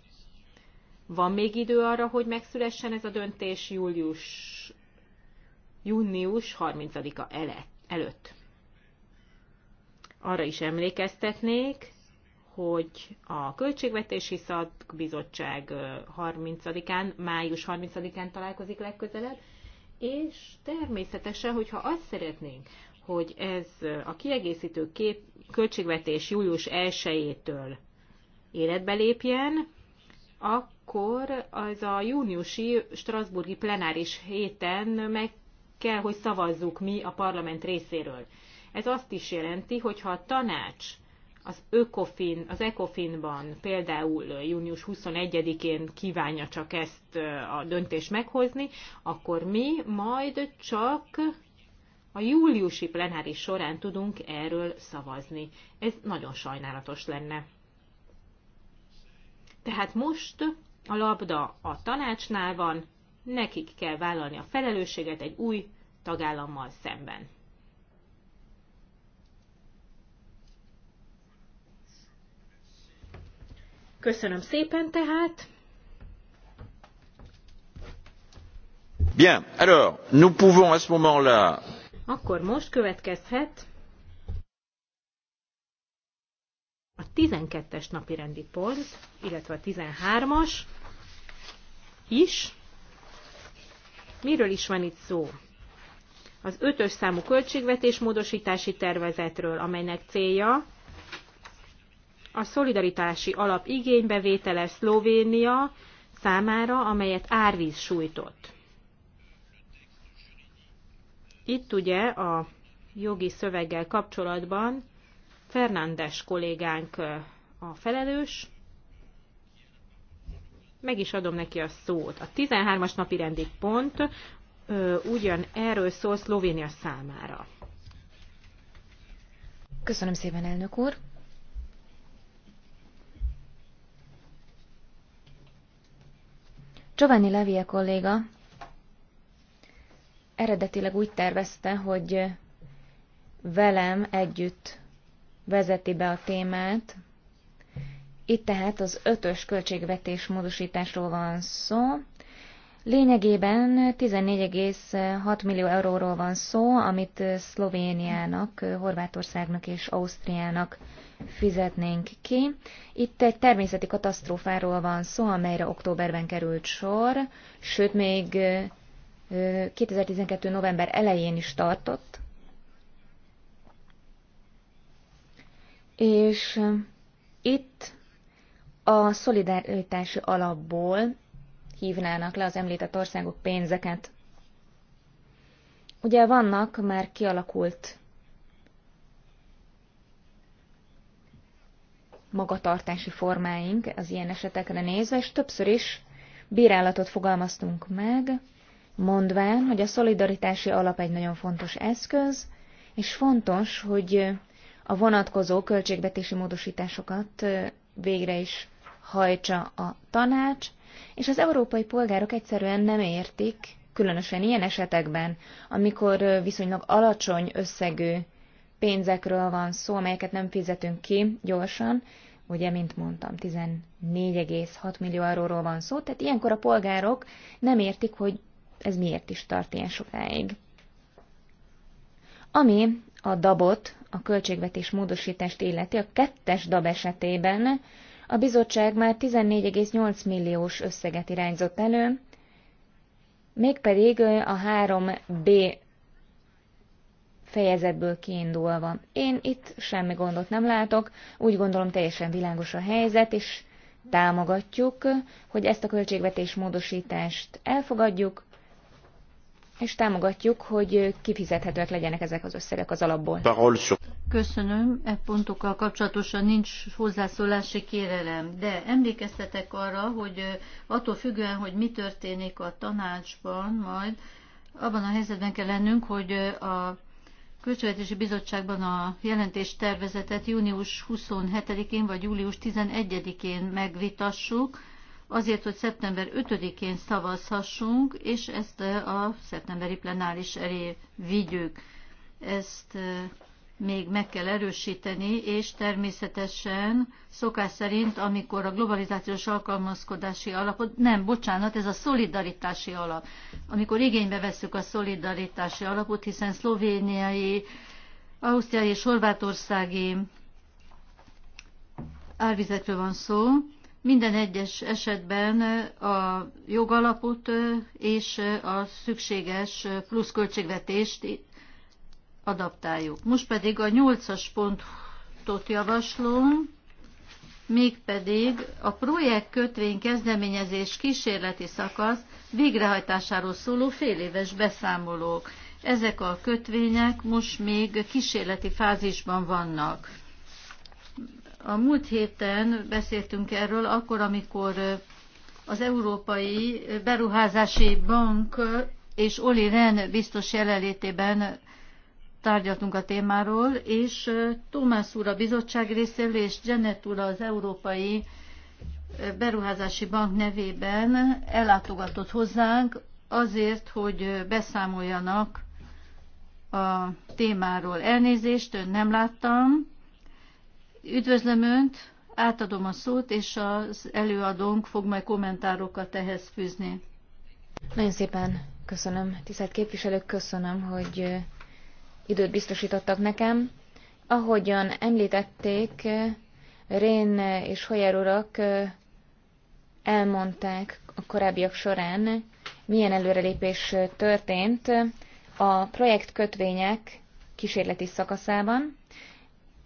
Speaker 1: Van még idő arra, hogy megszülessen ez a döntés július június 30-a előtt. Arra is emlékeztetnék, hogy a Költségvetési Szakbizottság 30-án, május 30-án találkozik legközelebb, és természetesen, hogyha azt szeretnénk, hogy ez a kiegészítő kép, költségvetés július 1-től életbe lépjen, akkor az a júniusi Strasburgi plenáris héten meg kell, hogy szavazzuk mi a parlament részéről. Ez azt is jelenti, hogy ha a tanács az Ökofin, az ECOFIN-ban például június 21-én kívánja csak ezt a döntést meghozni, akkor mi majd csak a júliusi plenáris során tudunk erről szavazni. Ez nagyon sajnálatos lenne. Tehát most a labda a tanácsnál van, nekik kell vállalni a felelősséget egy új tagállammal szemben. Köszönöm szépen tehát.
Speaker 2: Bien, alors, nous pouvons à ce moment-là.
Speaker 1: Akkor most következhet a 12-es napi rendi pont, illetve a 13-as is. Miről is van itt szó? Az ötös számú költségvetés módosítási tervezetről, amelynek célja a szolidaritási alap igénybevétele Szlovénia számára, amelyet árvíz sújtott. Itt ugye a jogi szöveggel kapcsolatban Fernándes kollégánk a felelős, meg is adom neki a szót. A 13-as napi rendi pont ö, ugyan erről szól Szlovénia számára.
Speaker 2: Köszönöm szépen, elnök úr! Giovanni Levie kolléga eredetileg úgy tervezte, hogy velem együtt vezeti be a témát, itt tehát az ötös költségvetés módosításról van szó. Lényegében 14,6 millió euróról van szó, amit Szlovéniának, Horvátországnak és Ausztriának fizetnénk ki. Itt egy természeti katasztrófáról van szó, amelyre októberben került sor, sőt még 2012. november elején is tartott. És itt a szolidaritási alapból hívnának le az említett országok pénzeket. Ugye vannak már kialakult magatartási formáink az ilyen esetekre nézve, és többször is bírálatot fogalmaztunk meg, mondván, hogy a szolidaritási alap egy nagyon fontos eszköz, és fontos, hogy a vonatkozó költségvetési módosításokat végre is hajtsa a tanács, és az európai polgárok egyszerűen nem értik, különösen ilyen esetekben, amikor viszonylag alacsony összegű pénzekről van szó, amelyeket nem fizetünk ki gyorsan, ugye, mint mondtam, 14,6 millió euróról van szó, tehát ilyenkor a polgárok nem értik, hogy ez miért is tart ilyen sokáig. Ami a dabot, a költségvetés módosítást illeti, a kettes dab esetében a bizottság már 14,8 milliós összeget irányzott elő, mégpedig a 3B fejezetből kiindulva. Én itt semmi gondot nem látok, úgy gondolom teljesen világos a helyzet, és támogatjuk, hogy ezt a költségvetés módosítást elfogadjuk, és támogatjuk, hogy kifizethetőek legyenek ezek az összegek az alapból.
Speaker 3: Köszönöm, e pontokkal kapcsolatosan nincs hozzászólási kérelem, de emlékeztetek arra, hogy attól függően, hogy mi történik a tanácsban majd, abban a helyzetben kell lennünk, hogy a Költségvetési Bizottságban a jelentés tervezetet június 27-én vagy július 11-én megvitassuk, azért, hogy szeptember 5-én szavazhassunk, és ezt a szeptemberi plenáris elé vigyük. Ezt még meg kell erősíteni, és természetesen szokás szerint, amikor a globalizációs alkalmazkodási alapot, nem, bocsánat, ez a szolidaritási alap. Amikor igénybe veszük a szolidaritási alapot, hiszen szlovéniai, ausztriai és horvátországi árvizekről van szó, minden egyes esetben a jogalapot és a szükséges pluszköltségvetést adaptáljuk. Most pedig a nyolcas pontot javaslom, mégpedig a projekt kötvény kezdeményezés kísérleti szakasz végrehajtásáról szóló féléves beszámolók. Ezek a kötvények most még kísérleti fázisban vannak. A múlt héten beszéltünk erről, akkor, amikor az Európai Beruházási Bank és Oli Ren biztos jelenlétében tárgyaltunk a témáról, és Tomás úr a bizottság részéről, és Janet úr az Európai Beruházási Bank nevében ellátogatott hozzánk azért, hogy beszámoljanak a témáról. Elnézést, ön nem láttam. Üdvözlöm Önt, átadom a szót, és
Speaker 2: az előadónk fog majd kommentárokat ehhez fűzni. Nagyon szépen köszönöm, tisztelt képviselők, köszönöm, hogy időt biztosítottak nekem. Ahogyan említették, Rén és Hoyer urak elmondták a korábbiak során, milyen előrelépés történt a projekt kötvények kísérleti szakaszában.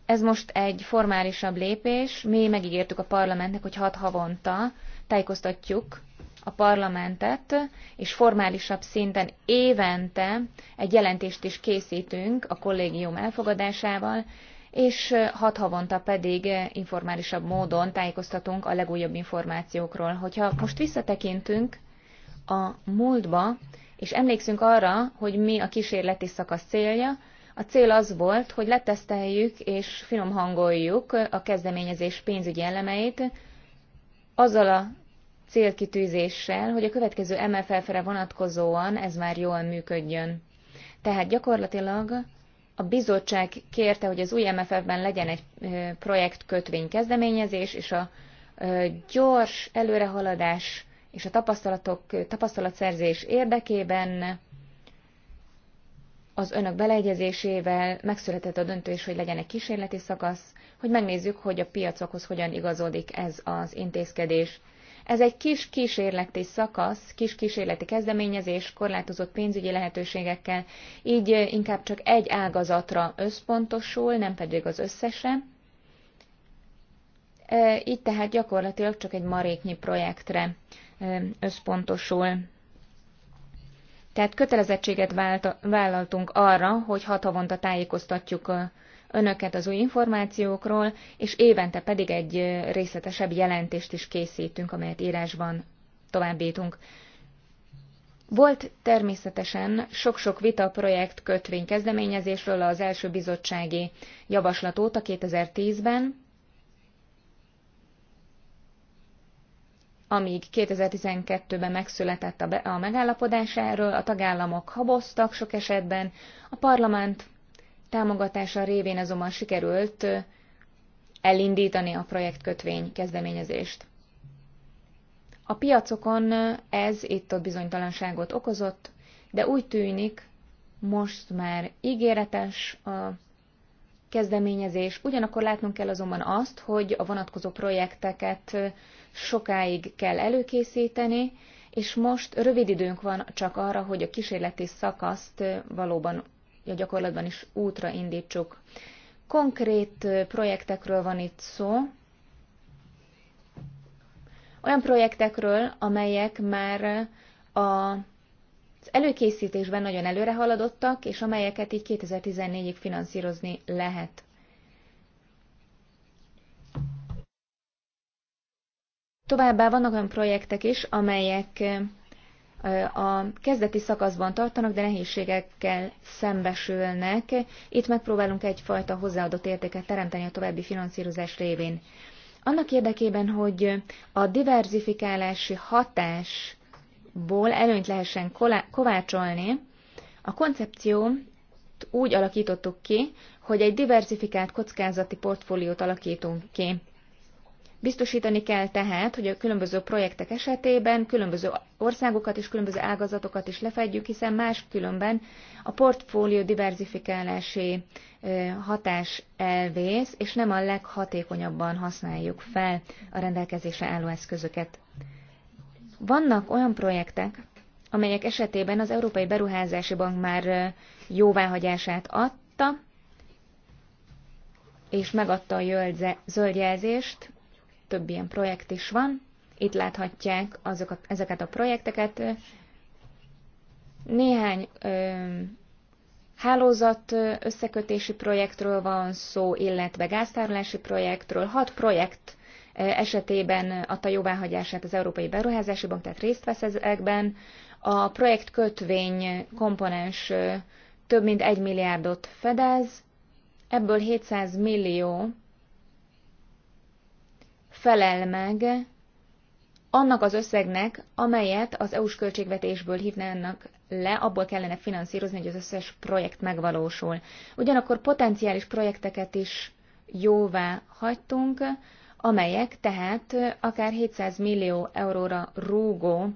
Speaker 2: Ez most egy formálisabb lépés. Mi megígértük a parlamentnek, hogy hat havonta tájékoztatjuk a parlamentet, és formálisabb szinten évente egy jelentést is készítünk a kollégium elfogadásával, és hat havonta pedig informálisabb módon tájékoztatunk a legújabb információkról. Hogyha most visszatekintünk a múltba, és emlékszünk arra, hogy mi a kísérleti szakasz célja, a cél az volt, hogy leteszteljük és finomhangoljuk a kezdeményezés pénzügyi elemeit, azzal a célkitűzéssel, hogy a következő MFF-re vonatkozóan ez már jól működjön. Tehát gyakorlatilag a bizottság kérte, hogy az új MFF-ben legyen egy projektkötvény kezdeményezés, és a gyors előrehaladás és a tapasztalatok, tapasztalatszerzés érdekében az önök beleegyezésével megszületett a döntés, hogy legyen egy kísérleti szakasz, hogy megnézzük, hogy a piacokhoz hogyan igazodik ez az intézkedés. Ez egy kis kísérleti szakasz, kis kísérleti kezdeményezés, korlátozott pénzügyi lehetőségekkel, így inkább csak egy ágazatra összpontosul, nem pedig az összesre. Így tehát gyakorlatilag csak egy maréknyi projektre összpontosul. Tehát kötelezettséget vállaltunk arra, hogy hat havonta tájékoztatjuk önöket az új információkról, és évente pedig egy részletesebb jelentést is készítünk, amelyet írásban továbbítunk. Volt természetesen sok-sok vita projekt kötvény kezdeményezésről az első bizottsági javaslat óta 2010-ben, amíg 2012-ben megszületett a, be, a megállapodás erről, a tagállamok haboztak sok esetben, a parlament támogatása révén azonban sikerült elindítani a projektkötvény kezdeményezést. A piacokon ez itt-ott bizonytalanságot okozott, de úgy tűnik, most már ígéretes a kezdeményezés, ugyanakkor látnunk kell azonban azt, hogy a vonatkozó projekteket sokáig kell előkészíteni, és most rövid időnk van csak arra, hogy a kísérleti szakaszt valóban a gyakorlatban is útra indítsuk. Konkrét projektekről van itt szó, olyan projektekről, amelyek már a az előkészítésben nagyon előre haladottak, és amelyeket így 2014-ig finanszírozni lehet. Továbbá vannak olyan projektek is, amelyek a kezdeti szakaszban tartanak, de nehézségekkel szembesülnek. Itt megpróbálunk egyfajta hozzáadott értéket teremteni a további finanszírozás révén. Annak érdekében, hogy a diverzifikálási hatásból előnyt lehessen kovácsolni, a koncepció úgy alakítottuk ki, hogy egy diversifikált kockázati portfóliót alakítunk ki. Biztosítani kell tehát, hogy a különböző projektek esetében különböző országokat és különböző ágazatokat is lefedjük, hiszen máskülönben a portfólió diverzifikálási hatás elvész, és nem a leghatékonyabban használjuk fel a rendelkezésre álló eszközöket. Vannak olyan projektek, amelyek esetében az Európai Beruházási Bank már jóváhagyását adta, és megadta a zöld jelzést, több ilyen projekt is van. Itt láthatják azokat, ezeket a projekteket. Néhány ö, hálózat összekötési projektről van szó, illetve gáztárolási projektről. Hat projekt esetében adta jóváhagyását az Európai Beruházási Bank, tehát részt vesz ezekben. A projekt kötvény komponens több mint egy milliárdot fedez, ebből 700 millió felel meg annak az összegnek, amelyet az EU-s költségvetésből hívnának le, abból kellene finanszírozni, hogy az összes projekt megvalósul. Ugyanakkor potenciális projekteket is jóvá hagytunk, amelyek tehát akár 700 millió euróra rúgó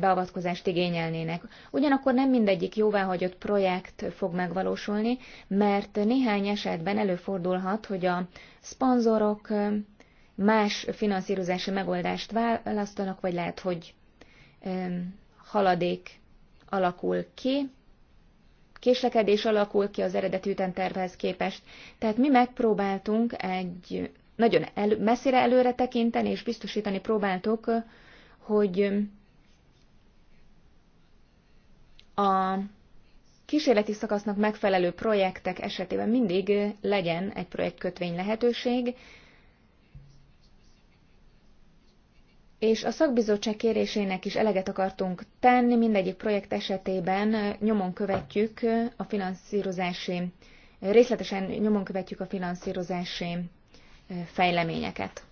Speaker 2: beavatkozást igényelnének. Ugyanakkor nem mindegyik jóváhagyott projekt fog megvalósulni, mert néhány esetben előfordulhat, hogy a szponzorok más finanszírozási megoldást választanak, vagy lehet, hogy haladék alakul ki, késlekedés alakul ki az eredeti ütemtervhez képest. Tehát mi megpróbáltunk egy nagyon elő, messzire előre tekinteni, és biztosítani próbáltuk, hogy a kísérleti szakasznak megfelelő projektek esetében mindig legyen egy projektkötvény lehetőség, és a szakbizottság kérésének is eleget akartunk tenni, mindegyik projekt esetében nyomon követjük a finanszírozási, részletesen nyomon követjük a finanszírozási fejleményeket.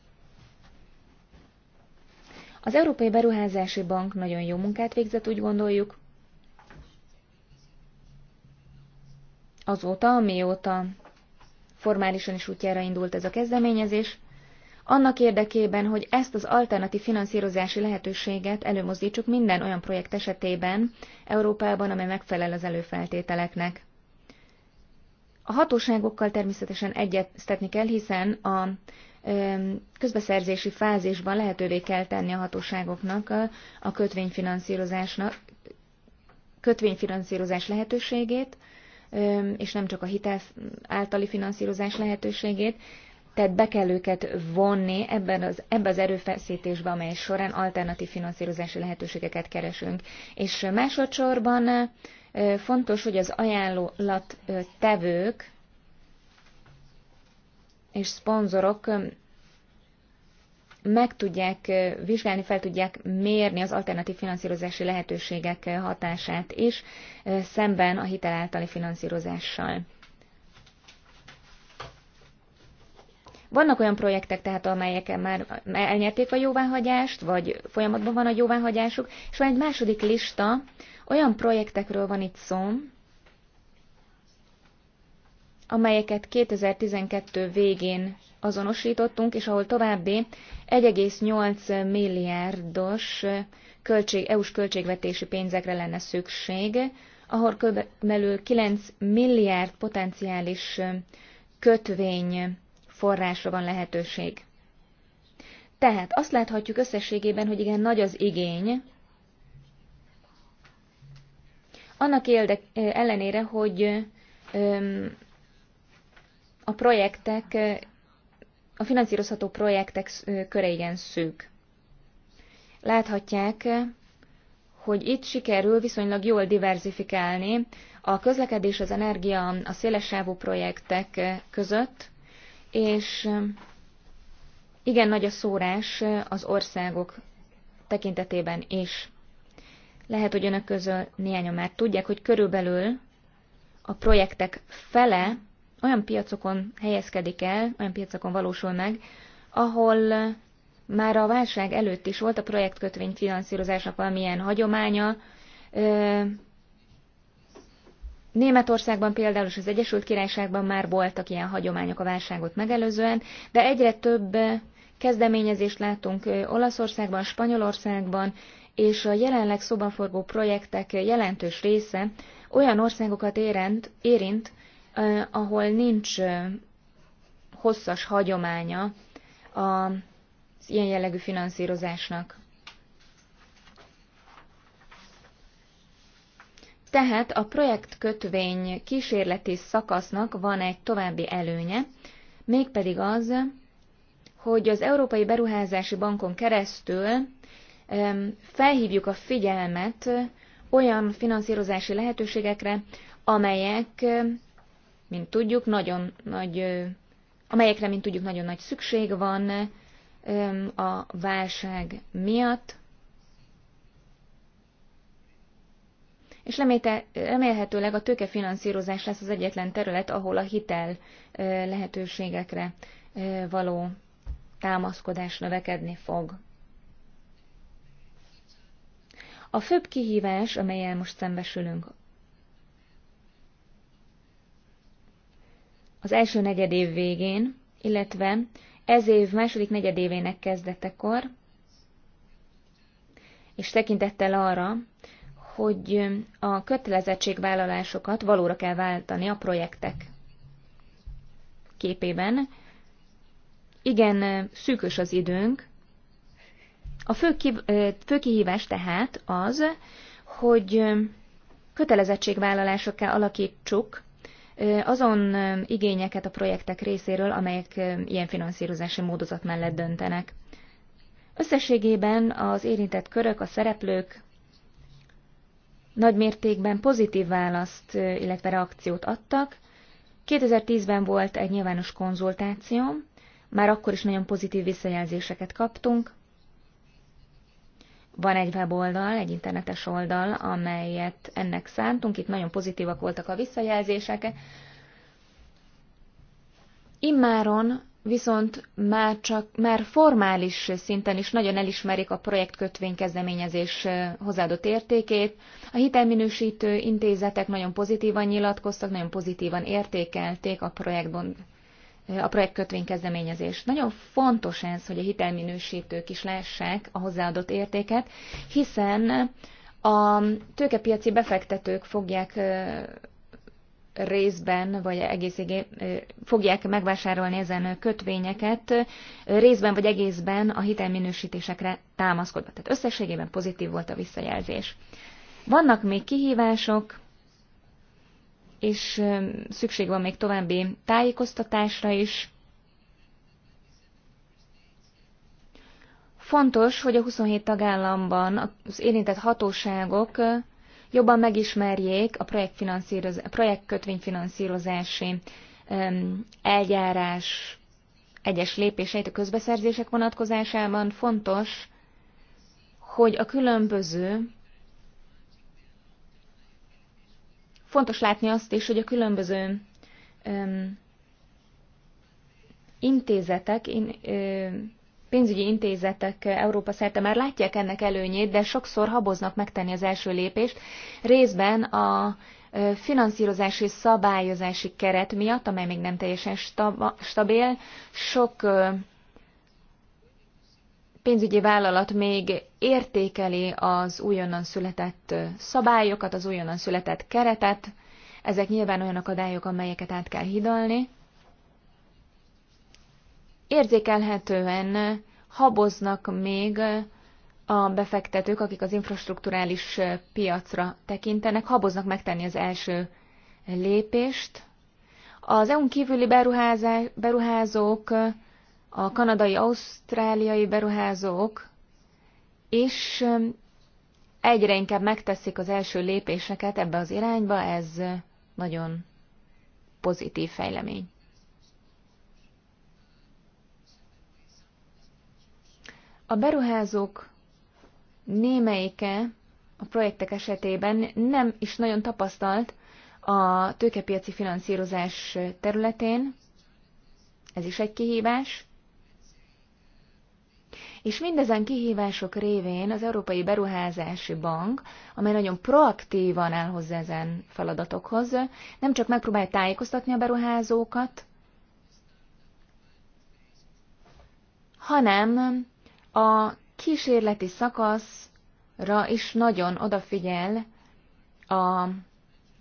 Speaker 2: Az Európai Beruházási Bank nagyon jó munkát végzett, úgy gondoljuk. Azóta, amióta formálisan is útjára indult ez a kezdeményezés, annak érdekében, hogy ezt az alternatív finanszírozási lehetőséget előmozdítsuk minden olyan projekt esetében Európában, amely megfelel az előfeltételeknek. A hatóságokkal természetesen egyeztetni kell, hiszen a közbeszerzési fázisban lehetővé kell tenni a hatóságoknak a kötvényfinanszírozásnak, kötvényfinanszírozás lehetőségét, és nem csak a hitel általi finanszírozás lehetőségét, tehát be kell őket vonni ebben az, ebbe az erőfeszítésbe, amely során alternatív finanszírozási lehetőségeket keresünk. És másodszorban fontos, hogy az ajánlólat tevők és szponzorok meg tudják vizsgálni, fel tudják mérni az alternatív finanszírozási lehetőségek hatását is, szemben a hitel általi finanszírozással. Vannak olyan projektek tehát, amelyeken már elnyerték a jóváhagyást, vagy folyamatban van a jóváhagyásuk, és van egy második lista, olyan projektekről van itt szó, amelyeket 2012 végén azonosítottunk, és ahol további 1,8 milliárdos költség, EU-s költségvetési pénzekre lenne szükség, ahol kb. 9 milliárd potenciális kötvény forrásra van lehetőség. Tehát azt láthatjuk összességében, hogy igen, nagy az igény, annak érdek, ellenére, hogy a projektek, a finanszírozható projektek köre igen szűk. Láthatják, hogy itt sikerül viszonylag jól diversifikálni a közlekedés, az energia, a szélessávú projektek között, és igen nagy a szórás az országok tekintetében is. Lehet, hogy önök közül néhányan már tudják, hogy körülbelül a projektek fele olyan piacokon helyezkedik el, olyan piacokon valósul meg, ahol már a válság előtt is volt a projektkötvény finanszírozásnak valamilyen hagyománya, Németországban például és az Egyesült Királyságban már voltak ilyen hagyományok a válságot megelőzően, de egyre több kezdeményezést látunk Olaszországban, Spanyolországban, és a jelenleg szobanforgó projektek jelentős része olyan országokat érint, érint ahol nincs hosszas hagyománya az ilyen jellegű finanszírozásnak. Tehát a projektkötvény kísérleti szakasznak van egy további előnye, mégpedig az, hogy az Európai Beruházási Bankon keresztül felhívjuk a figyelmet olyan finanszírozási lehetőségekre, amelyek, mint tudjuk, nagyon nagy, amelyekre, mint tudjuk, nagyon nagy szükség van a válság miatt, és remélhetőleg a tőkefinanszírozás lesz az egyetlen terület, ahol a hitel lehetőségekre való támaszkodás növekedni fog. A főbb kihívás, amelyel most szembesülünk, az első negyedév végén, illetve ez év második negyedévének kezdetekor, és tekintettel arra, hogy a kötelezettségvállalásokat valóra kell váltani a projektek képében. Igen, szűkös az időnk. A fő, ki, fő kihívás tehát az, hogy kötelezettségvállalásokká alakítsuk azon igényeket a projektek részéről, amelyek ilyen finanszírozási módozat mellett döntenek. Összességében az érintett körök, a szereplők nagy mértékben pozitív választ, illetve reakciót adtak. 2010-ben volt egy nyilvános konzultáció, már akkor is nagyon pozitív visszajelzéseket kaptunk. Van egy weboldal, egy internetes oldal, amelyet ennek szántunk, itt nagyon pozitívak voltak a visszajelzések. Immáron viszont már csak már formális szinten is nagyon elismerik a projektkötvény kezdeményezés hozzáadott értékét. A hitelminősítő intézetek nagyon pozitívan nyilatkoztak, nagyon pozitívan értékelték a projektben a projektkötvény kezdeményezés. Nagyon fontos ez, hogy a hitelminősítők is lássák a hozzáadott értéket, hiszen a tőkepiaci befektetők fogják részben, vagy egészében fogják megvásárolni ezen kötvényeket, részben vagy egészben a hitelminősítésekre támaszkodva. Tehát összességében pozitív volt a visszajelzés. Vannak még kihívások, és szükség van még további tájékoztatásra is. Fontos, hogy a 27 tagállamban az érintett hatóságok jobban megismerjék a, projektfinanszíroz, a projektkötvényfinanszírozási eljárás egyes lépéseit a közbeszerzések vonatkozásában. Fontos, hogy a különböző fontos látni azt is, hogy a különböző intézetek, pénzügyi intézetek eh, Európa szerte már látják ennek előnyét, de sokszor haboznak megtenni az első lépést, részben a eh, finanszírozási szabályozási keret miatt, amely még nem teljesen stabil, sok eh, pénzügyi vállalat még értékeli az újonnan született szabályokat, az újonnan született keretet. Ezek nyilván olyan akadályok, amelyeket át kell hidalni érzékelhetően haboznak még a befektetők, akik az infrastruktúrális piacra tekintenek, haboznak megtenni az első lépést. Az EU-n kívüli beruházók, a kanadai, ausztráliai beruházók is egyre inkább megteszik az első lépéseket ebbe az irányba, ez nagyon pozitív fejlemény. A beruházók némelyike a projektek esetében nem is nagyon tapasztalt a tőkepiaci finanszírozás területén, ez is egy kihívás, és mindezen kihívások révén az Európai Beruházási Bank, amely nagyon proaktívan áll hozzá ezen feladatokhoz, nem csak megpróbál tájékoztatni a beruházókat, hanem a kísérleti szakaszra is nagyon odafigyel, a,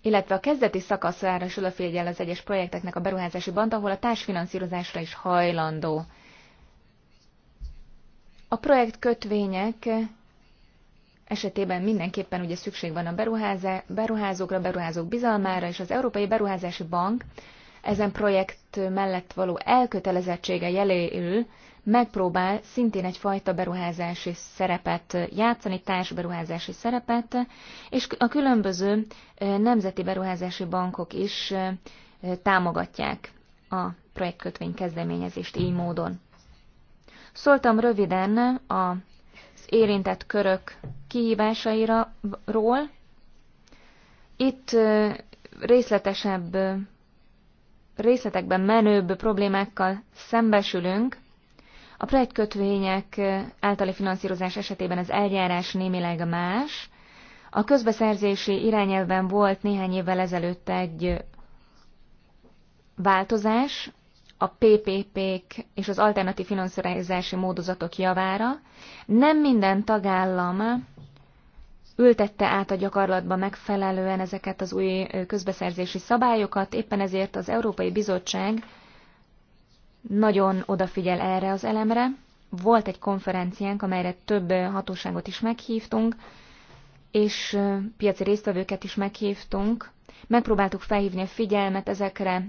Speaker 2: illetve a kezdeti szakaszára is odafigyel az egyes projekteknek a beruházási bant, ahol a társfinanszírozásra is hajlandó. A projekt kötvények esetében mindenképpen ugye szükség van a beruházókra, beruházók bizalmára, és az Európai Beruházási Bank ezen projekt mellett való elkötelezettsége jeléül megpróbál szintén egyfajta beruházási szerepet játszani, társberuházási szerepet, és a különböző nemzeti beruházási bankok is támogatják a projektkötvény kezdeményezést így módon. Szóltam röviden az érintett körök kihívásairól. Itt részletesebb, részletekben menőbb problémákkal szembesülünk, a prejtkötvények általi finanszírozás esetében az eljárás némileg más. A közbeszerzési irányelven volt néhány évvel ezelőtt egy változás, a PPP-k és az alternatív finanszírozási módozatok javára. Nem minden tagállam ültette át a gyakorlatba megfelelően ezeket az új közbeszerzési szabályokat, éppen ezért az Európai Bizottság nagyon odafigyel erre az elemre. Volt egy konferenciánk, amelyre több hatóságot is meghívtunk, és piaci résztvevőket is meghívtunk. Megpróbáltuk felhívni a figyelmet ezekre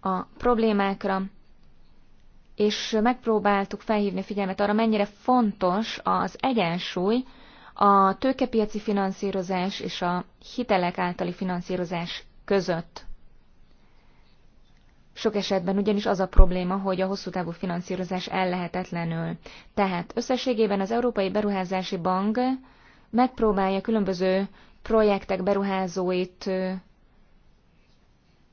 Speaker 2: a problémákra, és megpróbáltuk felhívni a figyelmet arra, mennyire fontos az egyensúly a tőkepiaci finanszírozás és a hitelek általi finanszírozás között. Sok esetben ugyanis az a probléma, hogy a hosszú távú finanszírozás ellehetetlenül. Tehát összességében az Európai Beruházási Bank megpróbálja különböző projektek beruházóit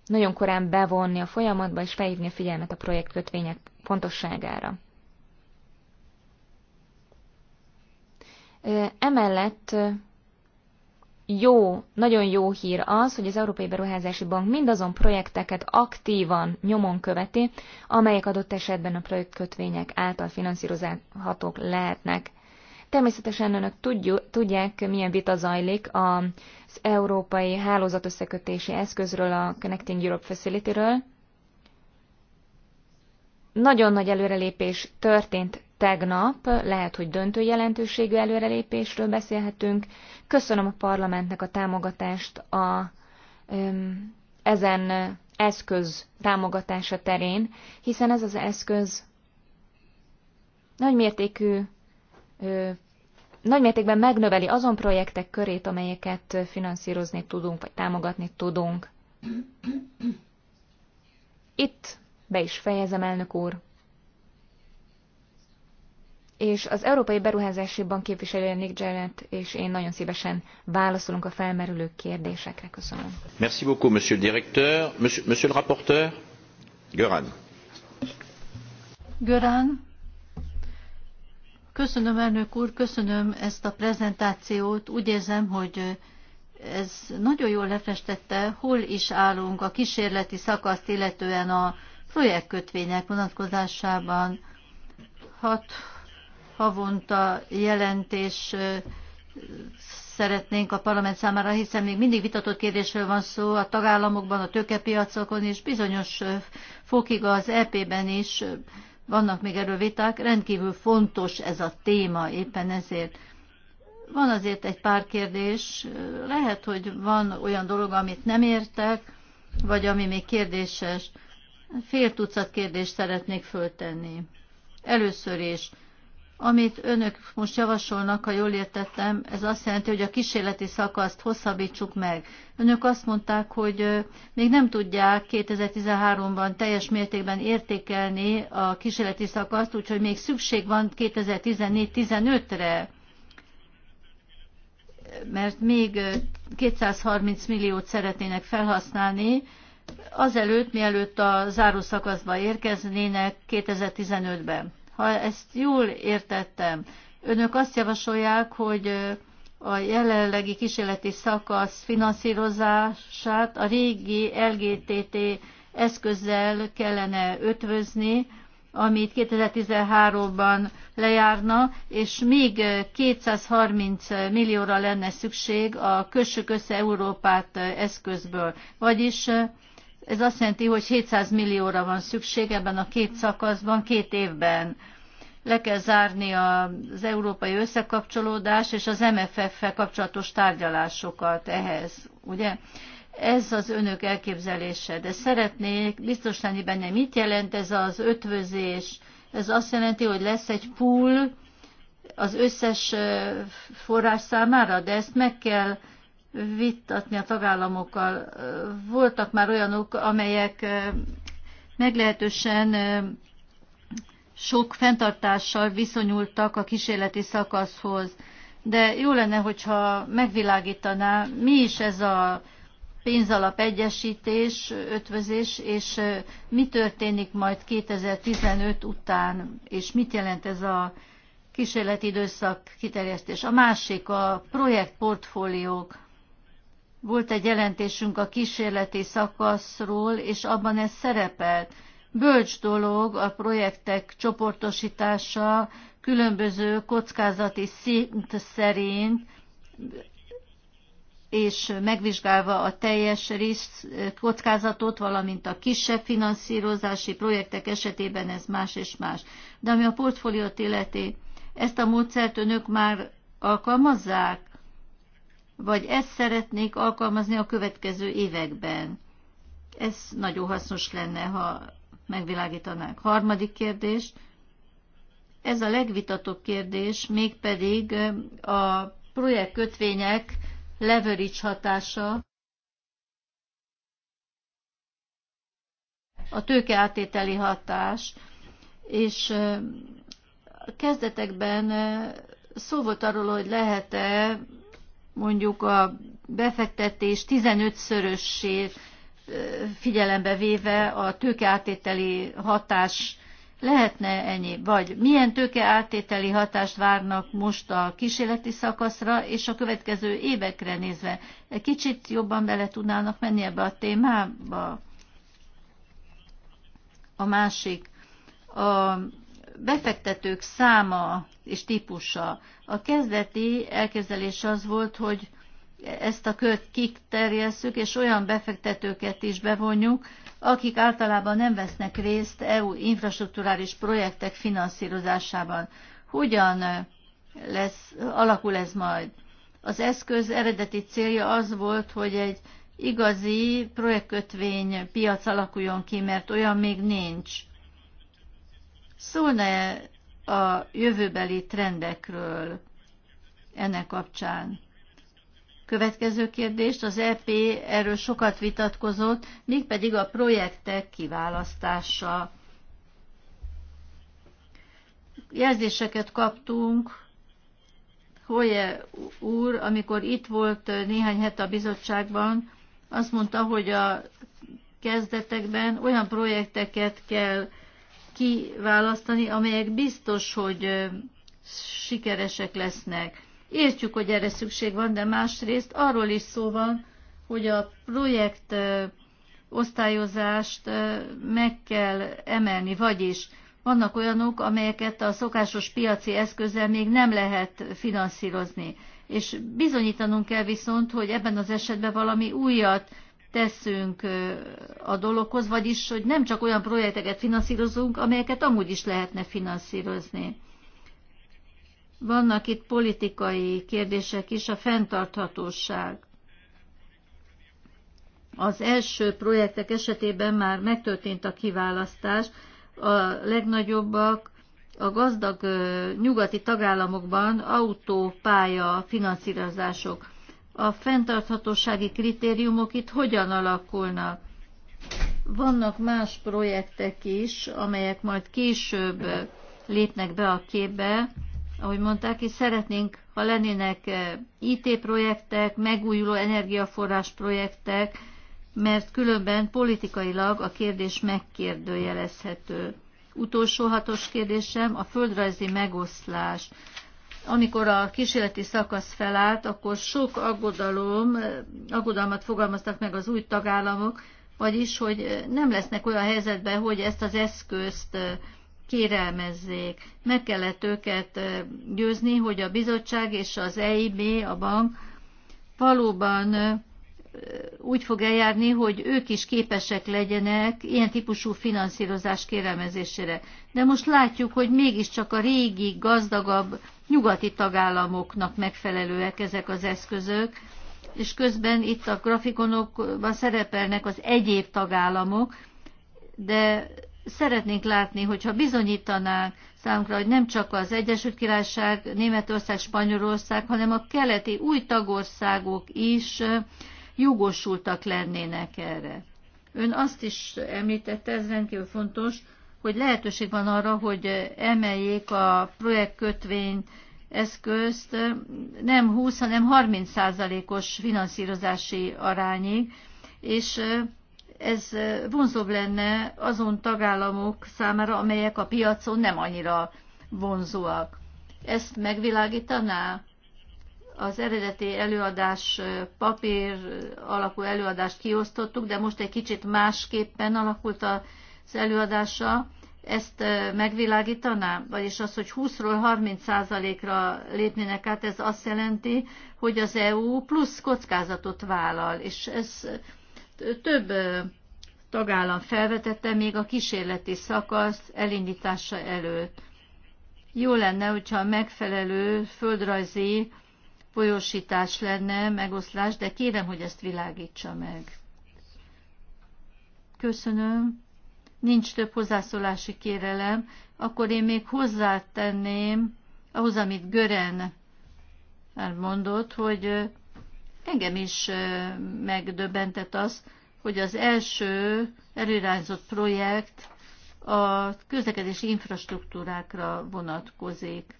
Speaker 2: nagyon korán bevonni a folyamatba és felhívni a figyelmet a projektkötvények fontosságára. Emellett jó, nagyon jó hír az, hogy az Európai Beruházási Bank mindazon projekteket aktívan nyomon követi, amelyek adott esetben a projektkötvények által finanszírozhatók lehetnek. Természetesen önök tudjuk, tudják, milyen vita zajlik az európai hálózatösszekötési eszközről, a Connecting Europe Facility-ről. Nagyon nagy előrelépés történt tegnap, lehet, hogy döntő jelentőségű előrelépésről beszélhetünk. Köszönöm a parlamentnek a támogatást a, ezen eszköz támogatása terén, hiszen ez az eszköz nagymértékű, nagymértékben megnöveli azon projektek körét, amelyeket finanszírozni tudunk, vagy támogatni tudunk. Itt be is fejezem, elnök úr és az Európai Beruházási Bank képviselője Nick Jarrett és én nagyon szívesen válaszolunk a felmerülő kérdésekre. Köszönöm.
Speaker 1: Merci beaucoup, monsieur le directeur. Monsieur, monsieur le rapporteur, Göran.
Speaker 3: Göran. Köszönöm, elnök úr, köszönöm ezt a prezentációt. Úgy érzem, hogy ez nagyon jól lefestette, hol is állunk a kísérleti szakaszt, illetően a projektkötvények vonatkozásában. Hat havonta jelentés szeretnénk a parlament számára, hiszen még mindig vitatott kérdésről van szó a tagállamokban, a tőkepiacokon, és bizonyos fokig az EP-ben is vannak még erről viták. Rendkívül fontos ez a téma éppen ezért. Van azért egy pár kérdés. Lehet, hogy van olyan dolog, amit nem értek, vagy ami még kérdéses. Fél tucat kérdést szeretnék föltenni. Először is, amit önök most javasolnak, ha jól értettem, ez azt jelenti, hogy a kísérleti szakaszt hosszabbítsuk meg. Önök azt mondták, hogy még nem tudják 2013-ban teljes mértékben értékelni a kísérleti szakaszt, úgyhogy még szükség van 2014-15-re, mert még 230 milliót szeretnének felhasználni, azelőtt, mielőtt a zárószakaszba érkeznének 2015-ben. Ha ezt jól értettem, önök azt javasolják, hogy a jelenlegi kísérleti szakasz finanszírozását a régi LGTT eszközzel kellene ötvözni, amit 2013-ban lejárna, és még 230 millióra lenne szükség a Kössük össze Európát eszközből. Vagyis ez azt jelenti, hogy 700 millióra van szükség ebben a két szakaszban, két évben. Le kell zárni az európai összekapcsolódás és az MFF-fel kapcsolatos tárgyalásokat ehhez, ugye? Ez az önök elképzelése, de szeretnék biztos lenni benne, mit jelent ez az ötvözés. Ez azt jelenti, hogy lesz egy pool az összes forrás számára, de ezt meg kell vitatni a tagállamokkal. Voltak már olyanok, amelyek meglehetősen sok fenntartással viszonyultak a kísérleti szakaszhoz. De jó lenne, hogyha megvilágítaná, mi is ez a pénzalap egyesítés, ötvözés, és mi történik majd 2015 után, és mit jelent ez a kísérleti időszak kiterjesztés. A másik a projektportfóliók. Volt egy jelentésünk a kísérleti szakaszról, és abban ez szerepelt. Bölcs dolog a projektek csoportosítása különböző kockázati szint szerint, és megvizsgálva a teljes risk kockázatot, valamint a kisebb finanszírozási projektek esetében ez más és más. De ami a portfóliót illeti, ezt a módszert önök már alkalmazzák? vagy ezt szeretnék alkalmazni a következő években. Ez nagyon hasznos lenne, ha megvilágítanák. Harmadik kérdés. Ez a legvitatóbb kérdés, mégpedig a projektkötvények leverage hatása. a tőkeátételi hatás, és a kezdetekben szó volt arról, hogy lehet-e mondjuk a befektetés 15-szörössé figyelembe véve a tőkeáttételi hatás lehetne ennyi? Vagy milyen tőkeáttételi hatást várnak most a kísérleti szakaszra és a következő évekre nézve? egy Kicsit jobban bele tudnának menni ebbe a témába? A másik, a befektetők száma és típusa. A kezdeti elképzelés az volt, hogy ezt a kört kiterjesszük, és olyan befektetőket is bevonjuk, akik általában nem vesznek részt EU infrastruktúrális projektek finanszírozásában. Hogyan lesz, alakul ez majd? Az eszköz eredeti célja az volt, hogy egy igazi projektkötvény piac alakuljon ki, mert olyan még nincs. Szólna-e a jövőbeli trendekről ennek kapcsán? Következő kérdést, az EP erről sokat vitatkozott, mégpedig a projektek kiválasztása. Jelzéseket kaptunk Hoje úr, amikor itt volt néhány hete a bizottságban, azt mondta, hogy a kezdetekben olyan projekteket kell kiválasztani, amelyek biztos, hogy sikeresek lesznek. Értjük, hogy erre szükség van, de másrészt arról is szó van, hogy a projekt osztályozást meg kell emelni, vagyis vannak olyanok, amelyeket a szokásos piaci eszközzel még nem lehet finanszírozni. És bizonyítanunk kell viszont, hogy ebben az esetben valami újat teszünk a dologhoz, vagyis, hogy nem csak olyan projekteket finanszírozunk, amelyeket amúgy is lehetne finanszírozni. Vannak itt politikai kérdések is, a fenntarthatóság. Az első projektek esetében már megtörtént a kiválasztás, a legnagyobbak a gazdag nyugati tagállamokban autópálya finanszírozások a fenntarthatósági kritériumok itt hogyan alakulnak. Vannak más projektek is, amelyek majd később lépnek be a képbe, ahogy mondták, és szeretnénk, ha lennének eh, IT projektek, megújuló energiaforrás projektek, mert különben politikailag a kérdés megkérdőjelezhető. Utolsó hatos kérdésem a földrajzi megoszlás amikor a kísérleti szakasz felállt, akkor sok aggodalom, aggodalmat fogalmaztak meg az új tagállamok, vagyis, hogy nem lesznek olyan helyzetben, hogy ezt az eszközt kérelmezzék. Meg kellett őket győzni, hogy a bizottság és az EIB, a bank valóban úgy fog eljárni, hogy ők is képesek legyenek ilyen típusú finanszírozás kérelmezésére. De most látjuk, hogy mégiscsak a régi, gazdagabb nyugati tagállamoknak megfelelőek ezek az eszközök, és közben itt a grafikonokban szerepelnek az egyéb tagállamok, de szeretnénk látni, hogyha bizonyítanák számunkra, hogy nem csak az Egyesült Királyság, Németország, Spanyolország, hanem a keleti új tagországok is jogosultak lennének erre. Ön azt is említette, ez rendkívül fontos, hogy lehetőség van arra, hogy emeljék a projektkötvény eszközt nem 20, hanem 30 százalékos finanszírozási arányig, és ez vonzóbb lenne azon tagállamok számára, amelyek a piacon nem annyira vonzóak. Ezt megvilágítaná az eredeti előadás papír alakú előadást kiosztottuk, de most egy kicsit másképpen alakult a az előadása ezt megvilágítaná? Vagyis az, hogy 20-ról 30%-ra lépnének át, ez azt jelenti, hogy az EU plusz kockázatot vállal, és ez több tagállam felvetette még a kísérleti szakasz elindítása előtt. Jó lenne, hogyha megfelelő földrajzi folyósítás lenne, megoszlás, de kérem, hogy ezt világítsa meg. Köszönöm nincs több hozzászólási kérelem, akkor én még hozzátenném ahhoz, amit Gören elmondott, hogy engem is megdöbbentett az, hogy az első előirányzott projekt a közlekedési infrastruktúrákra vonatkozik.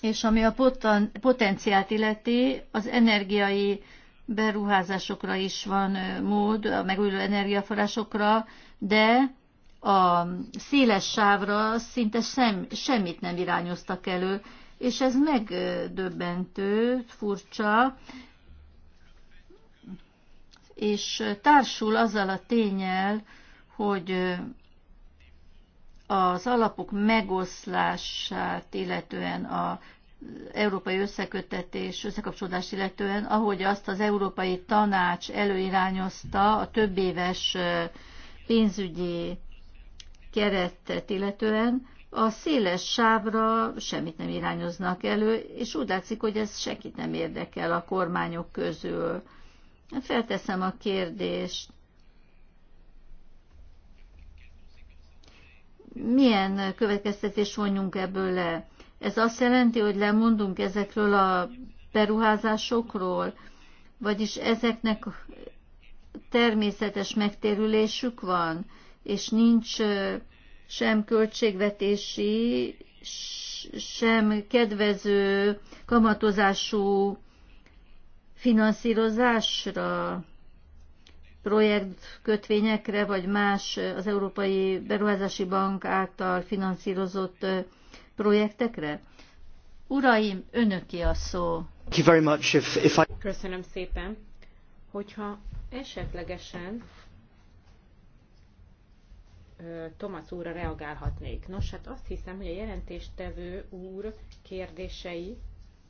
Speaker 3: És ami a poten- potenciált illeti, az energiai beruházásokra is van mód, a megújuló energiaforrásokra, de a széles sávra szinte sem, semmit nem irányoztak elő, és ez megdöbbentő, furcsa, és társul azzal a tényel, hogy az alapok megoszlását, illetően a európai összekötetés, összekapcsolódást illetően, ahogy azt az Európai Tanács előirányozta a több éves pénzügyi keretet illetően, a széles sávra semmit nem irányoznak elő, és úgy látszik, hogy ez senkit nem érdekel a kormányok közül. Felteszem a kérdést. Milyen következtetés vonjunk ebből le? Ez azt jelenti, hogy lemondunk ezekről a beruházásokról, vagyis ezeknek természetes megtérülésük van, és nincs sem költségvetési, sem kedvező kamatozású finanszírozásra, projektkötvényekre, vagy más az Európai Beruházási Bank által finanszírozott projektekre? Uraim, önöki a szó.
Speaker 1: Köszönöm szépen. Hogyha esetlegesen Thomas úrra reagálhatnék. Nos, hát azt hiszem, hogy a jelentéstevő úr kérdései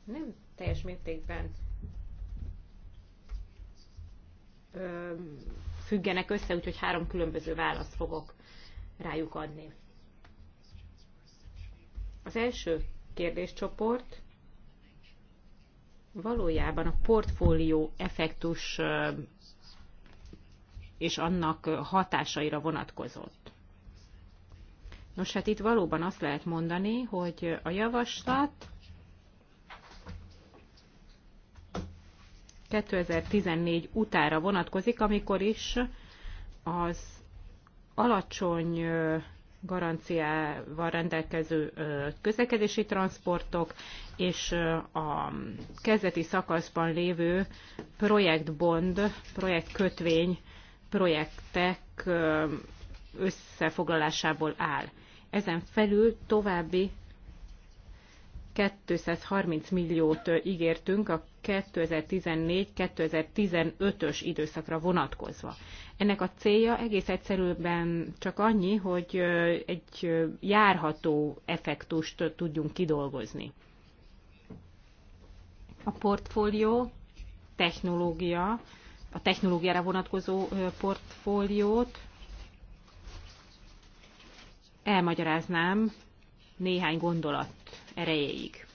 Speaker 1: nem teljes mértékben függenek össze, úgyhogy három különböző választ fogok rájuk adni. Az első kérdéscsoport valójában a portfólió effektus és annak hatásaira vonatkozott. Nos, hát itt valóban azt lehet mondani, hogy a javaslat 2014 utára vonatkozik, amikor is az alacsony garanciával rendelkező közlekedési transportok, és a kezdeti szakaszban lévő projektbond, projektkötvény projektek összefoglalásából áll. Ezen felül további 230 milliót ígértünk a 2014-2015-ös időszakra vonatkozva. Ennek a célja egész egyszerűen csak annyi, hogy egy járható effektust tudjunk kidolgozni. A portfólió technológia, a technológiára vonatkozó portfóliót elmagyaráznám néhány gondolat erejéig.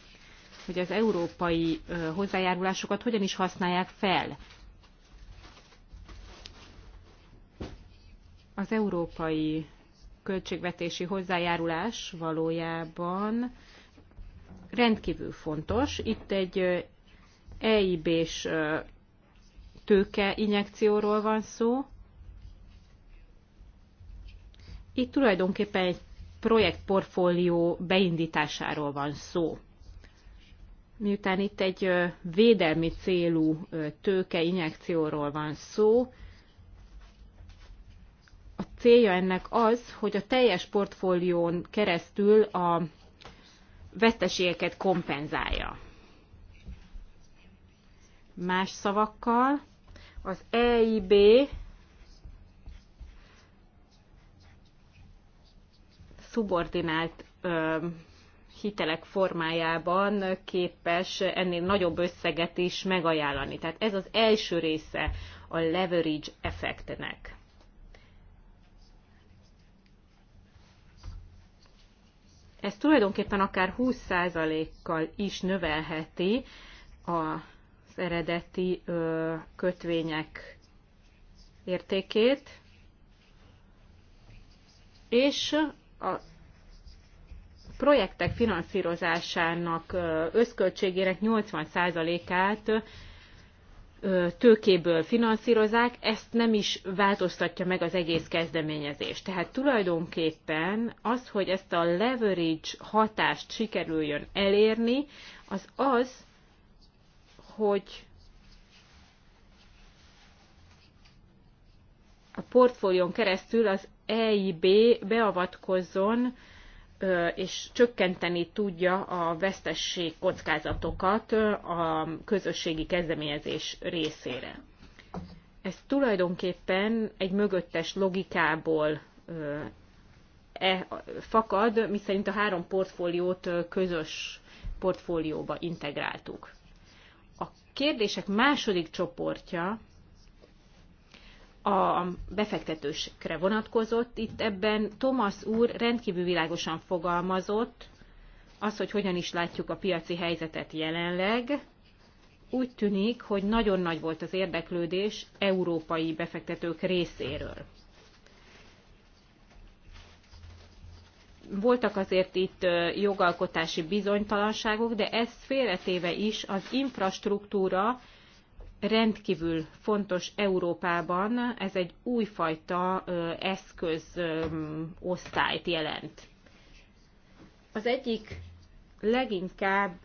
Speaker 1: Hogy az európai hozzájárulásokat hogyan is használják fel. Az európai költségvetési hozzájárulás valójában rendkívül fontos. Itt egy EIB-s tőke injekcióról van szó. Itt tulajdonképpen egy projektportfólió beindításáról van szó. Miután itt egy védelmi célú tőke injekcióról van szó, a célja ennek az, hogy a teljes portfólión keresztül a veszteségeket kompenzálja. Más szavakkal az EIB szubordinált hitelek formájában képes ennél nagyobb összeget is megajánlani. Tehát ez az első része a leverage effektnek. Ez tulajdonképpen akár 20%-kal is növelheti az eredeti kötvények értékét, és a projektek finanszírozásának összköltségének 80%-át tőkéből finanszírozák, ezt nem is változtatja meg az egész kezdeményezés. Tehát tulajdonképpen az, hogy ezt a leverage hatást sikerüljön elérni, az az, hogy a portfólión keresztül az EIB beavatkozzon és csökkenteni tudja a vesztesség kockázatokat a közösségi kezdeményezés részére. Ez tulajdonképpen egy mögöttes logikából e, fakad, miszerint a három portfóliót közös portfólióba integráltuk. A kérdések második csoportja a befektetősekre vonatkozott. Itt ebben Thomas úr rendkívül világosan fogalmazott, az, hogy hogyan is látjuk a piaci helyzetet jelenleg, úgy tűnik, hogy nagyon nagy volt az érdeklődés európai befektetők részéről. Voltak azért itt jogalkotási bizonytalanságok, de ezt félretéve is az infrastruktúra rendkívül fontos Európában, ez egy újfajta eszköz osztályt jelent. Az egyik leginkább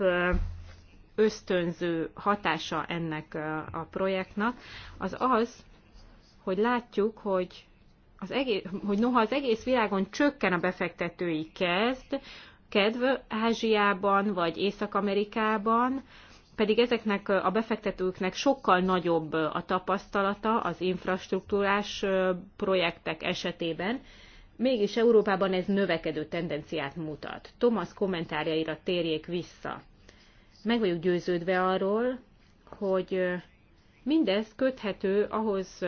Speaker 1: ösztönző hatása ennek a projektnak az az, hogy látjuk, hogy, az egész, hogy noha az egész világon csökken a befektetői kezd, kedv Ázsiában vagy Észak-Amerikában, pedig ezeknek a befektetőknek sokkal nagyobb a tapasztalata az infrastruktúrás projektek esetében, mégis Európában ez növekedő tendenciát mutat. Thomas kommentárjaira térjék vissza. Meg vagyok győződve arról, hogy mindez köthető ahhoz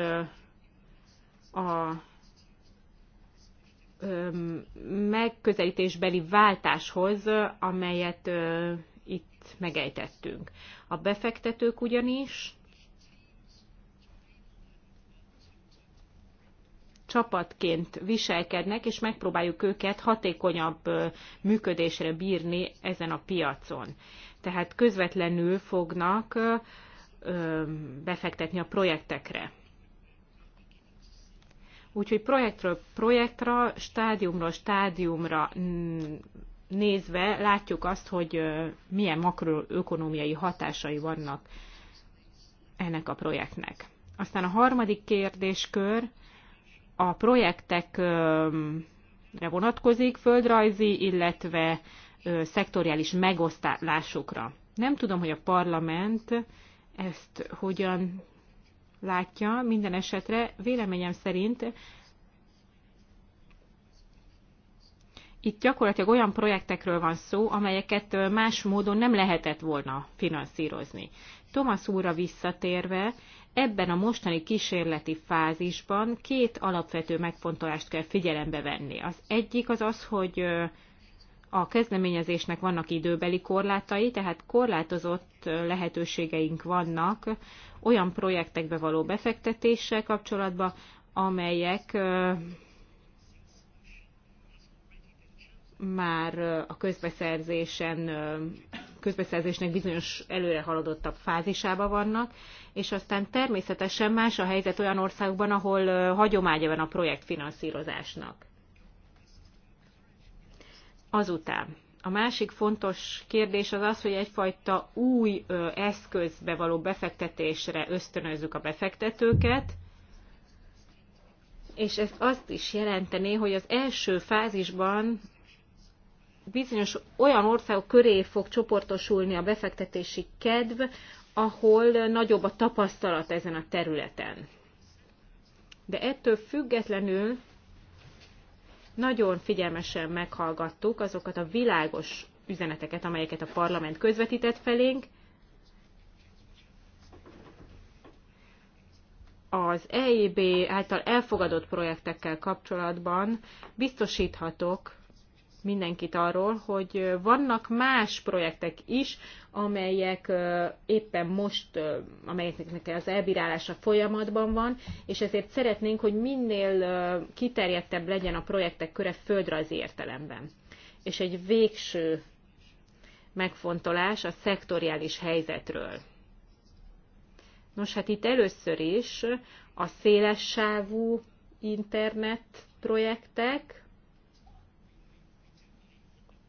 Speaker 1: a megközelítésbeli váltáshoz, amelyet megejtettünk. A befektetők ugyanis csapatként viselkednek, és megpróbáljuk őket hatékonyabb működésre bírni ezen a piacon. Tehát közvetlenül fognak befektetni a projektekre. Úgyhogy projektről projektra, stádiumról stádiumra mm, nézve látjuk azt, hogy milyen makroökonomiai hatásai vannak ennek a projektnek. Aztán a harmadik kérdéskör a projektekre vonatkozik, földrajzi, illetve szektoriális megosztásokra. Nem tudom, hogy a parlament ezt hogyan látja, minden esetre véleményem szerint itt gyakorlatilag olyan projektekről van szó, amelyeket más módon nem lehetett volna finanszírozni. Thomas úrra visszatérve, ebben a mostani kísérleti fázisban két alapvető megfontolást kell figyelembe venni. Az egyik az az, hogy a kezdeményezésnek vannak időbeli korlátai, tehát korlátozott lehetőségeink vannak olyan projektekbe való befektetéssel kapcsolatban, amelyek már a közbeszerzésen, közbeszerzésnek bizonyos előre haladottabb fázisában vannak, és aztán természetesen más a helyzet olyan országban, ahol hagyománya van a projektfinanszírozásnak. Azután a másik fontos kérdés az az, hogy egyfajta új eszközbe való befektetésre ösztönözzük a befektetőket, és ez azt is jelentené, hogy az első fázisban bizonyos olyan országok köré fog csoportosulni a befektetési kedv, ahol nagyobb a tapasztalat ezen a területen. De ettől függetlenül nagyon figyelmesen meghallgattuk azokat a világos üzeneteket, amelyeket a parlament közvetített felénk. Az EIB által elfogadott projektekkel kapcsolatban biztosíthatok mindenkit arról, hogy vannak más projektek is, amelyek éppen most, amelyeknek az elbírálása folyamatban van, és ezért szeretnénk, hogy minél kiterjedtebb legyen a projektek köre földrajzi értelemben. És egy végső megfontolás a szektoriális helyzetről. Nos, hát itt először is a szélessávú internet projektek,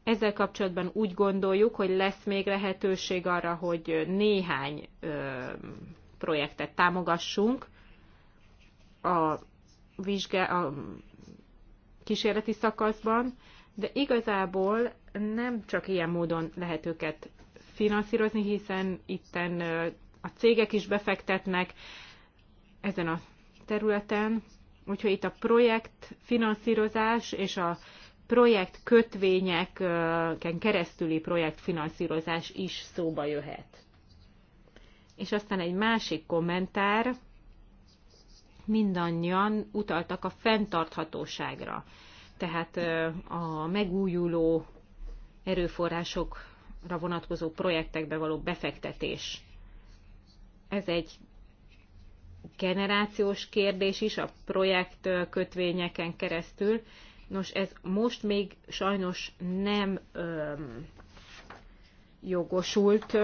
Speaker 1: ezzel kapcsolatban úgy gondoljuk, hogy lesz még lehetőség arra, hogy néhány projektet támogassunk a, vizsgá- a kísérleti szakaszban, de igazából nem csak ilyen módon lehet őket finanszírozni, hiszen itten a cégek is befektetnek ezen a területen, úgyhogy itt a projekt finanszírozás és a projekt kötvényeken keresztüli projektfinanszírozás is szóba jöhet. És aztán egy másik kommentár, mindannyian utaltak a fenntarthatóságra, tehát a megújuló erőforrásokra vonatkozó projektekbe való befektetés. Ez egy generációs kérdés is a projekt kötvényeken keresztül, Nos, ez most még sajnos nem öm, jogosult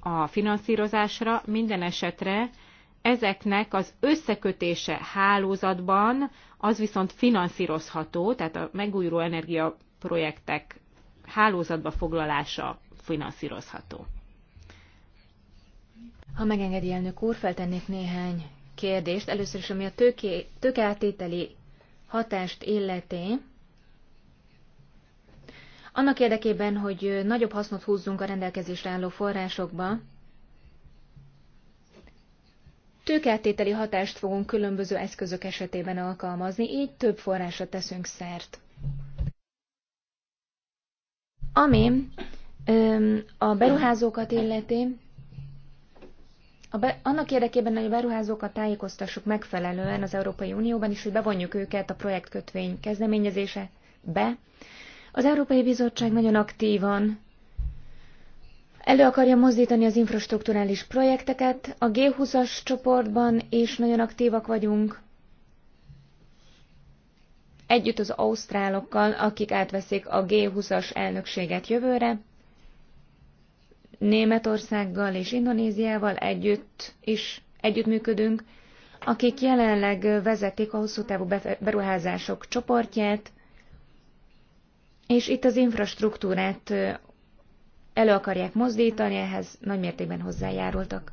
Speaker 1: a finanszírozásra, minden esetre ezeknek az összekötése hálózatban az viszont finanszírozható, tehát a megújuló energiaprojektek hálózatba foglalása finanszírozható.
Speaker 2: Ha megengedi elnök úr, feltennék néhány kérdést. Először is, ami a tőké, tőke hatást illeti, annak érdekében, hogy nagyobb hasznot húzzunk a rendelkezésre álló forrásokba, tőkeltételi hatást fogunk különböző eszközök esetében alkalmazni, így több forrásra teszünk szert. Ami a beruházókat illeti, a be, annak érdekében, hogy a beruházókat tájékoztassuk megfelelően az Európai Unióban is, hogy bevonjuk őket a projektkötvény kezdeményezése be, az Európai Bizottság nagyon aktívan elő akarja mozdítani az infrastruktúrális projekteket. A G20-as csoportban is nagyon aktívak vagyunk, együtt az ausztrálokkal, akik átveszik a G20-as elnökséget jövőre. Németországgal és Indonéziával együtt is együttműködünk, akik jelenleg vezetik a hosszú távú beruházások csoportját, és itt az infrastruktúrát elő akarják mozdítani, ehhez nagymértékben hozzájárultak.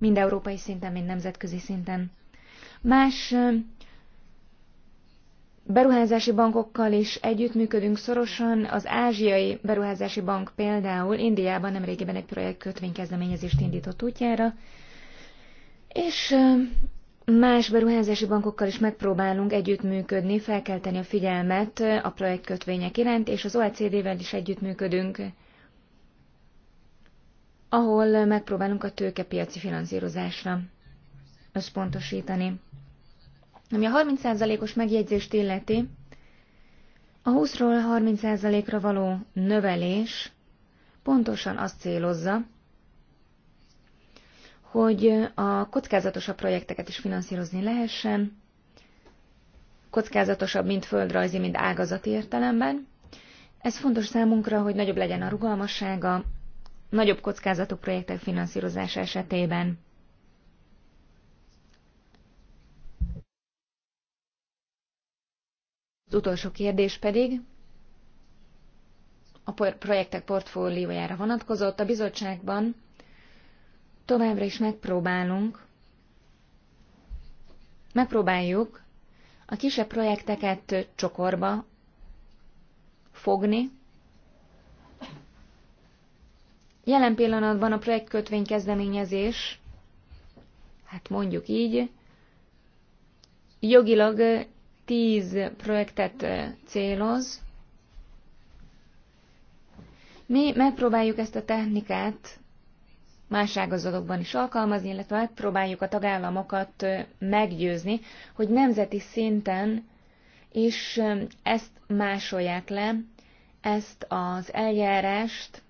Speaker 2: Mind európai szinten, mind nemzetközi szinten. Más beruházási bankokkal is együttműködünk szorosan. Az Ázsiai Beruházási Bank például Indiában nemrégiben egy projekt kötvénykezdeményezést indított útjára, és más beruházási bankokkal is megpróbálunk együttműködni, felkelteni a figyelmet a projekt kötvények iránt, és az OECD-vel is együttműködünk, ahol megpróbálunk a tőkepiaci finanszírozásra összpontosítani. Ami a 30%-os megjegyzést illeti, a 20-ról 30%-ra való növelés pontosan azt célozza, hogy a kockázatosabb projekteket is finanszírozni lehessen, kockázatosabb mint földrajzi, mint ágazati értelemben. Ez fontos számunkra, hogy nagyobb legyen a rugalmassága, nagyobb kockázatú projektek finanszírozása esetében. Az utolsó kérdés pedig a projektek portfóliójára vonatkozott. A bizottságban továbbra is megpróbálunk, megpróbáljuk a kisebb projekteket csokorba fogni. Jelen pillanatban a projektkötvény kezdeményezés, hát mondjuk így, jogilag tíz projektet céloz. Mi megpróbáljuk ezt a technikát más ágazatokban is alkalmazni, illetve megpróbáljuk a tagállamokat meggyőzni, hogy nemzeti szinten is ezt másolják le, ezt az eljárást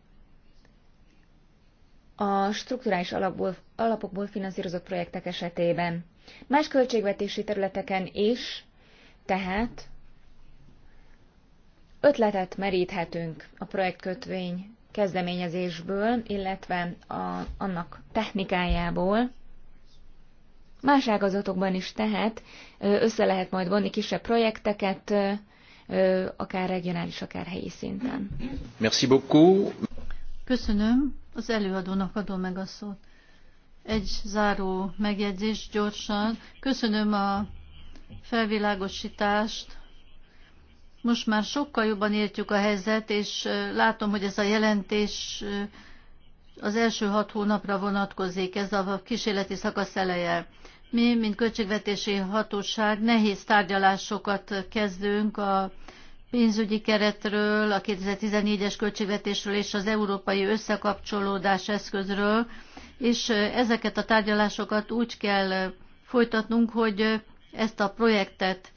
Speaker 2: a strukturális alapból, alapokból finanszírozott projektek esetében. Más költségvetési területeken is tehát ötletet meríthetünk a projektkötvény kezdeményezésből, illetve a, annak technikájából. Más ágazatokban is tehát össze lehet majd vonni kisebb projekteket, akár regionális, akár helyi szinten. Merci beaucoup.
Speaker 3: Köszönöm. Az előadónak adom meg a szót. Egy záró megjegyzés gyorsan. Köszönöm a felvilágosítást. Most már sokkal jobban értjük a helyzet, és látom, hogy ez a jelentés az első hat hónapra vonatkozik, ez a kísérleti szakasz eleje. Mi, mint költségvetési hatóság, nehéz tárgyalásokat kezdünk a pénzügyi keretről, a 2014-es költségvetésről és az európai összekapcsolódás eszközről, és ezeket a tárgyalásokat úgy kell folytatnunk, hogy ezt a projektet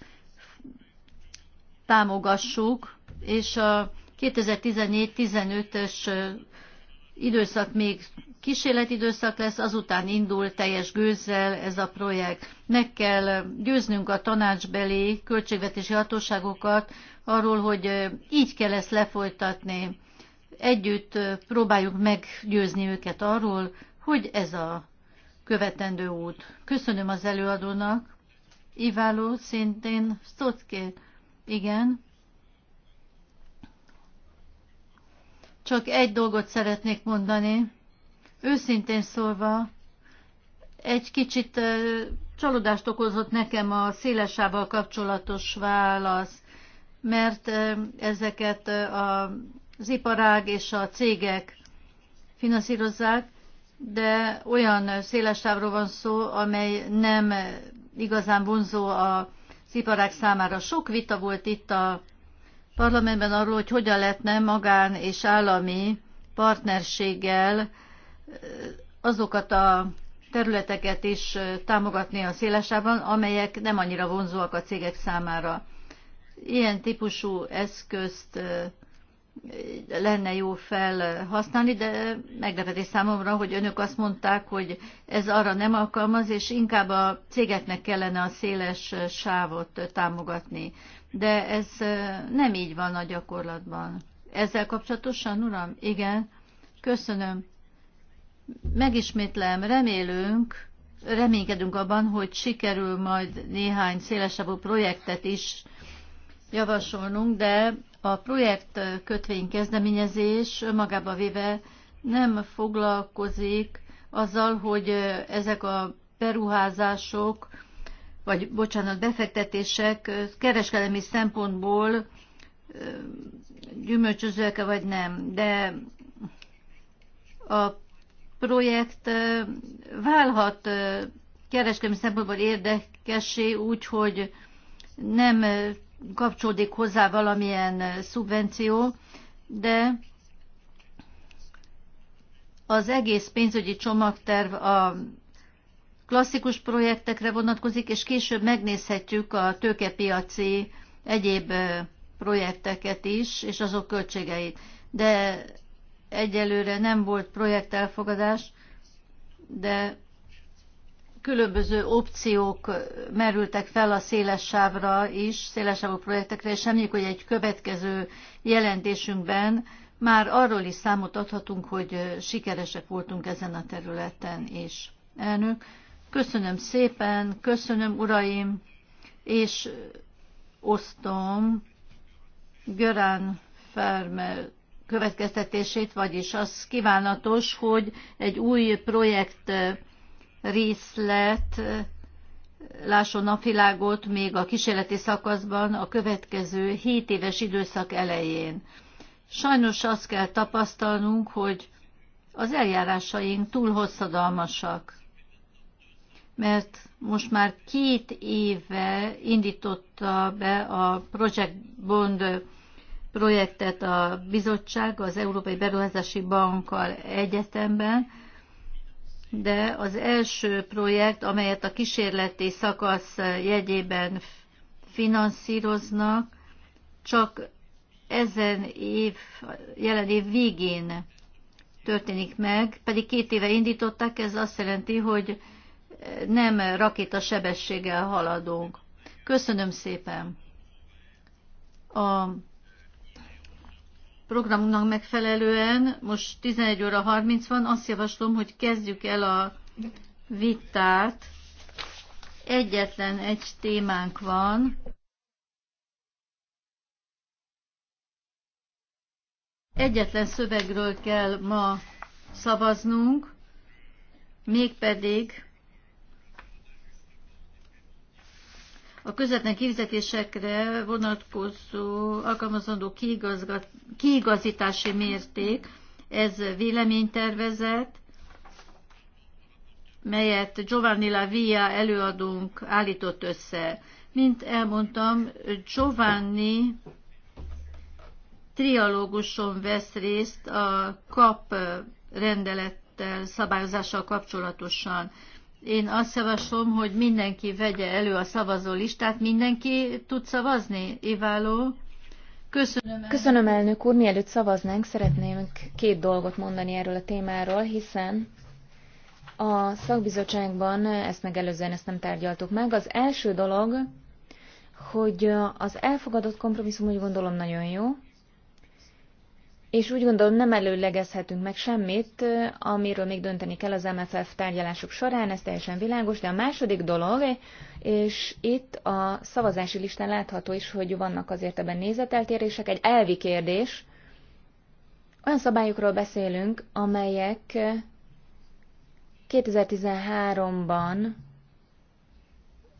Speaker 3: támogassuk, és a 2014-15-ös időszak még kísérleti időszak lesz, azután indul teljes gőzzel ez a projekt. Meg kell győznünk a tanácsbeli költségvetési hatóságokat arról, hogy így kell ezt lefolytatni. Együtt próbáljuk meggyőzni őket arról, hogy ez a követendő út. Köszönöm az előadónak Iváló szintén Stotkér. Igen. Csak egy dolgot szeretnék mondani. Őszintén szólva, egy kicsit csalódást okozott nekem a szélesával kapcsolatos válasz, mert ezeket az iparág és a cégek finanszírozzák, de olyan szélesávról van szó, amely nem igazán vonzó az iparák számára. Sok vita volt itt a parlamentben arról, hogy hogyan lehetne magán és állami partnerséggel azokat a területeket is támogatni a szélesában, amelyek nem annyira vonzóak a cégek számára. Ilyen típusú eszközt lenne jó felhasználni, de meglepetés számomra, hogy önök azt mondták, hogy ez arra nem alkalmaz, és inkább a cégeknek kellene a széles sávot támogatni. De ez nem így van a gyakorlatban. Ezzel kapcsolatosan, uram? Igen. Köszönöm. Megismétlem, remélünk, reménykedünk abban, hogy sikerül majd néhány szélesebb projektet is javasolnunk, de a projekt kötvény kezdeményezés magába véve nem foglalkozik azzal, hogy ezek a beruházások, vagy bocsánat, befektetések kereskedelmi szempontból gyümölcsözőek vagy nem, de a projekt válhat kereskedelmi szempontból érdekessé úgy, hogy nem kapcsolódik hozzá valamilyen szubvenció, de az egész pénzügyi csomagterv a klasszikus projektekre vonatkozik, és később megnézhetjük a tőkepiaci egyéb projekteket is, és azok költségeit. De egyelőre nem volt projektelfogadás, de különböző opciók merültek fel a széles sávra is, széles sávú projektekre, és emlék, hogy egy következő jelentésünkben már arról is számot adhatunk, hogy sikeresek voltunk ezen a területen is. Elnök, köszönöm szépen, köszönöm uraim, és osztom Görán Fermel következtetését, vagyis az kívánatos, hogy egy új projekt részlet lásson napvilágot még a kísérleti szakaszban a következő 7 éves időszak elején. Sajnos azt kell tapasztalnunk, hogy az eljárásaink túl hosszadalmasak, mert most már két éve indította be a Project Bond projektet a bizottság az Európai Beruházási Bankkal egyetemben, de az első projekt, amelyet a kísérleti szakasz jegyében finanszíroznak, csak ezen év, jelen év végén történik meg, pedig két éve indították, ez azt jelenti, hogy nem rakéta sebességgel haladunk. Köszönöm szépen! A programunknak megfelelően, most 11 óra 30 van, azt javaslom, hogy kezdjük el a vitát. Egyetlen egy témánk van. Egyetlen szövegről kell ma szavaznunk, mégpedig a közvetlen kifizetésekre vonatkozó alkalmazandó kiigazítási mérték, ez véleménytervezet, melyet Giovanni La Via előadónk állított össze. Mint elmondtam, Giovanni trialóguson vesz részt a kap rendelettel, szabályozással kapcsolatosan. Én azt javaslom, hogy mindenki vegye elő a szavazó
Speaker 2: listát. Mindenki tud szavazni, Iváló? Köszönöm. Köszönöm, elnök úr. Mielőtt szavaznánk, szeretnénk két dolgot mondani erről a témáról, hiszen a szakbizottságban ezt megelőzően ezt nem tárgyaltuk meg. Az első dolog, hogy az elfogadott kompromisszum úgy gondolom nagyon jó, és úgy gondolom nem előlegezhetünk meg semmit, amiről még dönteni kell az MFF tárgyalások során, ez teljesen világos, de a második dolog, és itt a szavazási listán látható is, hogy vannak azért ebben nézeteltérések, egy elvi kérdés, olyan szabályokról beszélünk, amelyek 2013-ban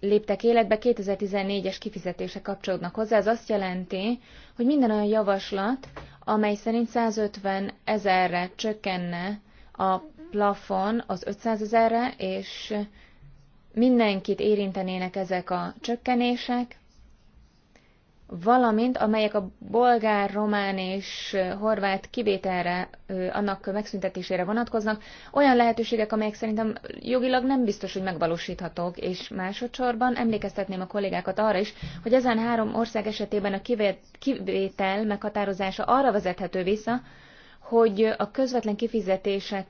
Speaker 2: léptek életbe, 2014-es kifizetése kapcsolódnak hozzá. Ez azt jelenti, hogy minden olyan javaslat, amely szerint 150 ezerre csökkenne a plafon az 500 ezerre, és mindenkit érintenének ezek a csökkenések, valamint amelyek a bolgár, román és horvát kivételre, annak megszüntetésére vonatkoznak, olyan lehetőségek, amelyek szerintem jogilag nem biztos, hogy megvalósíthatók, és másodszorban emlékeztetném a kollégákat arra is, hogy ezen három ország esetében a kivétel meghatározása arra vezethető vissza, hogy a közvetlen kifizetések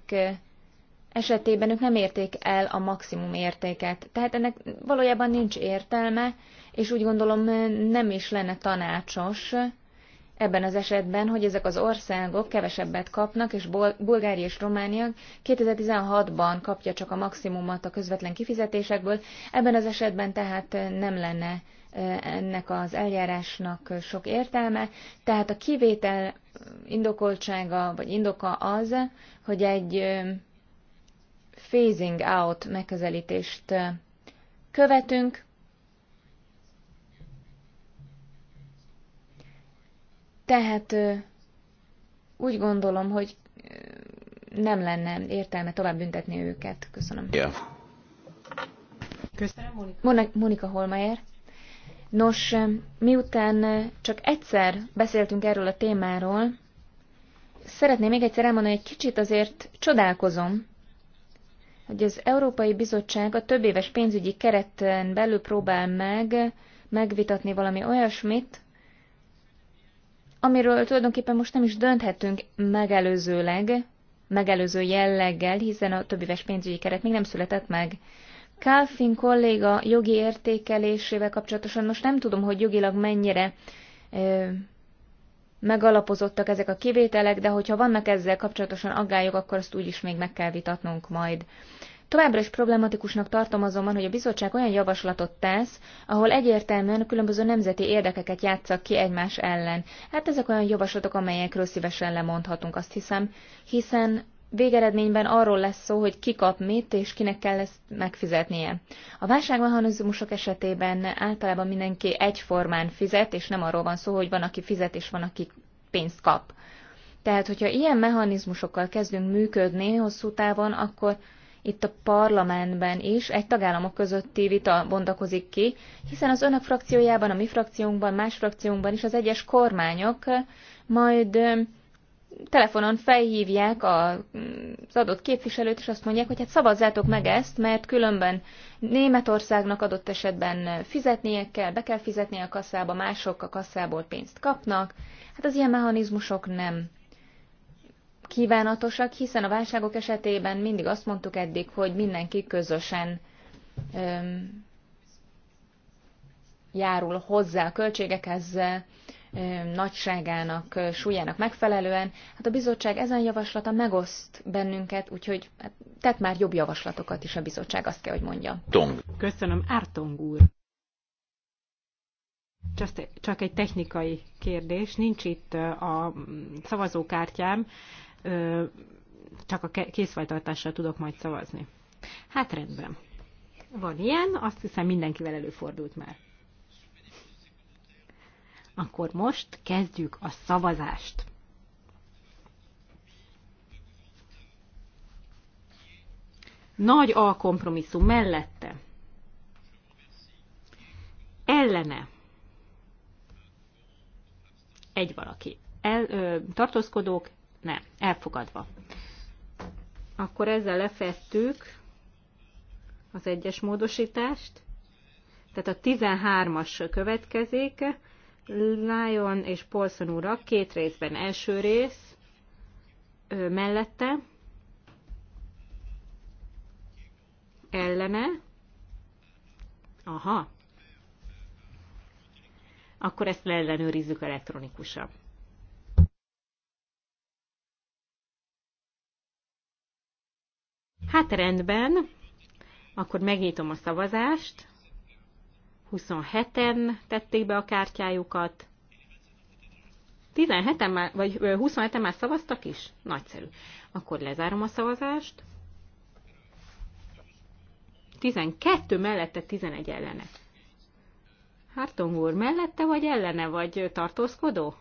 Speaker 2: esetében ők nem érték el a maximum értéket. Tehát ennek valójában nincs értelme, és úgy gondolom nem is lenne tanácsos ebben az esetben, hogy ezek az országok kevesebbet kapnak, és Bulgária és Románia 2016-ban kapja csak a maximumot a közvetlen kifizetésekből. Ebben az esetben tehát nem lenne ennek az eljárásnak sok értelme. Tehát a kivétel indokoltsága vagy indoka az, hogy egy phasing out megközelítést követünk. Tehát úgy gondolom, hogy nem lenne értelme tovább büntetni őket. Köszönöm. Yeah. Köszönöm, Monika. Mon Monika Holmeier. Nos, miután csak egyszer beszéltünk erről a témáról, szeretném még egyszer elmondani, hogy egy kicsit azért csodálkozom, hogy az Európai Bizottság a több éves pénzügyi kereten belül próbál meg megvitatni valami olyasmit, amiről tulajdonképpen most nem is dönthetünk megelőzőleg, megelőző jelleggel, hiszen a több éves pénzügyi keret még nem született meg. Kálfin kolléga jogi értékelésével kapcsolatosan most nem tudom, hogy jogilag mennyire ö, megalapozottak ezek a kivételek, de hogyha vannak ezzel kapcsolatosan aggályok, akkor azt úgyis még meg kell vitatnunk majd. Továbbra is problematikusnak tartom azonban, hogy a bizottság olyan javaslatot tesz, ahol egyértelműen különböző nemzeti érdekeket játszak ki egymás ellen. Hát ezek olyan javaslatok, amelyekről szívesen lemondhatunk, azt hiszem, hiszen végeredményben arról lesz szó, hogy ki kap mit, és kinek kell ezt megfizetnie. A válságmechanizmusok esetében általában mindenki egyformán fizet, és nem arról van szó, hogy van, aki fizet, és van, aki pénzt kap. Tehát, hogyha ilyen mechanizmusokkal kezdünk működni hosszú távon, akkor itt a parlamentben is egy tagállamok közötti vita bontakozik ki, hiszen az önök frakciójában, a mi frakciónkban, más frakciónkban is az egyes kormányok majd telefonon felhívják az adott képviselőt, és azt mondják, hogy hát szavazzátok meg ezt, mert különben Németországnak adott esetben fizetnie kell, be kell fizetnie a kasszába, mások a kasszából pénzt kapnak. Hát az ilyen mechanizmusok nem kívánatosak, hiszen a válságok esetében mindig azt mondtuk eddig, hogy mindenki közösen öm, járul hozzá a költségekhez, öm, nagyságának, súlyának megfelelően. Hát a bizottság ezen javaslata megoszt bennünket, úgyhogy hát, tett már jobb javaslatokat is a bizottság, azt kell, hogy mondja. Tong.
Speaker 1: Köszönöm, Ártong úr. Csak egy technikai kérdés, nincs itt a mm, szavazókártyám, csak a készfajtartással tudok majd szavazni. Hát rendben. Van ilyen, azt hiszem mindenkivel előfordult már. Akkor most kezdjük a szavazást. Nagy A kompromisszum mellette. Ellene. Egy valaki. El, ö, tartózkodók nem, elfogadva. Akkor ezzel lefettük az egyes módosítást. Tehát a 13-as következik. Lion és Paulson urak két részben első rész ő mellette ellene aha akkor ezt leellenőrizzük elektronikusan. Hát rendben, akkor megnyitom a szavazást. 27-en tették be a kártyájukat. 17-en már, vagy 27-en már szavaztak is? Nagyszerű. Akkor lezárom a szavazást. 12 mellette 11 ellene. Hartong úr, mellette vagy ellene, vagy tartózkodó?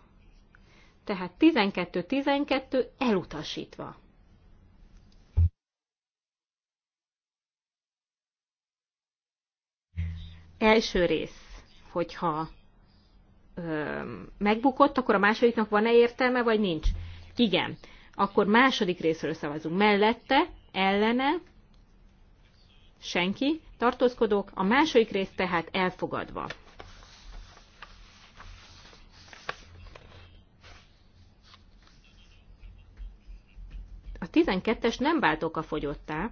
Speaker 1: Tehát 12-12 elutasítva. első rész, hogyha ö, megbukott, akkor a másodiknak van-e értelme, vagy nincs? Igen. Akkor második részről szavazunk. Mellette, ellene, senki, tartózkodók, a második rész tehát elfogadva. A 12-es nem váltok a fogyottá,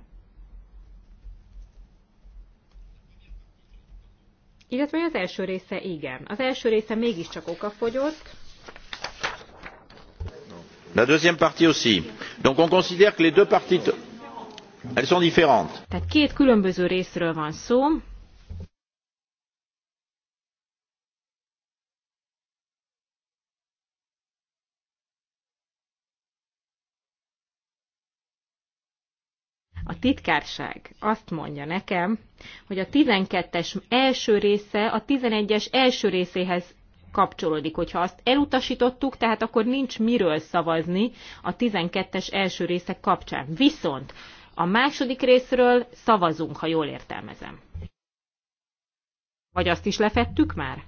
Speaker 1: Illetve az első része igen. Az első része mégiscsak okafogyott. La deuxième partie aussi. Donc on considère que les deux parties, elles sont différentes. Tehát két különböző részről van szó. titkárság azt mondja nekem, hogy a 12-es első része a 11-es első részéhez kapcsolódik. Hogyha azt elutasítottuk, tehát akkor nincs miről szavazni a 12-es első része kapcsán. Viszont a második részről szavazunk, ha jól értelmezem. Vagy azt is lefettük már?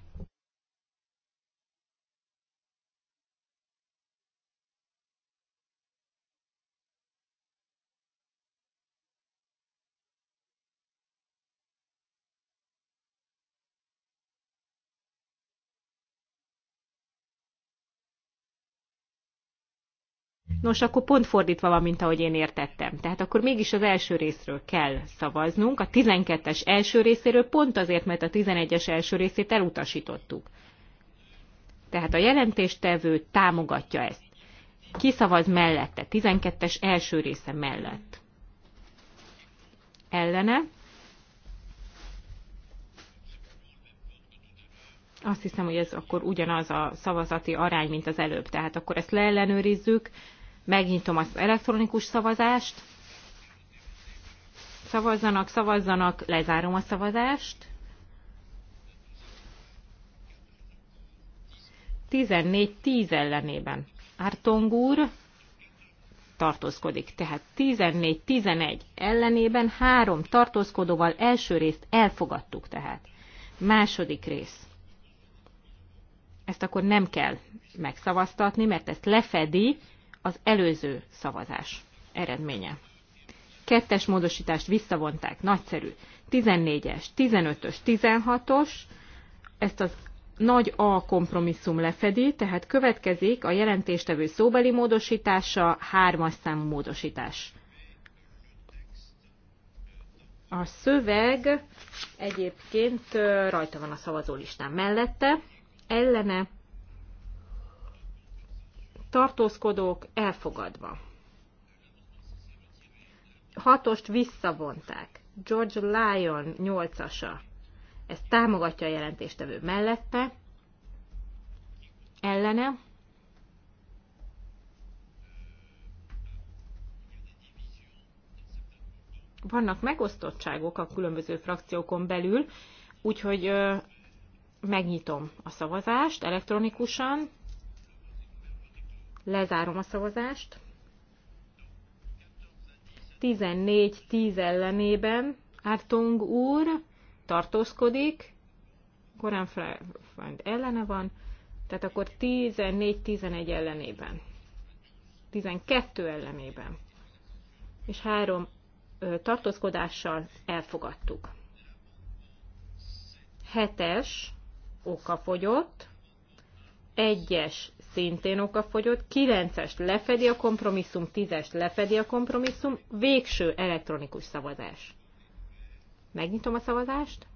Speaker 1: Nos, akkor pont fordítva van, mint ahogy én értettem. Tehát akkor mégis az első részről kell szavaznunk, a 12-es első részéről pont azért, mert a 11-es első részét elutasítottuk. Tehát a jelentéstevő támogatja ezt. Ki szavaz mellette, 12-es első része mellett. Ellene. Azt hiszem, hogy ez akkor ugyanaz a szavazati arány, mint az előbb. Tehát akkor ezt leellenőrizzük, Megnyitom az elektronikus szavazást. Szavazzanak, szavazzanak, lezárom a szavazást. 14-10 ellenében. Ártong úr tartózkodik, tehát 14-11 ellenében három tartózkodóval első részt elfogadtuk tehát. Második rész. Ezt akkor nem kell megszavaztatni, mert ezt lefedi az előző szavazás eredménye. Kettes módosítást visszavonták, nagyszerű. 14-es, 15-ös, 16-os, ezt az nagy A kompromisszum lefedi, tehát következik a jelentéstevő szóbeli módosítása, hármas számú módosítás. A szöveg egyébként rajta van a szavazólistán mellette, ellene tartózkodók elfogadva. Hatost visszavonták. George Lyon nyolcasa. Ez támogatja a jelentéstevő mellette. Ellene. Vannak megosztottságok a különböző frakciókon belül, úgyhogy megnyitom a szavazást elektronikusan. Lezárom a szavazást. 14-10 ellenében Ártong úr tartózkodik, Korán Freund ellene van, tehát akkor 14-11 ellenében. 12 ellenében. És három ö, tartózkodással elfogadtuk. Hetes oka fogyott, egyes szintén okafogyott, 9-est lefedi a kompromisszum, 10-est lefedi a kompromisszum, végső elektronikus szavazás. Megnyitom a szavazást.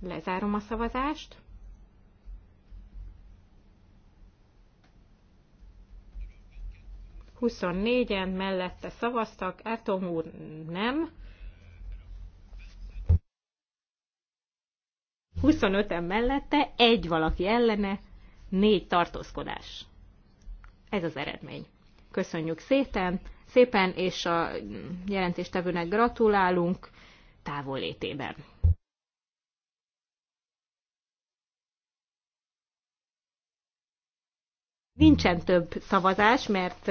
Speaker 1: Lezárom a szavazást. Huszonnégyen mellette szavaztak, Atom úr nem. 25-en mellette, egy valaki ellene, négy tartózkodás. Ez az eredmény. Köszönjük szépen, szépen, és a jelentéstevőnek gratulálunk távollétében. Nincsen több szavazás, mert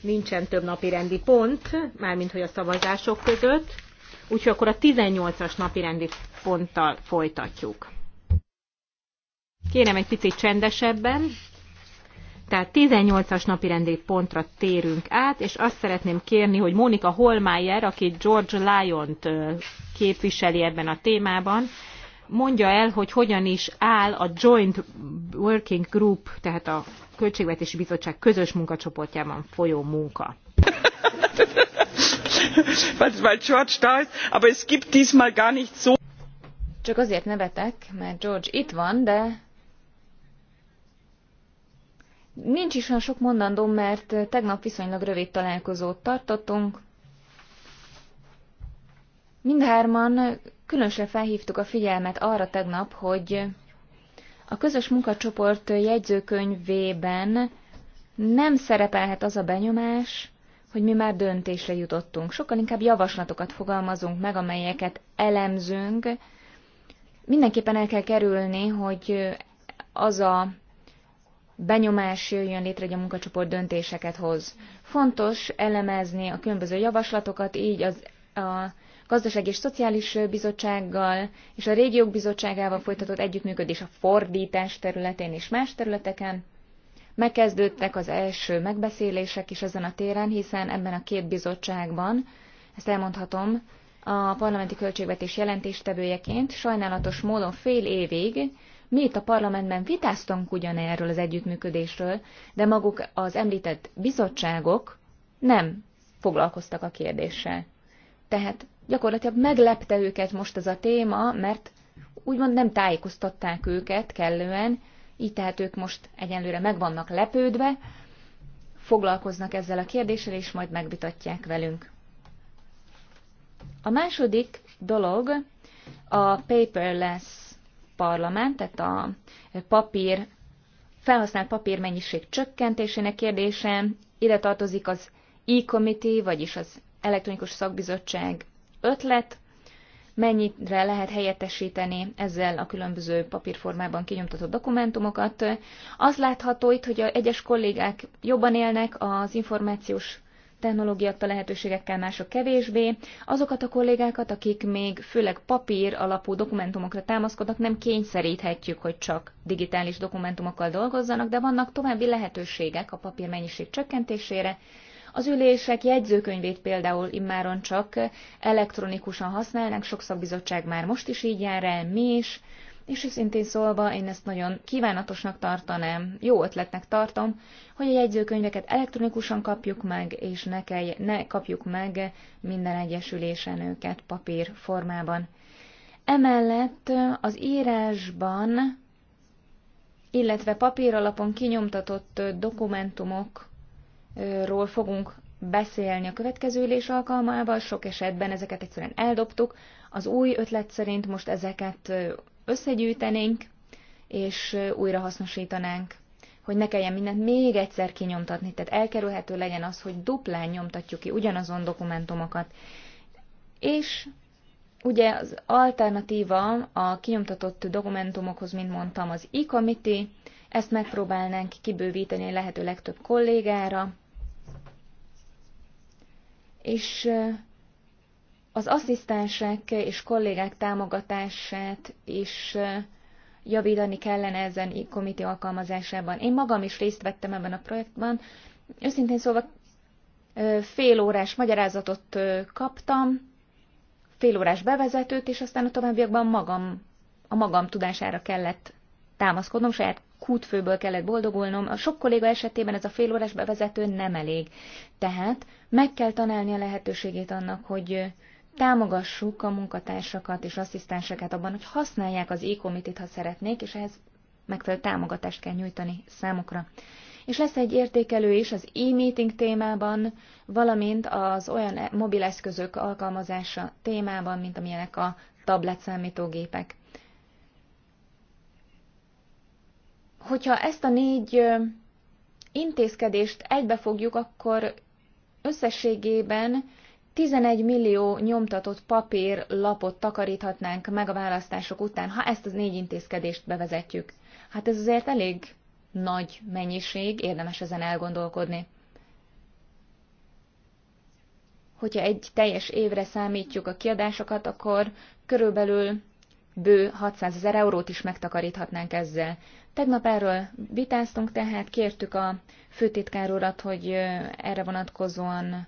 Speaker 1: nincsen több napi rendi pont, mármint hogy a szavazások között. Úgyhogy akkor a 18-as napi rendi ponttal folytatjuk. Kérem egy picit csendesebben. Tehát 18-as napi rendi pontra térünk át, és azt szeretném kérni, hogy Mónika Holmeyer, aki George Lyon-t képviseli ebben a témában, mondja el, hogy hogyan is áll a Joint Working Group, tehát a Költségvetési Bizottság közös munkacsoportjában folyó munka.
Speaker 3: weil George da ist, aber es gibt diesmal gar nicht so.
Speaker 2: Csak azért nevetek, mert George itt van, de nincs is olyan sok mondandóm, mert tegnap viszonylag rövid találkozót tartottunk. Mindhárman különösen felhívtuk a figyelmet arra tegnap, hogy a közös munkacsoport jegyzőkönyvében nem szerepelhet az a benyomás, hogy mi már döntésre jutottunk. Sokkal inkább javaslatokat fogalmazunk meg, amelyeket elemzünk. Mindenképpen el kell kerülni, hogy az a benyomás jöjjön létre, hogy a munkacsoport döntéseket hoz. Fontos elemezni a különböző javaslatokat, így az, a Gazdaság és Szociális Bizottsággal és a Régiók Bizottságával folytatott együttműködés a fordítás területén és más területeken. Megkezdődtek az első megbeszélések is ezen a téren, hiszen ebben a két bizottságban, ezt elmondhatom, a parlamenti költségvetés jelentéstevőjeként sajnálatos módon fél évig mi itt a parlamentben vitáztunk ugyanerről az együttműködésről, de maguk az említett bizottságok nem foglalkoztak a kérdéssel. Tehát gyakorlatilag meglepte őket most ez a téma, mert úgymond nem tájékoztatták őket kellően, így tehát ők most egyenlőre meg vannak lepődve, foglalkoznak ezzel a kérdéssel, és majd megvitatják velünk. A második dolog a paperless parlament, tehát a papír, felhasznált papír mennyiség csökkentésének kérdése. Ide tartozik az e-committee, vagyis az elektronikus szakbizottság ötlet, mennyire lehet helyettesíteni ezzel a különböző papírformában kinyomtatott dokumentumokat. Az látható itt, hogy a egyes kollégák jobban élnek az információs technológiatta lehetőségekkel, mások kevésbé. Azokat a kollégákat, akik még főleg papír alapú dokumentumokra támaszkodnak, nem kényszeríthetjük, hogy csak digitális dokumentumokkal dolgozzanak, de vannak további lehetőségek a papír mennyiség csökkentésére, az ülések jegyzőkönyvét például immáron csak elektronikusan használnak, sok szakbizottság már most is így jár el, mi is, és őszintén szólva én ezt nagyon kívánatosnak tartanám, jó ötletnek tartom, hogy a jegyzőkönyveket elektronikusan kapjuk meg, és ne, kell, ne kapjuk meg minden egyes ülésen őket papír formában. Emellett az írásban, illetve papír alapon kinyomtatott dokumentumok ról fogunk beszélni a következő ülés alkalmával, sok esetben ezeket egyszerűen eldobtuk. Az új ötlet szerint most ezeket összegyűjtenénk, és újra hasznosítanánk, hogy ne kelljen mindent még egyszer kinyomtatni, tehát elkerülhető legyen az, hogy duplán nyomtatjuk ki ugyanazon dokumentumokat. És ugye az alternatíva a kinyomtatott dokumentumokhoz, mint mondtam, az e-committee, ezt megpróbálnánk kibővíteni a lehető legtöbb kollégára, és az asszisztensek és kollégák támogatását is javítani kellene ezen komité alkalmazásában. Én magam is részt vettem ebben a projektben. Őszintén szólva fél órás magyarázatot kaptam, fél órás bevezetőt, és aztán a továbbiakban magam, a magam tudására kellett támaszkodnom, saját kútfőből kellett boldogulnom. A sok kolléga esetében ez a félórás bevezető nem elég. Tehát meg kell tanálni a lehetőségét annak, hogy támogassuk a munkatársakat és asszisztenseket abban, hogy használják az e committee ha szeretnék, és ehhez megfelelő támogatást kell nyújtani számukra. És lesz egy értékelő is az e-meeting témában, valamint az olyan mobileszközök alkalmazása témában, mint amilyenek a tablet számítógépek. Hogyha ezt a négy intézkedést egybe fogjuk, akkor összességében 11 millió nyomtatott papír lapot takaríthatnánk meg a választások után, ha ezt az négy intézkedést bevezetjük. Hát ez azért elég nagy mennyiség, érdemes ezen elgondolkodni. Hogyha egy teljes évre számítjuk a kiadásokat, akkor körülbelül bő 600 ezer eurót is megtakaríthatnánk ezzel. Tegnap erről vitáztunk, tehát kértük a főtitkár urat, hogy erre vonatkozóan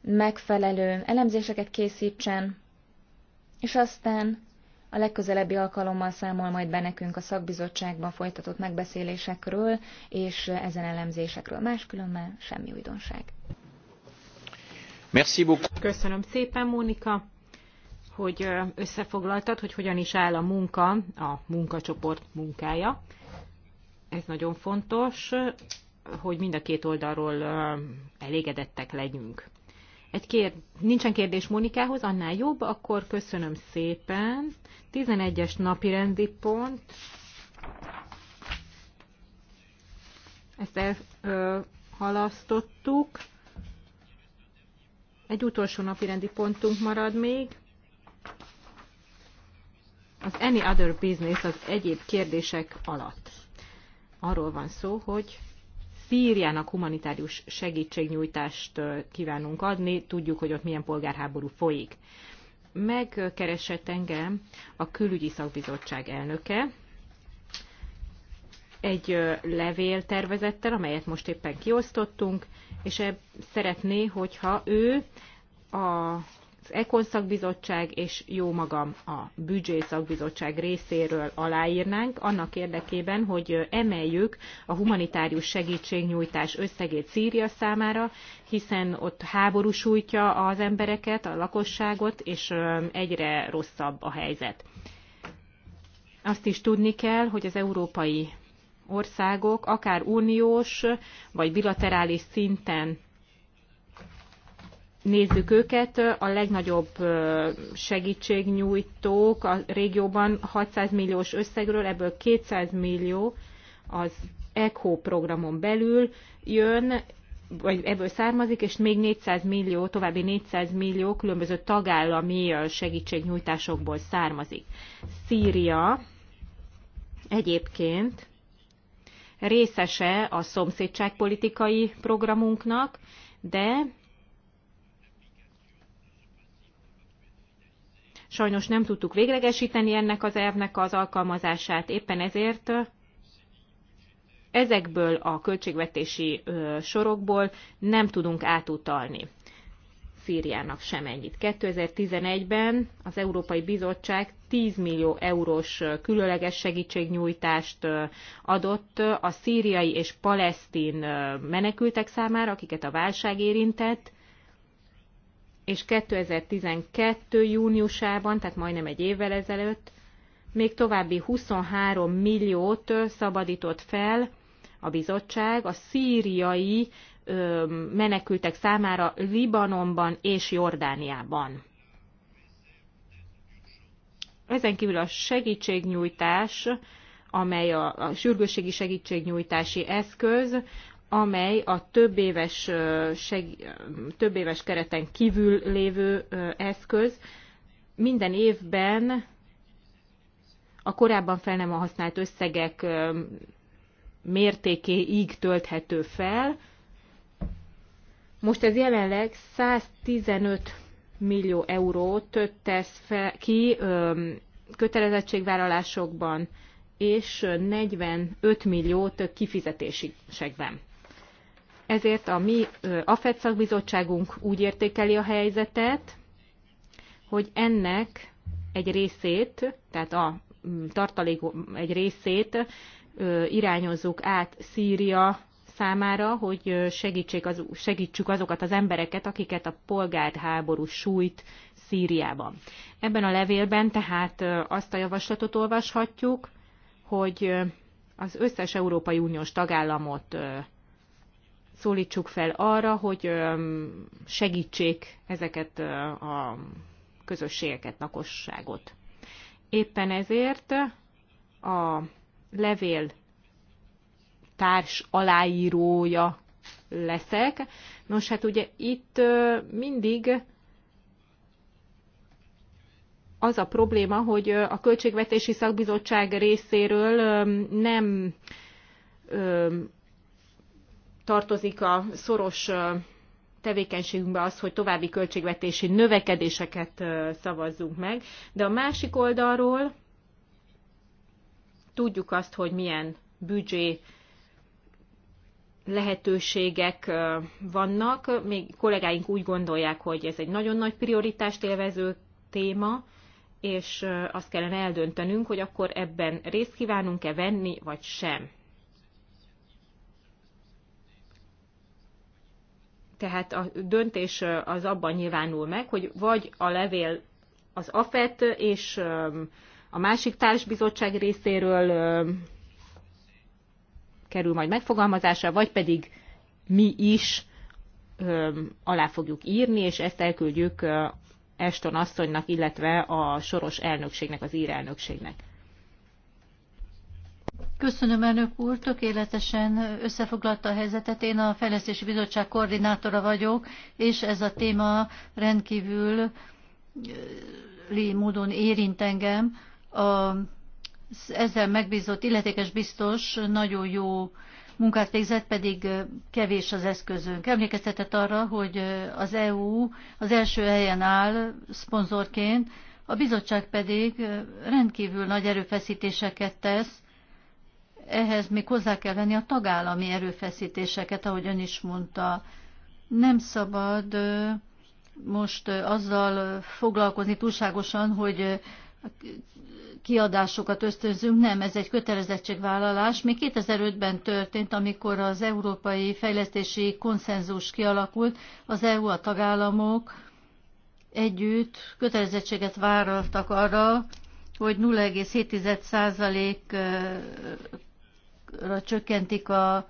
Speaker 2: megfelelő elemzéseket készítsen, és aztán a legközelebbi alkalommal számol majd be nekünk a szakbizottságban folytatott megbeszélésekről és ezen elemzésekről. Máskülönben semmi újdonság. Köszönöm
Speaker 1: szépen, Mónika hogy összefoglaltad, hogy hogyan is áll a munka, a munkacsoport munkája. Ez nagyon fontos, hogy mind a két oldalról elégedettek legyünk. Egy kér... Nincsen kérdés Monikához, annál jobb, akkor köszönöm szépen. 11-es napi rendi pont. Ezt elhalasztottuk. Egy utolsó napi rendi pontunk marad még az any other business az egyéb kérdések alatt. Arról van szó, hogy Szíriának humanitárius segítségnyújtást kívánunk adni, tudjuk, hogy ott milyen polgárháború folyik. Megkeresett engem a külügyi szakbizottság elnöke egy tervezettel, amelyet most éppen kiosztottunk, és szeretné, hogyha ő a ECON szakbizottság és jó magam a büdzsé szakbizottság részéről aláírnánk, annak érdekében, hogy emeljük a humanitárius segítségnyújtás összegét Szíria számára, hiszen ott háború sújtja az embereket, a lakosságot, és egyre rosszabb a helyzet. Azt is tudni kell, hogy az európai országok akár uniós vagy bilaterális szinten nézzük őket, a legnagyobb segítségnyújtók a régióban 600 milliós összegről, ebből 200 millió az ECHO programon belül jön, vagy ebből származik, és még 400 millió, további 400 millió különböző tagállami segítségnyújtásokból származik. Szíria egyébként részese a szomszédságpolitikai programunknak, de Sajnos nem tudtuk véglegesíteni ennek az elvnek az alkalmazását, éppen ezért ezekből a költségvetési sorokból nem tudunk átutalni. Szíriának sem ennyit. 2011-ben az Európai Bizottság 10 millió eurós különleges segítségnyújtást adott a szíriai és palesztin menekültek számára, akiket a válság érintett, és 2012. júniusában, tehát majdnem egy évvel ezelőtt, még további 23 milliót szabadított fel a bizottság a szíriai menekültek számára Libanonban és Jordániában. Ezen kívül a segítségnyújtás, amely a, a sürgősségi segítségnyújtási eszköz amely a több éves, seg, több éves kereten kívül lévő eszköz minden évben a korábban fel nem használt összegek mértékéig tölthető fel. Most ez jelenleg 115 millió eurót tesz fel, ki kötelezettségvállalásokban, és 45 milliót kifizetésekben ezért a mi AFET szakbizottságunk úgy értékeli a helyzetet, hogy ennek egy részét, tehát a tartalék egy részét irányozzuk át Szíria számára, hogy segítsék az, segítsük azokat az embereket, akiket a polgárháború sújt Szíriában. Ebben a levélben tehát azt a javaslatot olvashatjuk, hogy az összes Európai Uniós tagállamot szólítsuk fel arra, hogy segítsék ezeket a közösségeket, lakosságot. Éppen ezért a levél társ aláírója leszek. Nos, hát ugye itt mindig az a probléma, hogy a Költségvetési Szakbizottság részéről nem tartozik a szoros tevékenységünkbe az, hogy további költségvetési növekedéseket szavazzunk meg, de a másik oldalról tudjuk azt, hogy milyen büdzsé lehetőségek vannak. Még kollégáink úgy gondolják, hogy ez egy nagyon nagy prioritást élvező téma, és azt kellene eldöntenünk, hogy akkor ebben részt kívánunk-e venni, vagy sem. tehát a döntés az abban nyilvánul meg, hogy vagy a levél az AFET és a másik társbizottság részéről kerül majd megfogalmazásra, vagy pedig mi is alá fogjuk írni, és ezt elküldjük Eston asszonynak, illetve a soros elnökségnek, az ír elnökségnek.
Speaker 3: Köszönöm, elnök úr, tökéletesen összefoglalta a helyzetet. Én a Fejlesztési Bizottság koordinátora vagyok, és ez a téma rendkívül módon érint engem. A, ezzel megbízott illetékes biztos nagyon jó munkát végzett, pedig kevés az eszközünk. Emlékeztetett arra, hogy az EU az első helyen áll szponzorként, a bizottság pedig rendkívül nagy erőfeszítéseket tesz, ehhez még hozzá kell venni a tagállami erőfeszítéseket, ahogy ön is mondta. Nem szabad most azzal foglalkozni túlságosan, hogy kiadásokat ösztönzünk. Nem, ez egy kötelezettségvállalás. Még 2005-ben történt, amikor az európai fejlesztési konszenzus kialakult, az EU, a tagállamok együtt kötelezettséget vállaltak arra, hogy 0,7% csökkentik a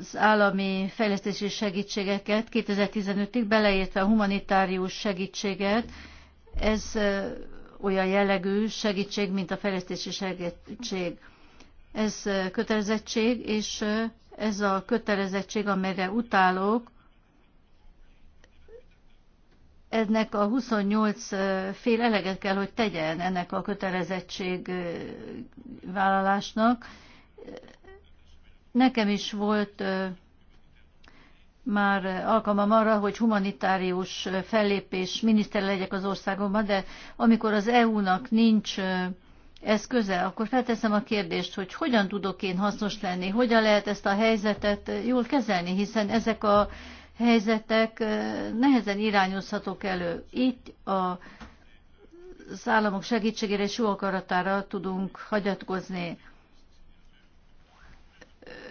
Speaker 3: az állami fejlesztési segítségeket 2015-ig, beleértve a humanitárius segítséget. Ez olyan jellegű segítség, mint a fejlesztési segítség. Ez kötelezettség, és ez a kötelezettség, amelyre utálok, ennek a 28 fél eleget kell, hogy tegyen ennek a kötelezettség vállalásnak, Nekem is volt már alkalmam arra, hogy humanitárius fellépés miniszter legyek az országomban, de amikor az EU-nak nincs eszköze, akkor felteszem a kérdést, hogy hogyan tudok én hasznos lenni, hogyan lehet ezt a helyzetet jól kezelni, hiszen ezek a helyzetek nehezen irányozhatók elő. Itt a az államok segítségére és jó akaratára tudunk hagyatkozni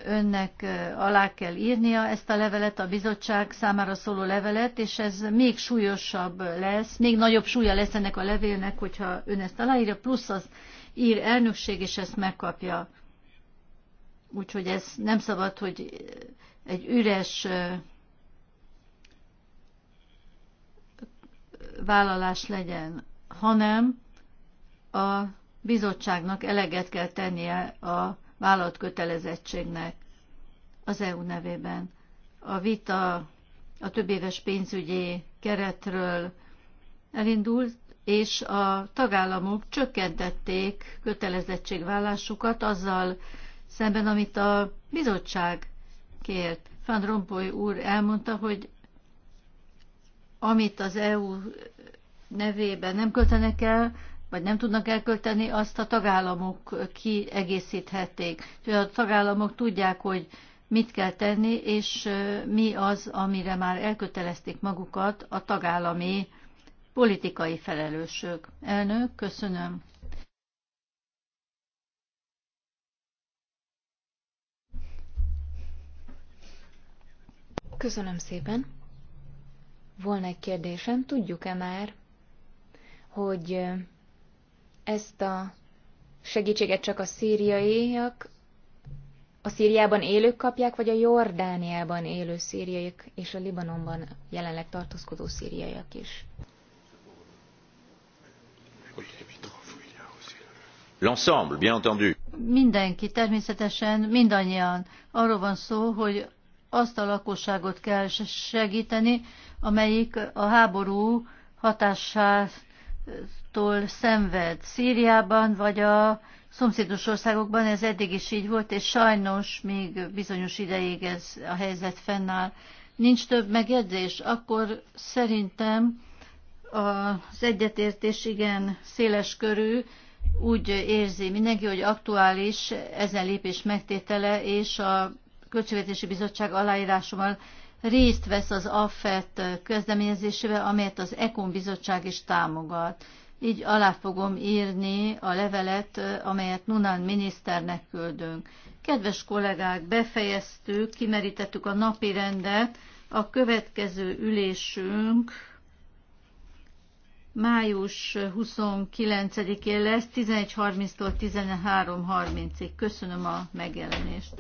Speaker 3: önnek alá kell írnia ezt a levelet, a bizottság számára szóló levelet, és ez még súlyosabb lesz, még nagyobb súlya lesz ennek a levélnek, hogyha ön ezt aláírja, plusz az ír elnökség, és ezt megkapja. Úgyhogy ez nem szabad, hogy egy üres vállalás legyen, hanem a bizottságnak eleget kell tennie a vállalt kötelezettségnek az EU nevében. A vita a többéves pénzügyi keretről elindult, és a tagállamok csökkentették kötelezettségvállásukat azzal szemben, amit a bizottság kért. Van Rompuy úr elmondta, hogy amit az EU nevében nem költenek el, vagy nem tudnak elkölteni, azt a tagállamok kiegészíthették. A tagállamok tudják, hogy mit kell tenni, és mi az, amire már elkötelezték magukat a tagállami politikai felelősök. Elnök, köszönöm.
Speaker 2: Köszönöm szépen. Volna egy kérdésem, tudjuk-e már, hogy ezt a segítséget csak a szíriaiak, a Szíriában élők kapják, vagy a Jordániában élő szíriaiak és a Libanonban jelenleg tartózkodó szíriaiak is? L'ensemble, bien entendu.
Speaker 3: Mindenki, természetesen mindannyian. Arról van szó, hogy azt a lakosságot kell segíteni, amelyik a háború hatását tól szenved Szíriában, vagy a szomszédos országokban ez eddig is így volt, és sajnos még bizonyos ideig ez a helyzet fennáll. Nincs több megjegyzés, akkor szerintem az egyetértés igen széles körű, úgy érzi mindenki, hogy aktuális ezen lépés megtétele, és a Költségvetési Bizottság aláírásommal részt vesz az AFET kezdeményezésével, amelyet az EKON bizottság is támogat. Így alá fogom írni a levelet, amelyet Nunán miniszternek küldünk. Kedves kollégák, befejeztük, kimerítettük a napi rendet. A következő ülésünk május 29-én lesz, 11.30-tól 13.30-ig. Köszönöm a megjelenést.